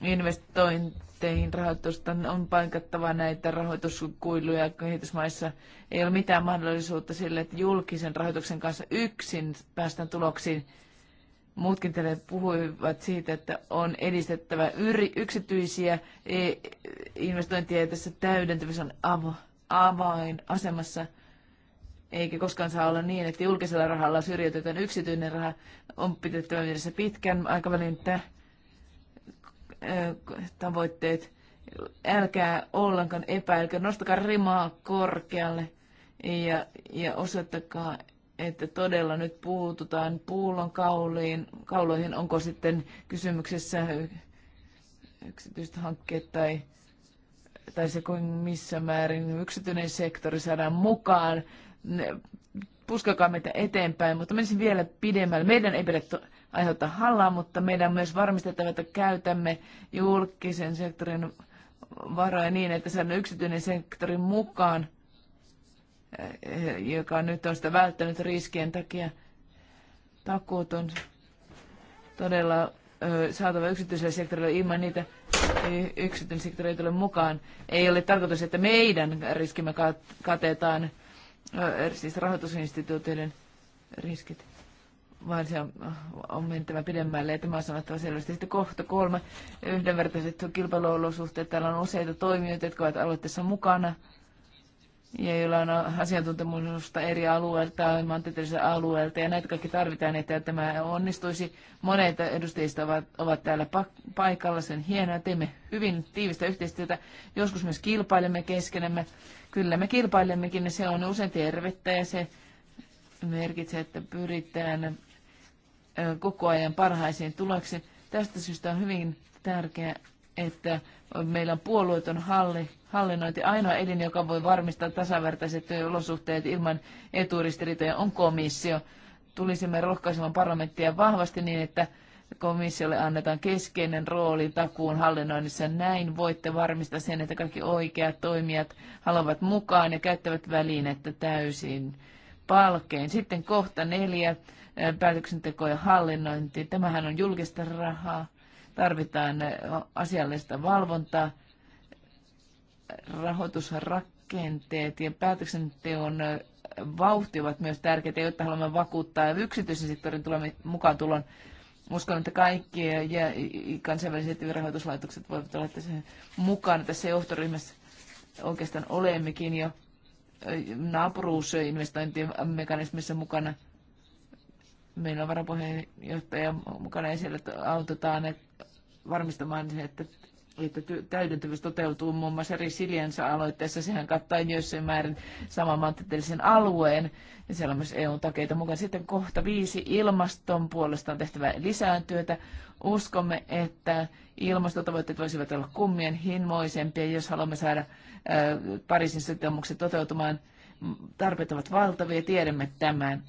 investointeihin rahoitusta. On paikattava näitä rahoituskuiluja kehitysmaissa. Ei ole mitään mahdollisuutta sille, että julkisen rahoituksen kanssa yksin päästään tuloksiin muutkin teille puhuivat siitä, että on edistettävä yri, yksityisiä e, investointeja tässä täydentävissä on avo, avainasemassa. Eikä koskaan saa olla niin, että julkisella rahalla syrjäytetään yksityinen raha. On pidettävä mielessä pitkän aikavälin tavoitteet. Älkää ollenkaan epäilkää, nostakaa rimaa korkealle ja, ja osoittakaa, että todella nyt puututaan puulon kauliin, kauloihin, onko sitten kysymyksessä yksityiset hankkeet tai, tai se kuin missä määrin yksityinen sektori saadaan mukaan. Puskakaa meitä eteenpäin, mutta menisin vielä pidemmälle. Meidän ei pidä aiheuttaa hallaa, mutta meidän on myös varmistettava, että käytämme julkisen sektorin varoja niin, että saadaan yksityinen sektori mukaan Eh, joka nyt on sitä välttänyt riskien takia. Takuut on todella eh, saatava yksityiselle sektorille ilman niitä yksityisen sektori ei mukaan. Ei ole tarkoitus, että meidän riskimme katetaan, eh, siis rahoitusinstituutioiden riskit, vaan se on, on mentävä pidemmälle ja tämä on sanottava selvästi. Sitten kohta kolme, yhdenvertaiset kilpailuolosuhteet. Täällä on useita toimijoita, jotka ovat aloitteessa mukana ja joilla on asiantuntemusta eri alueilta, maantieteellisiltä alueilta, ja näitä kaikki tarvitaan, että tämä onnistuisi. Monet edustajista ovat, ovat täällä paikalla, sen hienoa, teemme hyvin tiivistä yhteistyötä, joskus myös kilpailemme keskenämme. Kyllä me kilpailemmekin, ja se on usein tervettä, ja se merkitsee, että pyritään koko ajan parhaisiin tuloksiin. Tästä syystä on hyvin tärkeää, että meillä on puolueeton halli, hallinnointi. Ainoa elin, joka voi varmistaa tasavertaiset työolosuhteet ilman eturistiriitoja, on komissio. Tulisimme rohkaisemaan parlamenttia vahvasti niin, että komissiolle annetaan keskeinen rooli takuun hallinnoinnissa. Näin voitte varmistaa sen, että kaikki oikeat toimijat haluavat mukaan ja käyttävät välinettä täysin palkein. Sitten kohta neljä, päätöksenteko ja hallinnointi. Tämähän on julkista rahaa Tarvitaan eh, asiallista valvontaa, rahoitusrakenteet ja päätöksenteon eh, vauhti ovat myös tärkeitä, jotta haluamme vakuuttaa yksityisen sektorin mukaan tulon. Uskon, että kaikki eh, ja kansainväliset rahoituslaitokset voivat olla tässä mukana tässä johtoryhmässä. Oikeastaan olemmekin jo naapuruusinvestointien mekanismissa mukana – Meillä on varapuheenjohtaja mukana ja siellä autetaan että varmistamaan se, että että täydentävyys toteutuu muun muassa resilienssa aloitteessa Sehän kattaa jossain määrin saman maantieteellisen alueen, ja siellä on myös EU-takeita mukaan. Sitten kohta viisi, ilmaston puolesta on tehtävä lisää työtä. Uskomme, että ilmastotavoitteet voisivat olla kummien hinmoisempia, jos haluamme saada ää, Pariisin sitoumukset toteutumaan. Tarpeet ovat valtavia, tiedämme tämän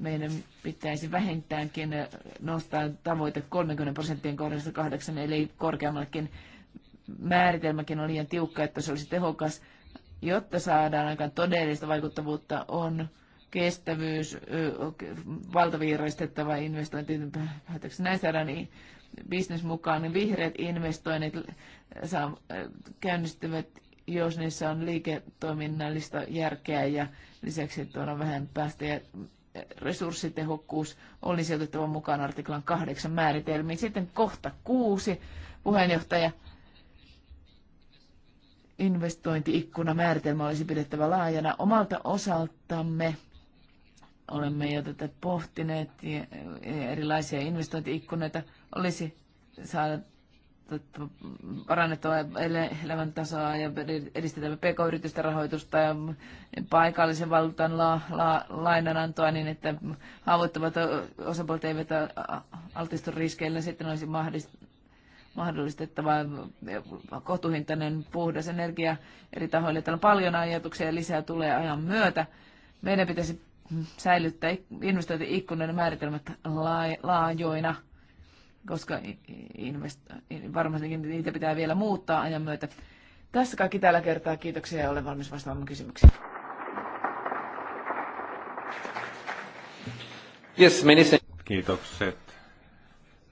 meidän pitäisi vähintäänkin nostaa tavoite 30 prosenttien kohdasta kahdeksan, eli korkeammallekin määritelmäkin on liian tiukka, että se olisi tehokas. Jotta saadaan aikaan todellista vaikuttavuutta, on kestävyys, valtavirraistettava investointipäätöksen. Näin saadaan niin bisnes mukaan, niin vihreät investoinnit saa, käynnistyvät, jos niissä on liiketoiminnallista järkeä ja lisäksi tuolla vähän päästöjä resurssitehokkuus olisi otettava mukaan artiklan kahdeksan määritelmiin. Sitten kohta kuusi, puheenjohtaja, investointiikkuna määritelmä olisi pidettävä laajana omalta osaltamme. Olemme jo tätä pohtineet ja erilaisia investointiikkunoita olisi saada parannettua elämäntasoa ja edistetään pk-yritysten rahoitusta ja paikallisen valuutan la, la, lainanantoa niin, että haavoittuvat osapuolet eivät altistu riskeillä. Sitten olisi mahdollistettava kohtuuhintainen puhdas energia eri tahoille. Täällä on paljon ajatuksia ja lisää tulee ajan myötä. Meidän pitäisi säilyttää investointiikkunan määritelmät laajoina koska invest- varmastikin niitä pitää vielä muuttaa ajan myötä. Tässä kaikki tällä kertaa. Kiitoksia ja olen valmis vastaamaan kysymyksiin. Yes, minister. Kiitokset,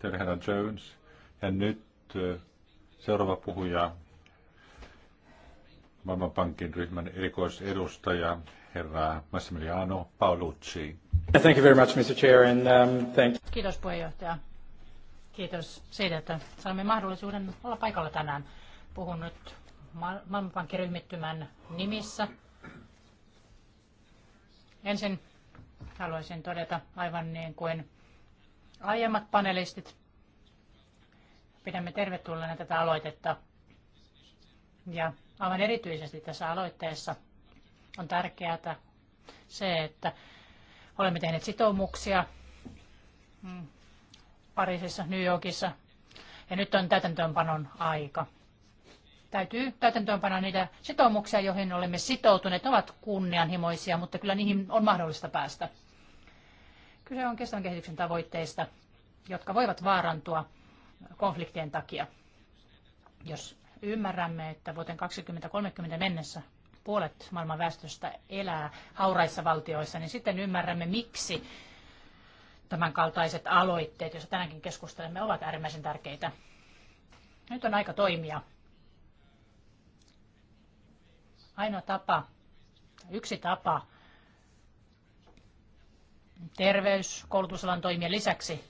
herra Jones. Ja nyt eh, seuraava puhuja, Maailmanpankin ryhmän erikoisedustaja, herra Massimiliano Paolucci. Thank you very much, Mr. Chair, and, um, thank... Kiitos puheenjohtaja. Kiitos siitä, että saimme mahdollisuuden olla paikalla tänään. Puhun nyt Maailmanpankkiryhmittymän nimissä. Ensin haluaisin todeta aivan niin kuin aiemmat panelistit. Pidämme tervetulleena tätä aloitetta. Ja aivan erityisesti tässä aloitteessa on tärkeää se, että olemme tehneet sitoumuksia mm, Pariisissa, New Yorkissa. Ja nyt on täytäntöönpanon aika. Täytyy täytäntöönpana niitä sitoumuksia, joihin olemme sitoutuneet, ovat kunnianhimoisia, mutta kyllä niihin on mahdollista päästä. Kyse on kestävän kehityksen tavoitteista, jotka voivat vaarantua konfliktien takia. Jos ymmärrämme, että vuoteen 2030 mennessä puolet maailman väestöstä elää hauraissa valtioissa, niin sitten ymmärrämme, miksi tämän kaltaiset aloitteet, joista tänäänkin keskustelemme, ovat äärimmäisen tärkeitä. Nyt on aika toimia. Ainoa tapa, yksi tapa terveys- koulutusalan toimien lisäksi,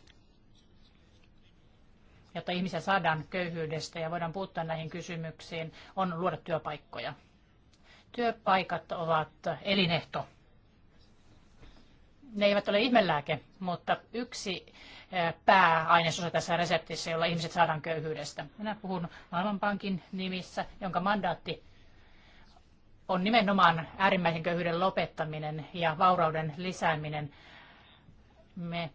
jotta ihmisiä saadaan köyhyydestä ja voidaan puuttua näihin kysymyksiin, on luoda työpaikkoja. Työpaikat ovat elinehto ne eivät ole ihmelääke, mutta yksi pääainesosa tässä reseptissä, jolla ihmiset saadaan köyhyydestä. Minä puhun Maailmanpankin nimissä, jonka mandaatti on nimenomaan äärimmäisen köyhyyden lopettaminen ja vaurauden lisääminen. Me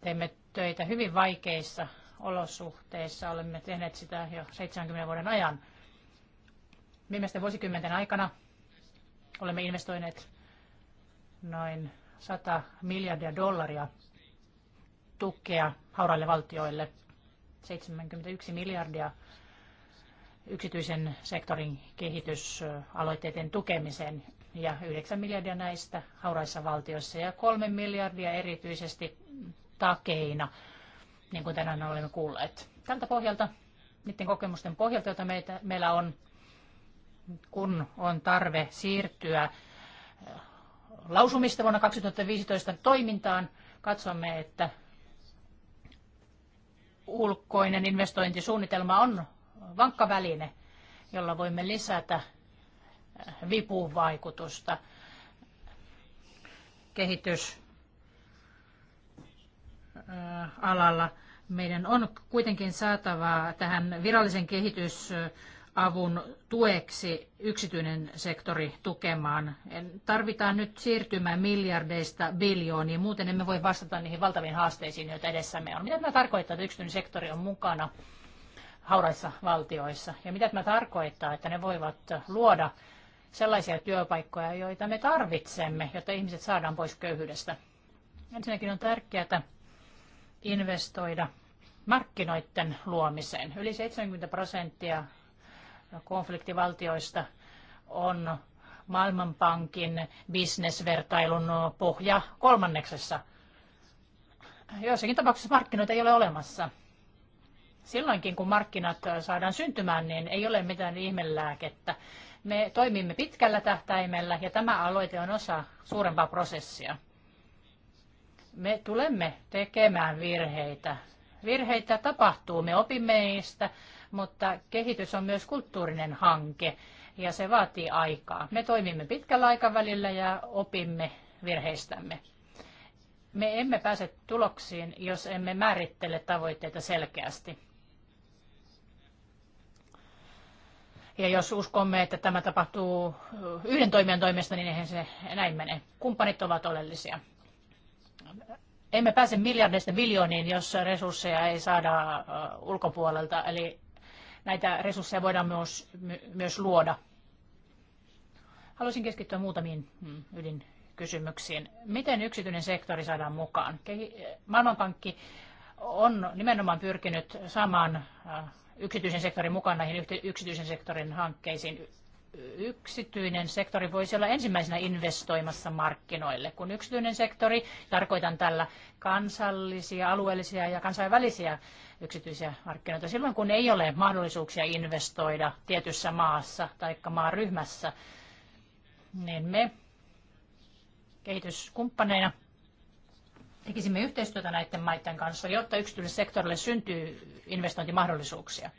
teemme töitä hyvin vaikeissa olosuhteissa. Olemme tehneet sitä jo 70 vuoden ajan. Viimeisten vuosikymmenten aikana olemme investoineet noin 100 miljardia dollaria tukea hauraille valtioille, 71 miljardia yksityisen sektorin kehitysaloitteiden tukemiseen ja 9 miljardia näistä hauraissa valtioissa ja 3 miljardia erityisesti takeina, niin kuin tänään olemme kuulleet. Tältä pohjalta, niiden kokemusten pohjalta, joita meitä, meillä on, kun on tarve siirtyä lausumista vuonna 2015 toimintaan. Katsomme, että ulkoinen investointisuunnitelma on vankka väline, jolla voimme lisätä vipuvaikutusta kehitysalalla. Meidän on kuitenkin saatava tähän virallisen kehitys avun tueksi yksityinen sektori tukemaan. Tarvitaan nyt siirtymään miljardeista biljooniin, muuten emme voi vastata niihin valtaviin haasteisiin, joita edessämme on. Mitä tämä tarkoittaa, että yksityinen sektori on mukana hauraissa valtioissa? Ja mitä tämä tarkoittaa, että ne voivat luoda sellaisia työpaikkoja, joita me tarvitsemme, jotta ihmiset saadaan pois köyhyydestä? Ensinnäkin on tärkeää investoida markkinoiden luomiseen. Yli 70 prosenttia konfliktivaltioista on Maailmanpankin bisnesvertailun pohja kolmanneksessa. Joissakin tapauksissa markkinoita ei ole olemassa. Silloinkin kun markkinat saadaan syntymään, niin ei ole mitään ihmelääkettä. Me toimimme pitkällä tähtäimellä ja tämä aloite on osa suurempaa prosessia. Me tulemme tekemään virheitä. Virheitä tapahtuu, me opimme niistä, mutta kehitys on myös kulttuurinen hanke ja se vaatii aikaa. Me toimimme pitkällä aikavälillä ja opimme virheistämme. Me emme pääse tuloksiin, jos emme määrittele tavoitteita selkeästi. Ja jos uskomme, että tämä tapahtuu yhden toimijan toimesta, niin eihän se näin mene. Kumppanit ovat oleellisia. Emme pääse miljardeista miljooniin, jos resursseja ei saada ulkopuolelta, eli näitä resursseja voidaan myös, my, myös luoda. Haluaisin keskittyä muutamiin mm, ydinkysymyksiin. Miten yksityinen sektori saadaan mukaan? Maailmanpankki on nimenomaan pyrkinyt saamaan äh, yksityisen sektorin mukaan näihin yksityisen sektorin hankkeisiin. Yksityinen sektori voisi olla ensimmäisenä investoimassa markkinoille, kun yksityinen sektori, tarkoitan tällä kansallisia, alueellisia ja kansainvälisiä yksityisiä markkinoita. Silloin kun ei ole mahdollisuuksia investoida tietyssä maassa tai maaryhmässä, niin me kehityskumppaneina tekisimme yhteistyötä näiden maiden kanssa, jotta yksityiselle sektorille syntyy investointimahdollisuuksia.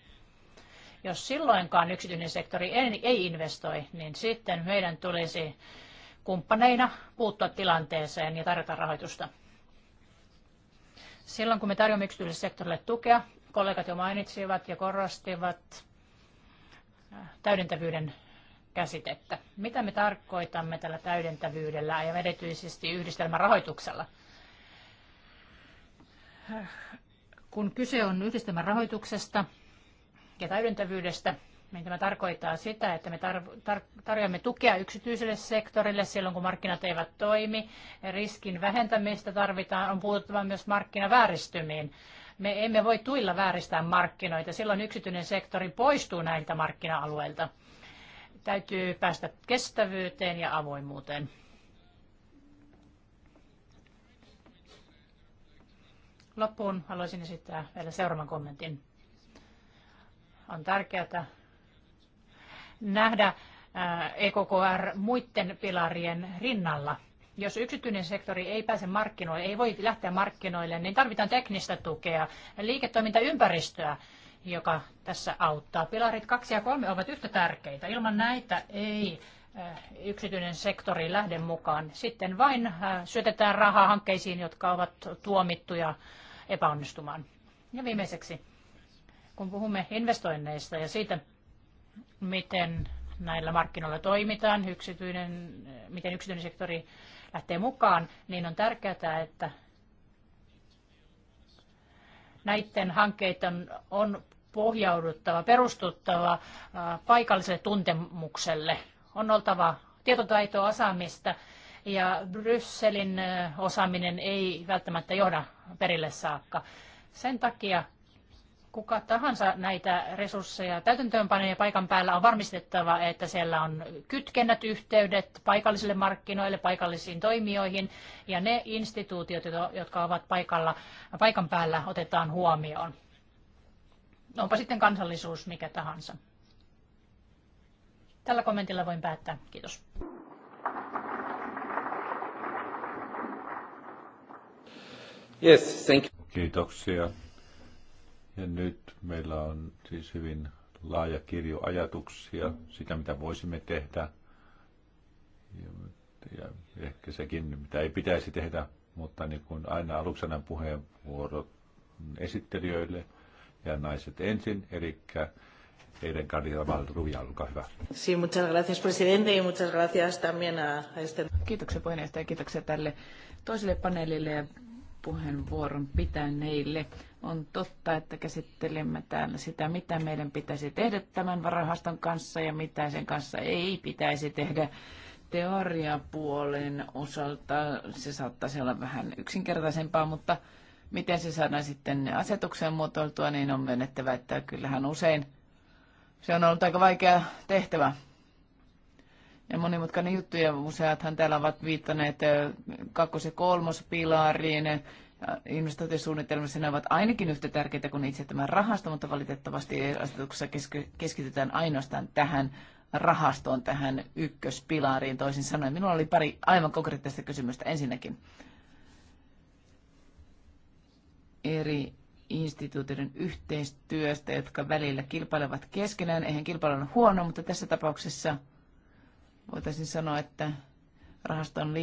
Jos silloinkaan yksityinen sektori ei investoi, niin sitten meidän tulisi kumppaneina puuttua tilanteeseen ja tarjota rahoitusta. Silloin kun me tarjoamme yksityiselle sektorille tukea, kollegat jo mainitsivat ja korostivat äh, täydentävyyden käsitettä. Mitä me tarkoitamme tällä täydentävyydellä ja erityisesti yhdistelmärahoituksella? Äh, kun kyse on yhdistelmärahoituksesta ja täydentävyydestä, niin tämä tarkoittaa sitä, että me tarjoamme tukea yksityiselle sektorille silloin, kun markkinat eivät toimi. Riskin vähentämistä tarvitaan, on puututtava myös markkinavääristymiin. Me emme voi tuilla vääristää markkinoita, silloin yksityinen sektori poistuu näiltä markkina-alueilta. Täytyy päästä kestävyyteen ja avoimuuteen. Loppuun haluaisin esittää vielä seuraavan kommentin on tärkeää nähdä äh, EKKR muiden pilarien rinnalla. Jos yksityinen sektori ei pääse markkinoille, ei voi lähteä markkinoille, niin tarvitaan teknistä tukea, liiketoimintaympäristöä, joka tässä auttaa. Pilarit 2 ja 3 ovat yhtä tärkeitä. Ilman näitä ei äh, yksityinen sektori lähde mukaan. Sitten vain äh, syötetään rahaa hankkeisiin, jotka ovat tuomittuja epäonnistumaan. Ja viimeiseksi, kun puhumme investoinneista ja siitä, miten näillä markkinoilla toimitaan, yksityinen, miten yksityinen sektori lähtee mukaan, niin on tärkeää, että näiden hankkeiden on pohjauduttava, perustuttava äh, paikalliselle tuntemukselle. On oltava tietotaitoa, osaamista ja Brysselin äh, osaaminen ei välttämättä johda perille saakka. Sen takia kuka tahansa näitä resursseja täytäntöönpanee paikan päällä, on varmistettava, että siellä on kytkennät yhteydet paikallisille markkinoille, paikallisiin toimijoihin ja ne instituutiot, jotka ovat paikalla, paikan päällä, otetaan huomioon. Onpa sitten kansallisuus mikä tahansa. Tällä kommentilla voin päättää. Kiitos. Yes, thank you. Kiitoksia. Ja nyt meillä on siis hyvin laaja kirjo ajatuksia, sitä mitä voisimme tehdä ja, ja ehkä sekin, mitä ei pitäisi tehdä, mutta niin kuin aina aluksi annan puheenvuorot esittelijöille ja naiset ensin, eli Eiden Karjala Valruvia, olkaa hyvä. Sí, muchas gracias presidente y muchas gracias también a este... Kiitoksia puheenjohtaja ja kiitoksia tälle toiselle paneelille ja puheenvuoron pitäneille. On totta, että käsittelemme täällä sitä, mitä meidän pitäisi tehdä tämän varahaston kanssa ja mitä sen kanssa ei pitäisi tehdä. Teoriapuolen osalta se saattaisi olla vähän yksinkertaisempaa, mutta miten se saadaan sitten asetukseen muotoiltua, niin on myönnettävä, että kyllähän usein se on ollut aika vaikea tehtävä. Ja monimutkainen juttu, ja useathan täällä ovat viittaneet kakkos- ja kolmospilariin, investointisuunnitelmissa ne ovat ainakin yhtä tärkeitä kuin itse tämä rahasto, mutta valitettavasti asetuksessa keskitytään ainoastaan tähän rahastoon, tähän ykköspilariin toisin sanoen. Minulla oli pari aivan konkreettista kysymystä ensinnäkin. Eri instituutioiden yhteistyöstä, jotka välillä kilpailevat keskenään. Eihän kilpailu ole huono, mutta tässä tapauksessa voitaisiin sanoa, että rahaston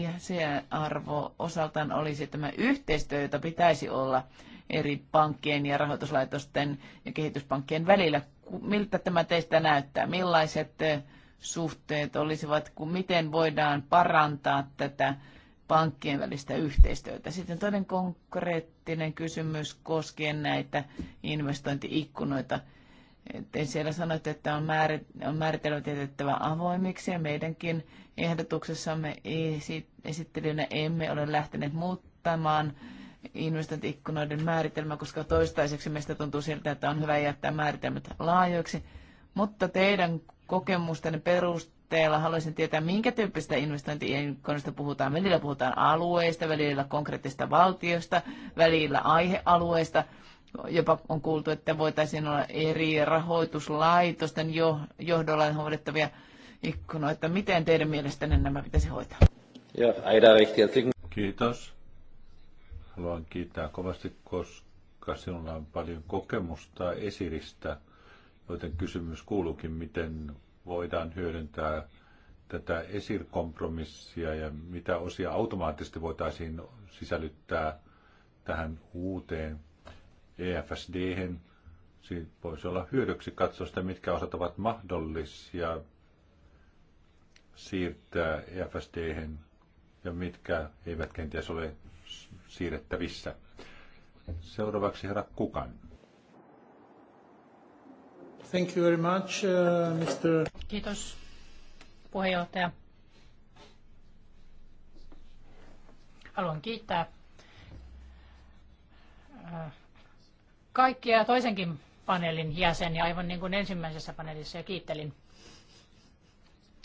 arvo osaltaan olisi tämä yhteistyö, jota pitäisi olla eri pankkien ja rahoituslaitosten ja kehityspankkien välillä. Miltä tämä teistä näyttää? Millaiset eh, suhteet olisivat, kun miten voidaan parantaa tätä pankkien välistä yhteistyötä. Sitten toinen konkreettinen kysymys koskien näitä investointiikkunoita. Te siellä sanoitte, että on, määrit, on määritelmä tietettävä avoimiksi ja meidänkin ehdotuksessamme esittelynä emme ole lähteneet muuttamaan investointiikkunoiden määritelmää, koska toistaiseksi meistä tuntuu siltä, että on hyvä jättää määritelmät laajoiksi. Mutta teidän kokemusten perusteella haluaisin tietää, minkä tyyppistä investointiikkunoista puhutaan. Välillä puhutaan alueista, välillä konkreettista valtiosta, välillä aihealueista – Jopa on kuultu, että voitaisiin olla eri rahoituslaitosten johdolla hoidettavia ikkunoita. Miten teidän mielestänne nämä pitäisi hoitaa? Kiitos. Haluan kiittää kovasti, koska sinulla on paljon kokemusta esiristä, joten kysymys kuuluukin, miten voidaan hyödyntää tätä esirkompromissia ja mitä osia automaattisesti voitaisiin sisällyttää tähän uuteen EFSD, siitä voisi olla hyödyksi katsoa sitä, mitkä osat ovat mahdollisia siirtää EFSD ja mitkä eivät kenties ole siirrettävissä. Seuraavaksi herra Kukan. Thank you very much, uh, Mr. Kiitos, puheenjohtaja. Haluan kiittää kaikkia toisenkin paneelin jäseniä, aivan niin kuin ensimmäisessä paneelissa ja kiittelin.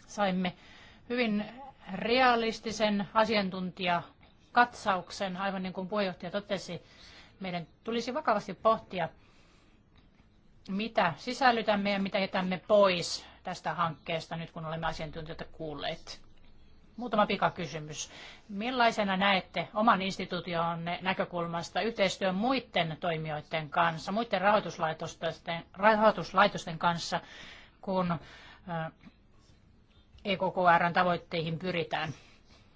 Saimme hyvin realistisen asiantuntijakatsauksen, aivan niin kuin puheenjohtaja totesi. Meidän tulisi vakavasti pohtia, mitä sisällytämme ja mitä jätämme pois tästä hankkeesta nyt, kun olemme asiantuntijoita kuulleet. Muutama pikakysymys. Millaisena näette oman instituutionne näkökulmasta yhteistyön muiden toimijoiden kanssa, muiden rahoituslaitosten, rahoituslaitosten kanssa, kun EKKRn tavoitteihin pyritään?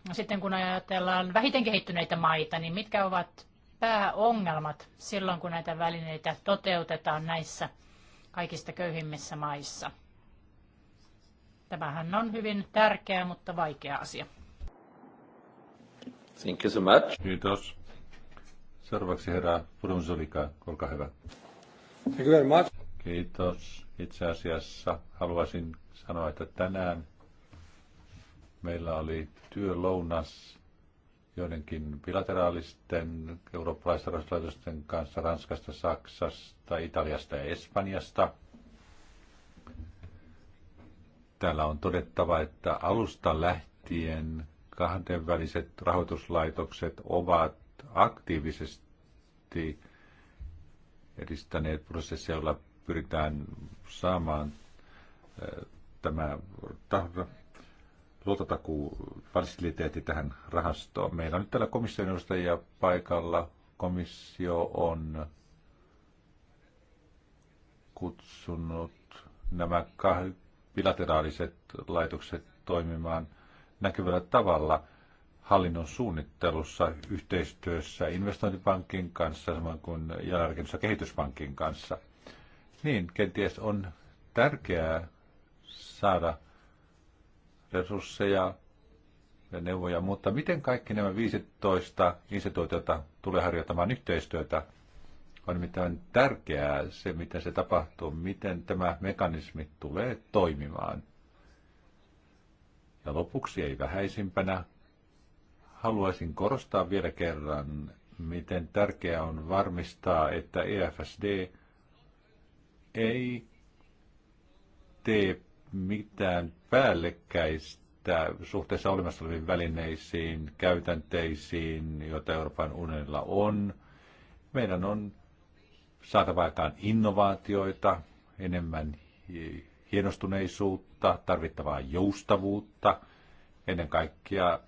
No sitten kun ajatellaan vähiten kehittyneitä maita, niin mitkä ovat pääongelmat silloin, kun näitä välineitä toteutetaan näissä kaikista köyhimmissä maissa? Tämähän on hyvin tärkeä, mutta vaikea asia. Thank you so much. Kiitos. Seuraavaksi herra Purunsulika, olkaa hyvä. Thank you very much. Kiitos. Itse asiassa haluaisin sanoa, että tänään meillä oli työlounas joidenkin bilateraalisten eurooppalaisten kanssa Ranskasta, Saksasta, Italiasta ja Espanjasta – Täällä on todettava, että alusta lähtien kahdenväliset rahoituslaitokset ovat aktiivisesti edistäneet prosesseja, joilla pyritään saamaan tämä luototakuufasiliteetti tähän rahastoon. Meillä on nyt täällä komission edustajia paikalla. Komissio on kutsunut nämä bilateraaliset laitokset toimimaan näkyvällä tavalla hallinnon suunnittelussa, yhteistyössä investointipankin kanssa, samoin kuin jälleenrakennussa kehityspankin kanssa. Niin, kenties on tärkeää saada resursseja ja neuvoja, mutta miten kaikki nämä 15 instituutiota tulee harjoittamaan yhteistyötä on nimittäin tärkeää se, miten se tapahtuu, miten tämä mekanismi tulee toimimaan. Ja lopuksi ei vähäisimpänä, haluaisin korostaa vielä kerran, miten tärkeää on varmistaa, että EFSD ei tee mitään päällekkäistä suhteessa olemassa oleviin välineisiin, käytänteisiin, joita Euroopan unionilla on. Meidän on saatava aikaan innovaatioita, enemmän hienostuneisuutta, tarvittavaa joustavuutta, ennen kaikkea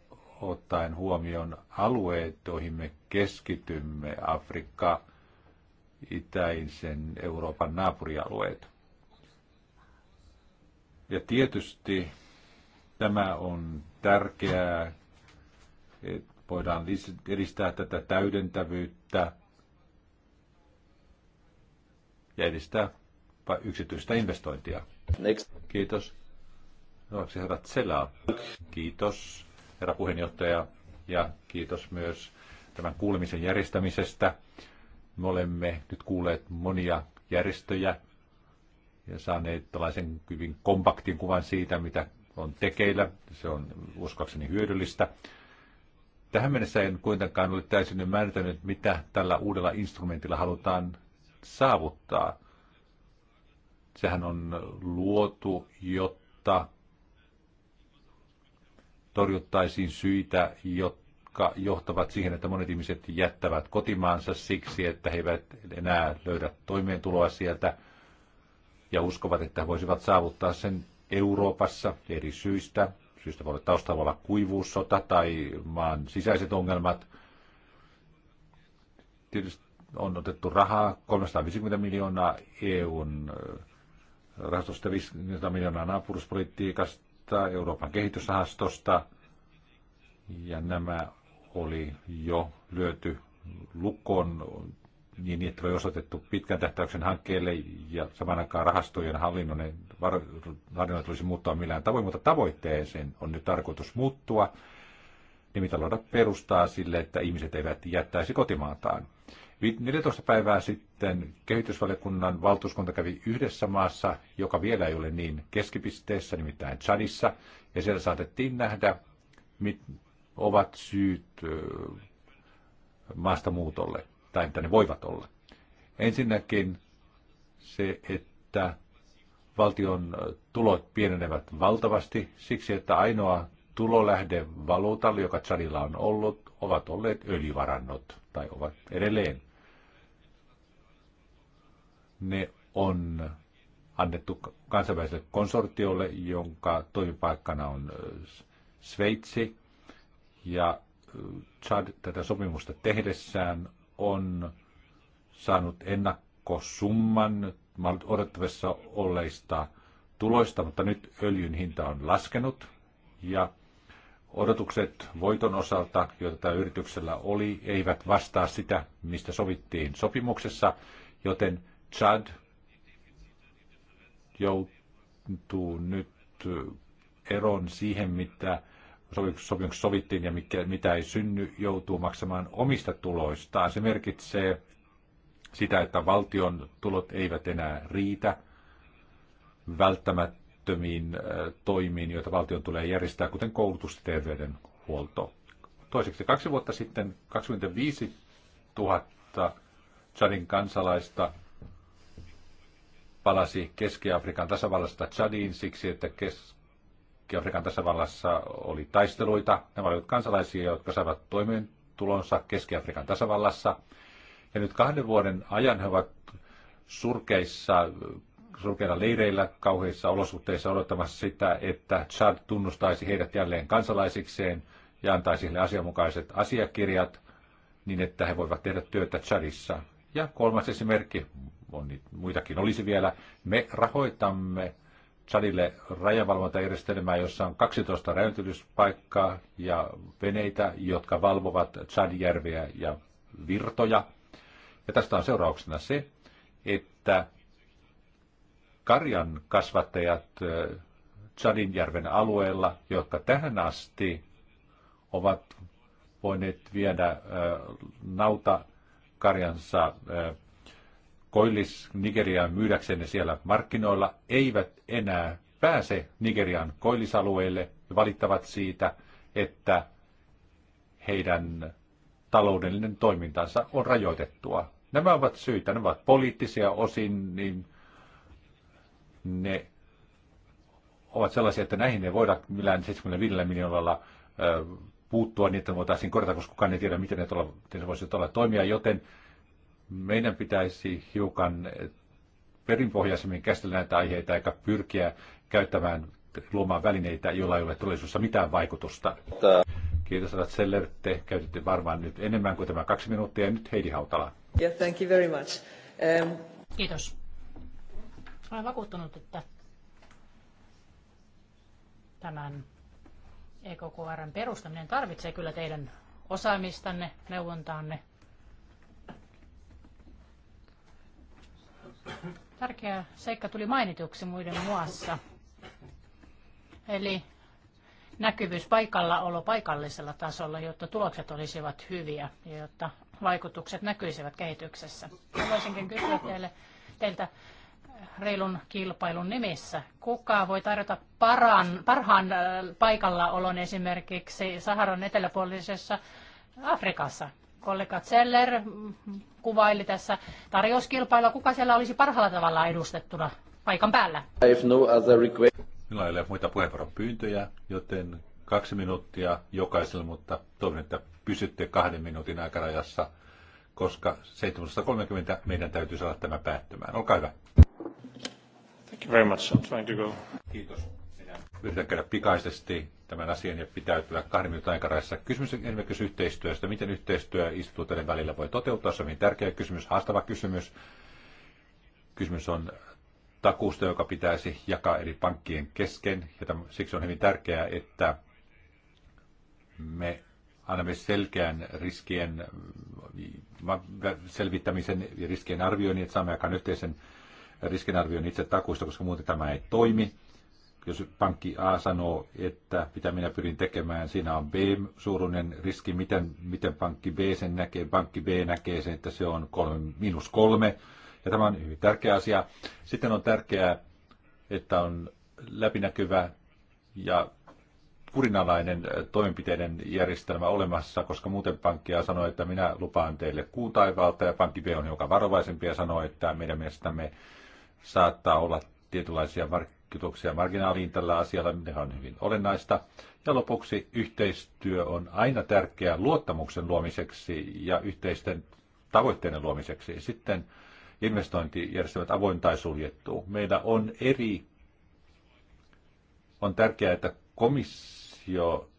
ottaen huomioon alueet, joihin me keskitymme, Afrikka, itäisen Euroopan naapurialueet. Ja tietysti tämä on tärkeää, että voidaan edistää tätä täydentävyyttä ja edistää yksityistä investointia. Next. Kiitos. Noiksi herra Tsela. Kiitos herra puheenjohtaja ja kiitos myös tämän kuulemisen järjestämisestä. Me olemme nyt kuulleet monia järjestöjä ja saaneet tällaisen hyvin kompaktin kuvan siitä, mitä on tekeillä. Se on uskoakseni hyödyllistä. Tähän mennessä en kuitenkaan ole täysin ymmärtänyt, mitä tällä uudella instrumentilla halutaan saavuttaa. Sehän on luotu, jotta torjuttaisiin syitä, jotka johtavat siihen, että monet ihmiset jättävät kotimaansa siksi, että he eivät enää löydä toimeentuloa sieltä ja uskovat, että he voisivat saavuttaa sen Euroopassa eri syistä. Syystä voi olla taustalla olla kuivuussota tai maan sisäiset ongelmat. Tietysti on otettu rahaa 350 miljoonaa EUn äh, rahastosta 50 miljoonaa naapuruspolitiikasta, Euroopan kehitysrahastosta, ja nämä oli jo lyöty lukkoon niin, että oli osoitettu pitkän tähtäyksen hankkeelle ja saman aikaan rahastojen hallinnon hallinnon tulisi muuttaa millään tavoin, mutta tavoitteeseen on nyt tarkoitus muuttua. Nimittäin luoda perustaa sille, että ihmiset eivät jättäisi kotimaataan. 14 päivää sitten kehitysvaliokunnan valtuuskunta kävi yhdessä maassa, joka vielä ei ole niin keskipisteessä, nimittäin Chadissa, ja siellä saatettiin nähdä, mit ovat syyt maasta muutolle tai mitä ne voivat olla. Ensinnäkin se, että valtion tulot pienenevät valtavasti siksi, että ainoa tulolähde valuutalle, joka Chadilla on ollut, ovat olleet öljyvarannot tai ovat edelleen. Ne on annettu kansainväliselle konsortiolle, jonka toimipaikkana on Sveitsi. Ja Chad tätä sopimusta tehdessään on saanut ennakkosumman odottavissa olleista tuloista, mutta nyt öljyn hinta on laskenut ja odotukset voiton osalta, joita tämä yrityksellä oli, eivät vastaa sitä, mistä sovittiin sopimuksessa, joten Chad joutuu nyt eroon siihen, mitä sopimuksessa sovittiin ja mikä, mitä ei synny, joutuu maksamaan omista tuloistaan. Se merkitsee sitä, että valtion tulot eivät enää riitä välttämättömiin äh, toimiin, joita valtion tulee järjestää, kuten koulutus ja terveydenhuolto. Toiseksi kaksi vuotta sitten 25 000 Chadin kansalaista palasi Keski-Afrikan tasavallasta Chadiin siksi, että Keski-Afrikan tasavallassa oli taisteluita. Nämä olivat kansalaisia, jotka saivat toimeentulonsa Keski-Afrikan tasavallassa. Ja nyt kahden vuoden ajan he ovat surkeissa, surkeilla leireillä kauheissa olosuhteissa odottamassa sitä, että Chad tunnustaisi heidät jälleen kansalaisikseen ja antaisi heille asianmukaiset asiakirjat niin, että he voivat tehdä työtä Chadissa. Ja kolmas esimerkki on niitä, muitakin olisi vielä. Me rahoitamme Chadille rajavalvontajärjestelmää, jossa on 12 räjäytyspaikkaa ja veneitä, jotka valvovat Chadjärviä ja virtoja. Ja tästä on seurauksena se, että karjan kasvattajat Chadinjärven alueella, jotka tähän asti ovat voineet viedä nauta karjansa koillis Nigeriaan myydäksenne siellä markkinoilla eivät enää pääse Nigerian koillisalueelle ja valittavat siitä, että heidän taloudellinen toimintansa on rajoitettua. Nämä ovat syitä, ne ovat poliittisia osin, niin ne ovat sellaisia, että näihin ei voida millään 75 miljoonalla puuttua niin, että voitaisiin korjata, koska kukaan ei tiedä, miten ne, tulla, miten ne voisivat olla toimia, joten meidän pitäisi hiukan eh, perinpohjaisemmin käsitellä näitä aiheita eikä pyrkiä käyttämään luomaan välineitä, joilla ei ole todellisuudessa mitään vaikutusta. Kiitos Seller. te käytitte varmaan nyt enemmän kuin tämä kaksi minuuttia. Ja nyt Heidi Hautala. Yeah, thank you very much. Um... Kiitos. Olen vakuuttunut, että tämän EKKRn perustaminen tarvitsee kyllä teidän osaamistanne, neuvontaanne, Tärkeä seikka tuli mainituksi muiden muassa. Eli näkyvyys paikalla olo paikallisella tasolla, jotta tulokset olisivat hyviä ja jotta vaikutukset näkyisivät kehityksessä. Haluaisinkin kysyä teille, teiltä reilun kilpailun nimissä. Kuka voi tarjota paran, parhaan äh, paikallaolon esimerkiksi Saharan eteläpuolisessa Afrikassa? kollega Zeller kuvaili tässä tarjouskilpailua, kuka siellä olisi parhaalla tavalla edustettuna paikan päällä. No Minulla ei ole muita pyyntöjä, joten kaksi minuuttia jokaiselle, mutta toivon, että pysytte kahden minuutin aikarajassa, koska 17.30 meidän täytyy saada tämä päättymään. Olkaa hyvä. Thank you very much. I'm trying to go. Kiitos. Yritän käydä pikaisesti tämän asian ja pitäytyä kahden minuutin aikarajassa. Kysymys esimerkiksi yhteistyöstä. Miten yhteistyö instituutioiden välillä voi toteutua? Se on hyvin tärkeä kysymys, haastava kysymys. Kysymys on takuusta, joka pitäisi jakaa eri pankkien kesken. Ja tämän, siksi on hyvin tärkeää, että me annamme selkeän riskien selvittämisen ja riskien arvioinnin, että saamme aikaan yhteisen riskinarvioinnin itse takuista, koska muuten tämä ei toimi jos pankki A sanoo, että mitä minä pyrin tekemään, siinä on B-suuruinen riski, miten, miten pankki B sen näkee, pankki B näkee sen, että se on kolme, miinus kolme, ja tämä on hyvin tärkeä asia. Sitten on tärkeää, että on läpinäkyvä ja kurinalainen äh, toimenpiteiden järjestelmä olemassa, koska muuten pankkia sanoo, että minä lupaan teille kuun taivaalta, ja pankki B on joka varovaisempi ja sanoo, että meidän mielestämme saattaa olla tietynlaisia markkinoita vaikutuksia marginaaliin tällä asialla, niin ne on hyvin olennaista. Ja lopuksi yhteistyö on aina tärkeää luottamuksen luomiseksi ja yhteisten tavoitteiden luomiseksi. Sitten investointijärjestelmät avoin tai suljettu. Meillä on eri, on tärkeää, että komissio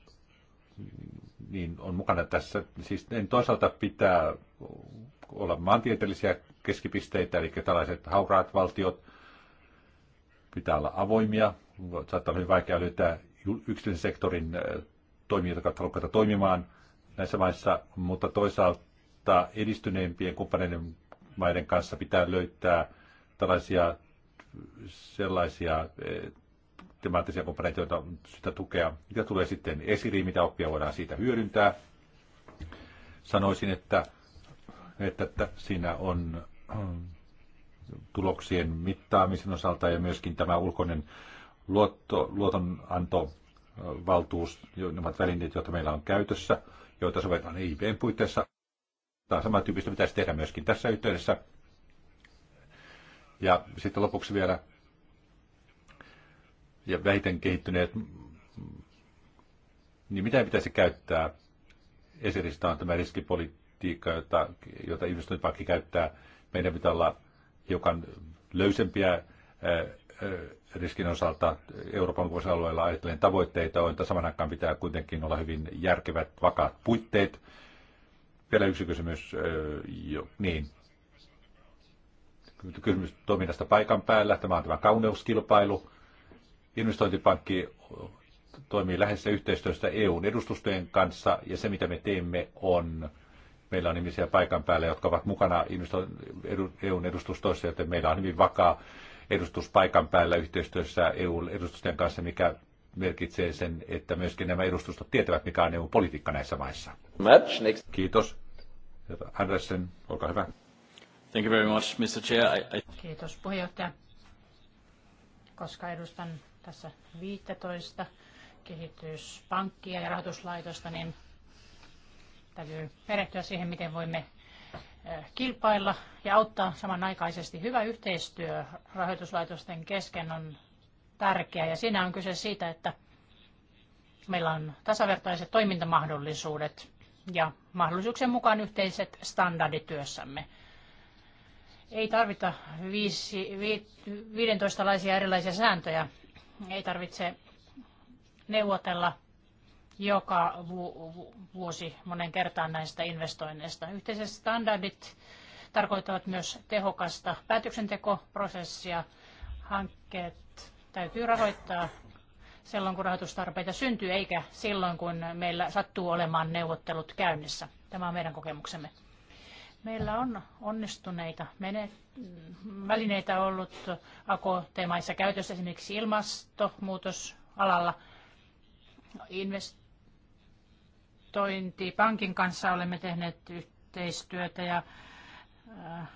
niin on mukana tässä. Siis en toisaalta pitää olla maantieteellisiä keskipisteitä, eli tällaiset hauraat valtiot, Pitää olla avoimia. Saattaa olla hyvin vaikea löytää yksityisen sektorin äh, toimijoita, jotka haluavat toimimaan näissä maissa, mutta toisaalta edistyneempien kumppaneiden maiden kanssa pitää löytää tällaisia sellaisia äh, temaattisia komponentteja, joita on syytä tukea. Mitä tulee sitten esiriin, mitä oppia voidaan siitä hyödyntää? Sanoisin, että, että, että siinä on tuloksien mittaamisen osalta ja myöskin tämä ulkoinen luotto, luotonanto valtuus, ne ovat välineet, joita meillä on käytössä, joita sovelletaan EIBn puitteissa. Tämä on tyyppistä pitäisi tehdä myöskin tässä yhteydessä. Ja sitten lopuksi vielä ja vähiten kehittyneet, niin mitä pitäisi käyttää? Esiristä on tämä riskipolitiikka, jota, jota investointipankki käyttää. Meidän pitää olla hiukan löysempiä riskin osalta Euroopan vuosialueella alueella ajatellen tavoitteita on, että saman aikaan pitää kuitenkin olla hyvin järkevät, vakaat puitteet. Vielä yksi kysymys, jo, niin. Kysymys toiminnasta paikan päällä. Tämä on tämä kauneuskilpailu. Investointipankki toimii lähes yhteistyössä EUn edustustojen kanssa ja se, mitä me teemme, on Meillä on ihmisiä paikan päällä, jotka ovat mukana EUn edustustoissa, joten meillä on hyvin vakaa edustus paikan päällä yhteistyössä EU-edustusten kanssa, mikä merkitsee sen, että myöskin nämä edustustot tietävät, mikä on EU-politiikka näissä maissa. next. Kiitos. Andersen, olkaa hyvä. Thank you very much, Mr. Chair. I, I... Kiitos puheenjohtaja. Koska edustan tässä 15 kehityspankkia ja rahoituslaitosta, niin Täytyy perehtyä siihen, miten voimme kilpailla ja auttaa samanaikaisesti. Hyvä yhteistyö rahoituslaitosten kesken on tärkeää ja siinä on kyse siitä, että meillä on tasavertaiset toimintamahdollisuudet ja mahdollisuuksien mukaan yhteiset standardit työssämme. Ei tarvita 15 laisia erilaisia sääntöjä. Ei tarvitse neuvotella joka vuosi monen kertaan näistä investoinneista. Yhteiset standardit tarkoittavat myös tehokasta päätöksentekoprosessia. Hankkeet täytyy rahoittaa silloin, kun rahoitustarpeita syntyy, eikä silloin, kun meillä sattuu olemaan neuvottelut käynnissä. Tämä on meidän kokemuksemme. Meillä on onnistuneita mene- välineitä ollut AKT-maissa käytössä esimerkiksi ilmastonmuutosalalla. Invest- Pankin kanssa olemme tehneet yhteistyötä ja äh,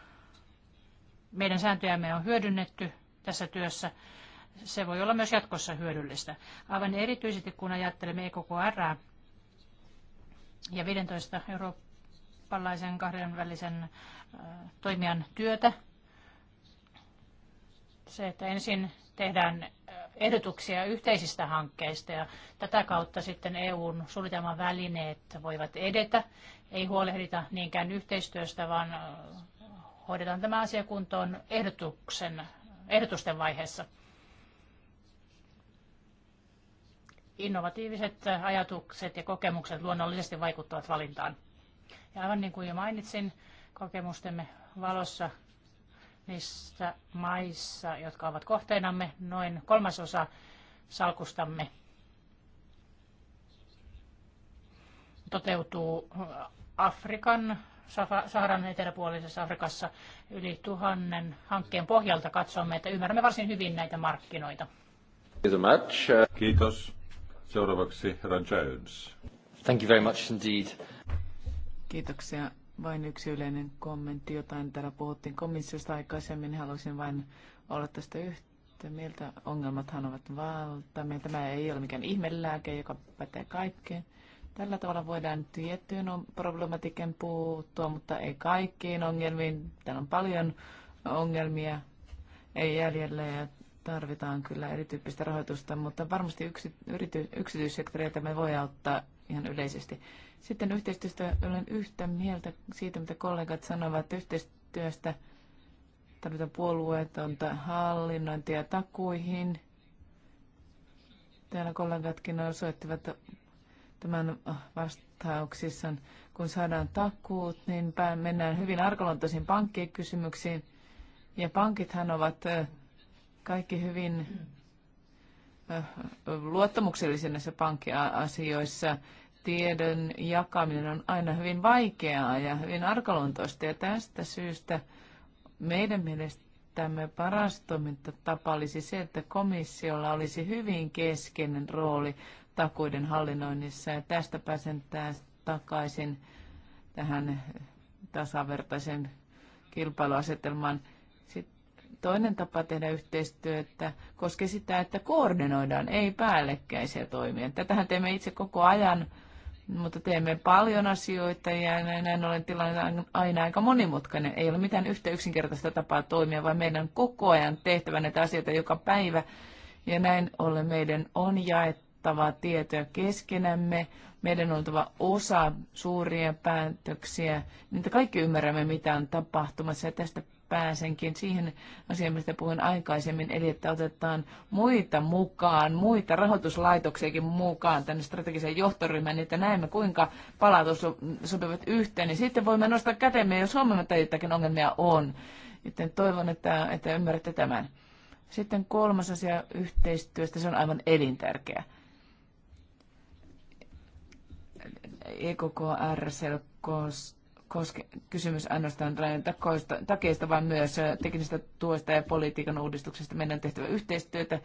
meidän sääntöjämme on hyödynnetty tässä työssä. Se voi olla myös jatkossa hyödyllistä. Aivan erityisesti kun ajattelemme EKKR ja 15 eurooppalaisen kahdenvälisen äh, toimijan työtä, se, että ensin tehdään ehdotuksia yhteisistä hankkeista ja tätä kautta sitten EUn suunnitelman välineet voivat edetä. Ei huolehdita niinkään yhteistyöstä, vaan hoidetaan tämä asia kuntoon ehdotuksen, ehdotusten vaiheessa. Innovatiiviset ajatukset ja kokemukset luonnollisesti vaikuttavat valintaan. Ja aivan niin kuin jo mainitsin, kokemustemme valossa niissä maissa, jotka ovat kohteenamme, noin kolmasosa salkustamme toteutuu Afrikan, Saharan eteläpuolisessa Afrikassa yli tuhannen hankkeen pohjalta katsomme, että ymmärrämme varsin hyvin näitä markkinoita. Kiitos. Seuraavaksi herra Jones. Thank you very much indeed. Kiitoksia vain yksi yleinen kommentti, jotain täällä puhuttiin komissiosta aikaisemmin. Haluaisin vain olla tästä yhtä mieltä. Ongelmathan ovat valtavia. Tämä ei ole mikään ihmelääke, joka pätee kaikkeen. Tällä tavalla voidaan tiettyyn problematiikkaan puuttua, mutta ei kaikkiin ongelmiin. Täällä on paljon ongelmia, ei jäljellä ja tarvitaan kyllä erityyppistä rahoitusta, mutta varmasti yksi, yrity, yksityissektoria tämä voi auttaa ihan yleisesti. Sitten yhteistyöstä olen yhtä mieltä siitä, mitä kollegat sanovat yhteistyöstä. Tarvitaan puolueetonta hallinnointia takuihin. Täällä kollegatkin osoittivat tämän vastauksissaan. Kun saadaan takuut, niin mennään hyvin arkaluontoisiin pankkikysymyksiin. Ja pankithan ovat kaikki hyvin näissä pankkiasioissa tiedon jakaminen on aina hyvin vaikeaa ja hyvin arkaluontoista ja tästä syystä meidän mielestämme paras toimintatapa olisi se, että komissiolla olisi hyvin keskeinen rooli takuiden hallinnoinnissa ja tästä pääsen takaisin tähän tasavertaisen kilpailuasetelmaan. toinen tapa tehdä yhteistyötä koskee sitä, että koordinoidaan, ei päällekkäisiä toimia. Tätähän teemme itse koko ajan mutta teemme paljon asioita ja näin ollen tilanne on aina aika monimutkainen. Ei ole mitään yhtä yksinkertaista tapaa toimia, vaan meidän koko ajan tehtävä näitä asioita joka päivä. Ja näin ollen meidän on jaettava tietoja keskenämme, meidän on oltava osa suuria päätöksiä, niin että kaikki ymmärrämme, mitä on tapahtumassa. Ja tästä pääsenkin siihen asiaan, mistä puhuin aikaisemmin, eli että otetaan muita mukaan, muita rahoituslaitoksiakin mukaan tänne strategiseen johtoryhmään, niin että näemme kuinka palautus sopivat yhteen, niin sitten voimme nostaa kätemme, jos huomioon, että jotakin ongelmia on. Joten toivon, että, että ymmärrätte tämän. Sitten kolmas asia yhteistyöstä, se on aivan elintärkeä. EKKR Selkos, koske, kysymys ainoastaan rajan takeista, vaan myös teknisestä tuosta ja politiikan uudistuksesta. Meidän on tehtävä yhteistyötä.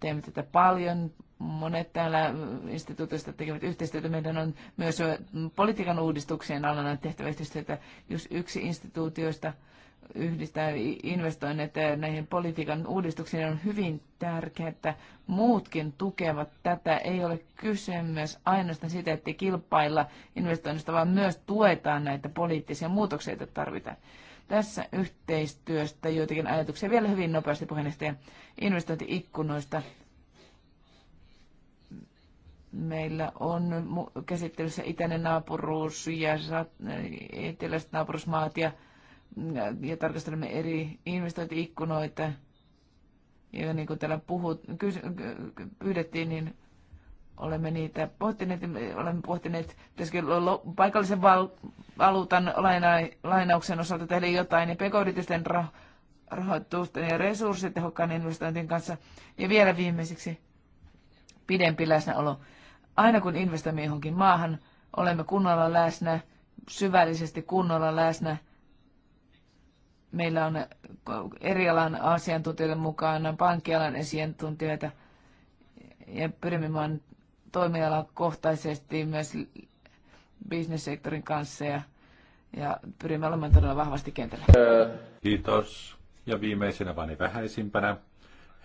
Teemme tätä paljon. Monet täällä instituutioista tekevät yhteistyötä. Meidän on myös politiikan uudistuksien alana tehtävä yhteistyötä. Jos yksi instituutioista yhdistää investoinnit näihin politiikan uudistuksiin on hyvin tärkeää, että muutkin tukevat tätä. Ei ole kyse myös ainoastaan siitä, että kilpailla investoinnista, vaan myös tuetaan näitä poliittisia muutoksia, joita tarvitaan. Tässä yhteistyöstä joitakin ajatuksia vielä hyvin nopeasti puheenjohtajan investointiikkunoista. Meillä on käsittelyssä itäinen naapuruus ja eteläiset naapurusmaat ja ja tarkastelemme eri investointiikkunoita. Ja niin kuin täällä puhut, kys, pyydettiin, niin olemme niitä pohtineet, olemme pohtineet, pitäisikö paikallisen val, valuutan laina, lainauksen osalta tehdä jotain, ja pk-yritysten rah, rahoitusten ja resurssitehokkaan investointien kanssa. Ja vielä viimeiseksi pidempi läsnäolo. Aina kun investoimme johonkin maahan, olemme kunnolla läsnä, syvällisesti kunnolla läsnä – Meillä on eri alan mukaan mukana, pankkialan asiantuntijoita ja pyrimme toimialakohtaisesti myös bisnessektorin kanssa ja, ja pyrimme olemaan todella vahvasti kentällä. Kiitos. Ja viimeisenä vaan vähäisimpänä,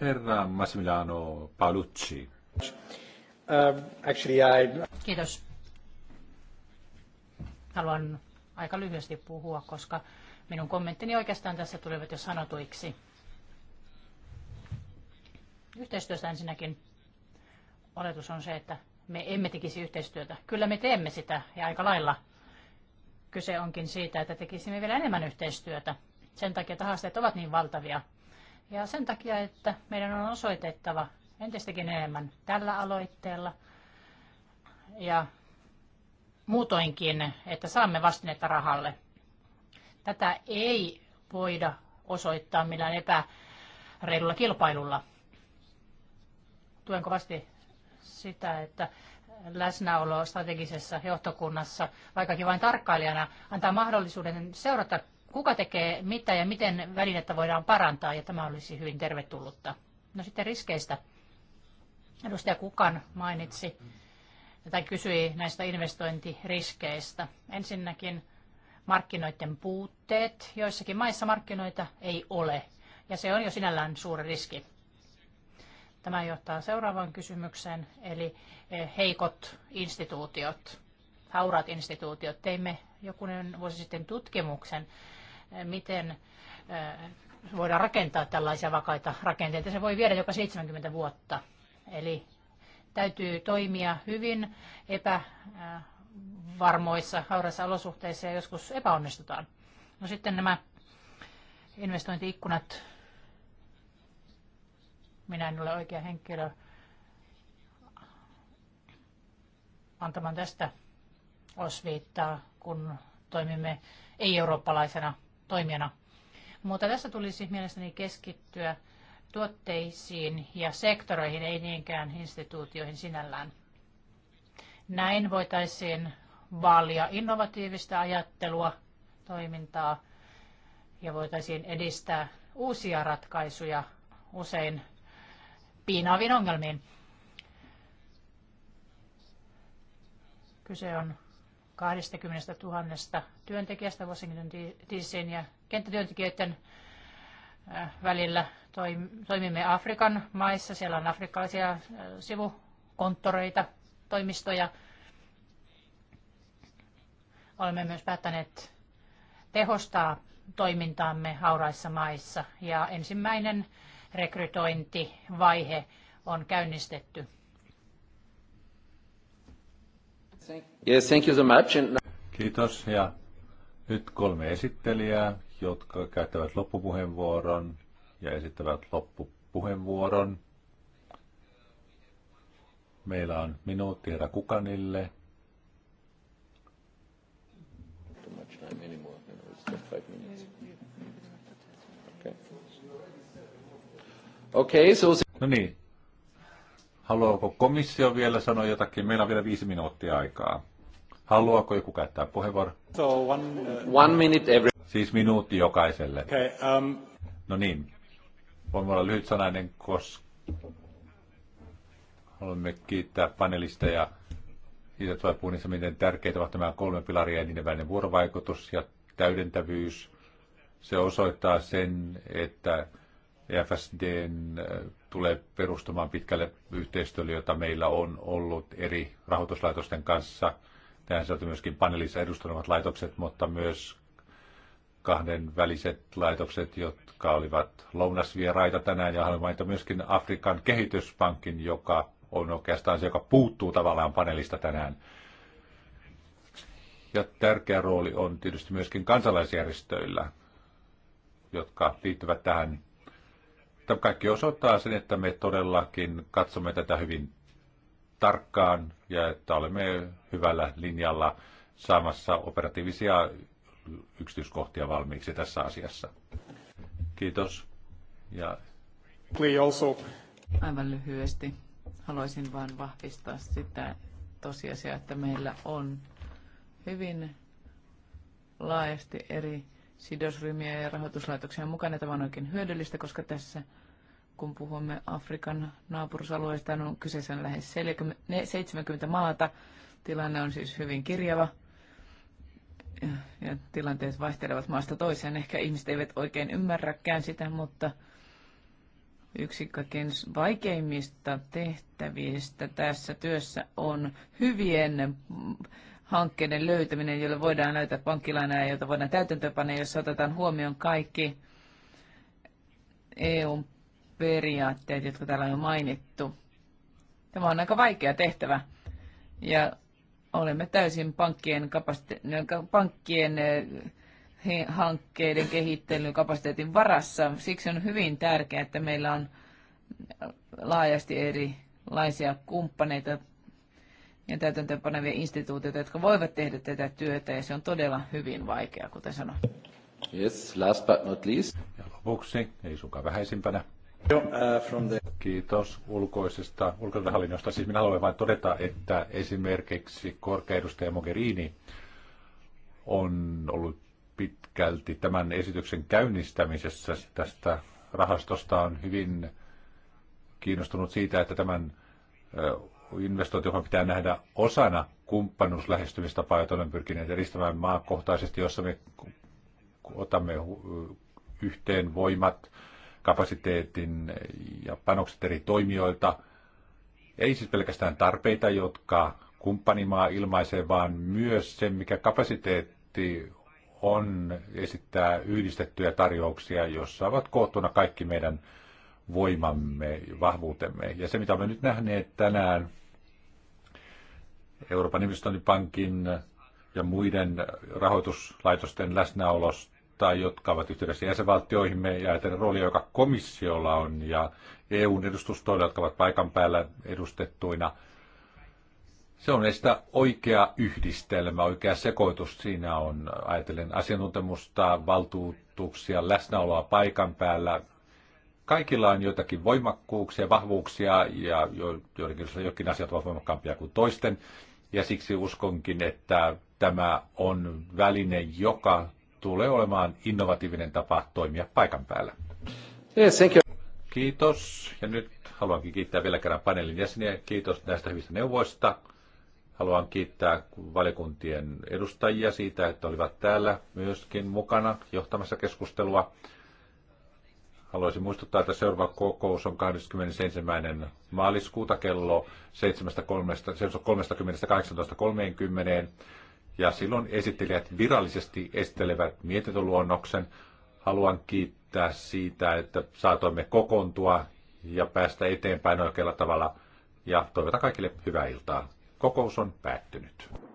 herra Massimiliano Palucci. Uh, actually I... Kiitos. Haluan aika lyhyesti puhua, koska Minun kommenttini oikeastaan tässä tulevat jo sanotuiksi. Yhteistyöstä ensinnäkin oletus on se, että me emme tekisi yhteistyötä. Kyllä me teemme sitä ja aika lailla. Kyse onkin siitä, että tekisimme vielä enemmän yhteistyötä. Sen takia, että haasteet ovat niin valtavia. Ja sen takia, että meidän on osoitettava entistäkin enemmän tällä aloitteella ja muutoinkin, että saamme vastinetta rahalle. Tätä ei voida osoittaa millään epäreilulla kilpailulla. Tuen kovasti sitä, että läsnäolo strategisessa johtokunnassa, vaikkakin vain tarkkailijana, antaa mahdollisuuden seurata, kuka tekee mitä ja miten välinettä voidaan parantaa, ja tämä olisi hyvin tervetullutta. No sitten riskeistä. Edustaja Kukan mainitsi tai kysyi näistä investointiriskeistä. Ensinnäkin markkinoiden puutteet. Joissakin maissa markkinoita ei ole, ja se on jo sinällään suuri riski. Tämä johtaa seuraavaan kysymykseen, eli eh, heikot instituutiot, hauraat instituutiot. Teimme jokunen vuosi sitten tutkimuksen, eh, miten eh, voidaan rakentaa tällaisia vakaita rakenteita. Se voi viedä joka 70 vuotta. Eli täytyy toimia hyvin epä varmoissa, hauraissa olosuhteissa ja joskus epäonnistutaan. No sitten nämä investointiikkunat. Minä en ole oikea henkilö antamaan tästä osviittaa, kun toimimme ei-eurooppalaisena toimijana. Mutta tässä tulisi mielestäni keskittyä tuotteisiin ja sektoreihin, ei niinkään instituutioihin sinällään. Näin voitaisiin vaalia innovatiivista ajattelua, toimintaa ja voitaisiin edistää uusia ratkaisuja usein piinaaviin ongelmiin. Kyse on 20 000 työntekijästä Washington DCn ja kenttätyöntekijöiden äh, välillä. Toimimme Afrikan maissa, siellä on afrikkalaisia äh, sivukonttoreita, toimistoja. Olemme myös päättäneet tehostaa toimintaamme hauraissa maissa ja ensimmäinen rekrytointivaihe on käynnistetty. Yes, thank you so much. Kiitos ja nyt kolme esittelijää, jotka käyttävät loppupuheenvuoron ja esittävät loppupuheenvuoron. Meillä on minuutti herra Kukanille. Okay, so... No niin. Haluaako komissio vielä sanoa jotakin? Meillä on vielä viisi minuuttia aikaa. Haluaako joku käyttää puheenvuoron? So one, uh... one minute every... Siis minuutti jokaiselle. Okay, um... No niin. Voimme olla sanainen, koska Haluamme kiittää panelisteja siitä tulee puhunissa, miten tärkeitä ovat nämä kolme pilaria ja niiden välinen vuorovaikutus ja täydentävyys. Se osoittaa sen, että EFSD tulee perustumaan pitkälle yhteistyölle, jota meillä on ollut eri rahoituslaitosten kanssa. Tähän sisältyy myöskin paneelissa edustanut laitokset, mutta myös kahden väliset laitokset, jotka olivat lounasvieraita tänään. Ja haluan mainita myöskin Afrikan kehityspankin, joka on oikeastaan se, joka puuttuu tavallaan panelista tänään. Ja tärkeä rooli on tietysti myöskin kansalaisjärjestöillä, jotka liittyvät tähän. Tämä kaikki osoittaa sen, että me todellakin katsomme tätä hyvin tarkkaan ja että olemme hyvällä linjalla saamassa operatiivisia yksityiskohtia valmiiksi tässä asiassa. Kiitos. Ja... Aivan lyhyesti. Haluaisin vain vahvistaa sitä tosiasiaa, että meillä on hyvin laajasti eri sidosryhmiä ja rahoituslaitoksia mukana. Tämä on oikein hyödyllistä, koska tässä kun puhumme Afrikan naapurusalueesta, no on kyseessä lähes 70 maata. Tilanne on siis hyvin kirjava ja tilanteet vaihtelevat maasta toiseen. Ehkä ihmiset eivät oikein ymmärräkään sitä, mutta yksi kaikkein vaikeimmista tehtävistä tässä työssä on hyvien hankkeiden löytäminen, jolle voidaan löytää pankkilainaa ja jota voidaan täytäntöönpanna, jos otetaan huomioon kaikki EUn periaatteet, jotka täällä on jo mainittu. Tämä on aika vaikea tehtävä ja olemme täysin pankkien, kapasite- pankkien hankkeiden kehittelyn kapasiteetin varassa. Siksi on hyvin tärkeää, että meillä on laajasti erilaisia kumppaneita ja täytäntöönpanevia instituutioita, jotka voivat tehdä tätä työtä, ja se on todella hyvin vaikeaa, kuten sanoin. Yes, last but not least. Ja lopuksi, ei suinkaan vähäisimpänä. Äh, Kiitos ulkoisesta hallinnosta. Siis minä haluan vain todeta, että esimerkiksi korkeudustaja Mogherini on ollut pitkälti tämän esityksen käynnistämisessä tästä rahastosta on hyvin kiinnostunut siitä, että tämän investointi, joka pitää nähdä osana kumppanuuslähestymistapaa, jota olen pyrkineet edistämään maakohtaisesti, jossa me otamme yhteen voimat, kapasiteetin ja panokset eri toimijoilta. Ei siis pelkästään tarpeita, jotka kumppanimaa ilmaisee, vaan myös se, mikä kapasiteetti on esittää yhdistettyjä tarjouksia, jossa ovat koottuna kaikki meidän voimamme, vahvuutemme. Ja se, mitä olemme nyt nähneet tänään Euroopan investointipankin ja muiden rahoituslaitosten läsnäolosta, jotka ovat yhteydessä jäsenvaltioihimme ja ajatellen roolia, joka komissiolla on ja EUn edustustoilla, jotka ovat paikan päällä edustettuina – se on näistä oikea yhdistelmä, oikea sekoitus. Siinä on, ajatellen asiantuntemusta, valtuutuksia, läsnäoloa paikan päällä. Kaikilla on joitakin voimakkuuksia, vahvuuksia ja joidenkin, joidenkin asiat ovat voimakkaampia kuin toisten. Ja siksi uskonkin, että tämä on väline, joka tulee olemaan innovatiivinen tapa toimia paikan päällä. Yes, thank you. Kiitos. Ja nyt haluankin kiittää vielä kerran paneelin jäseniä. Kiitos näistä hyvistä neuvoista. Haluan kiittää valiokuntien edustajia siitä, että olivat täällä myöskin mukana johtamassa keskustelua. Haluaisin muistuttaa, että seuraava kokous on 21. maaliskuuta kello 7.30-18.30 ja silloin esittelijät virallisesti estelevät mietintöluonnoksen. Haluan kiittää siitä, että saatoimme kokoontua ja päästä eteenpäin oikealla tavalla ja toivotan kaikille hyvää iltaa. Kokous on päättynyt.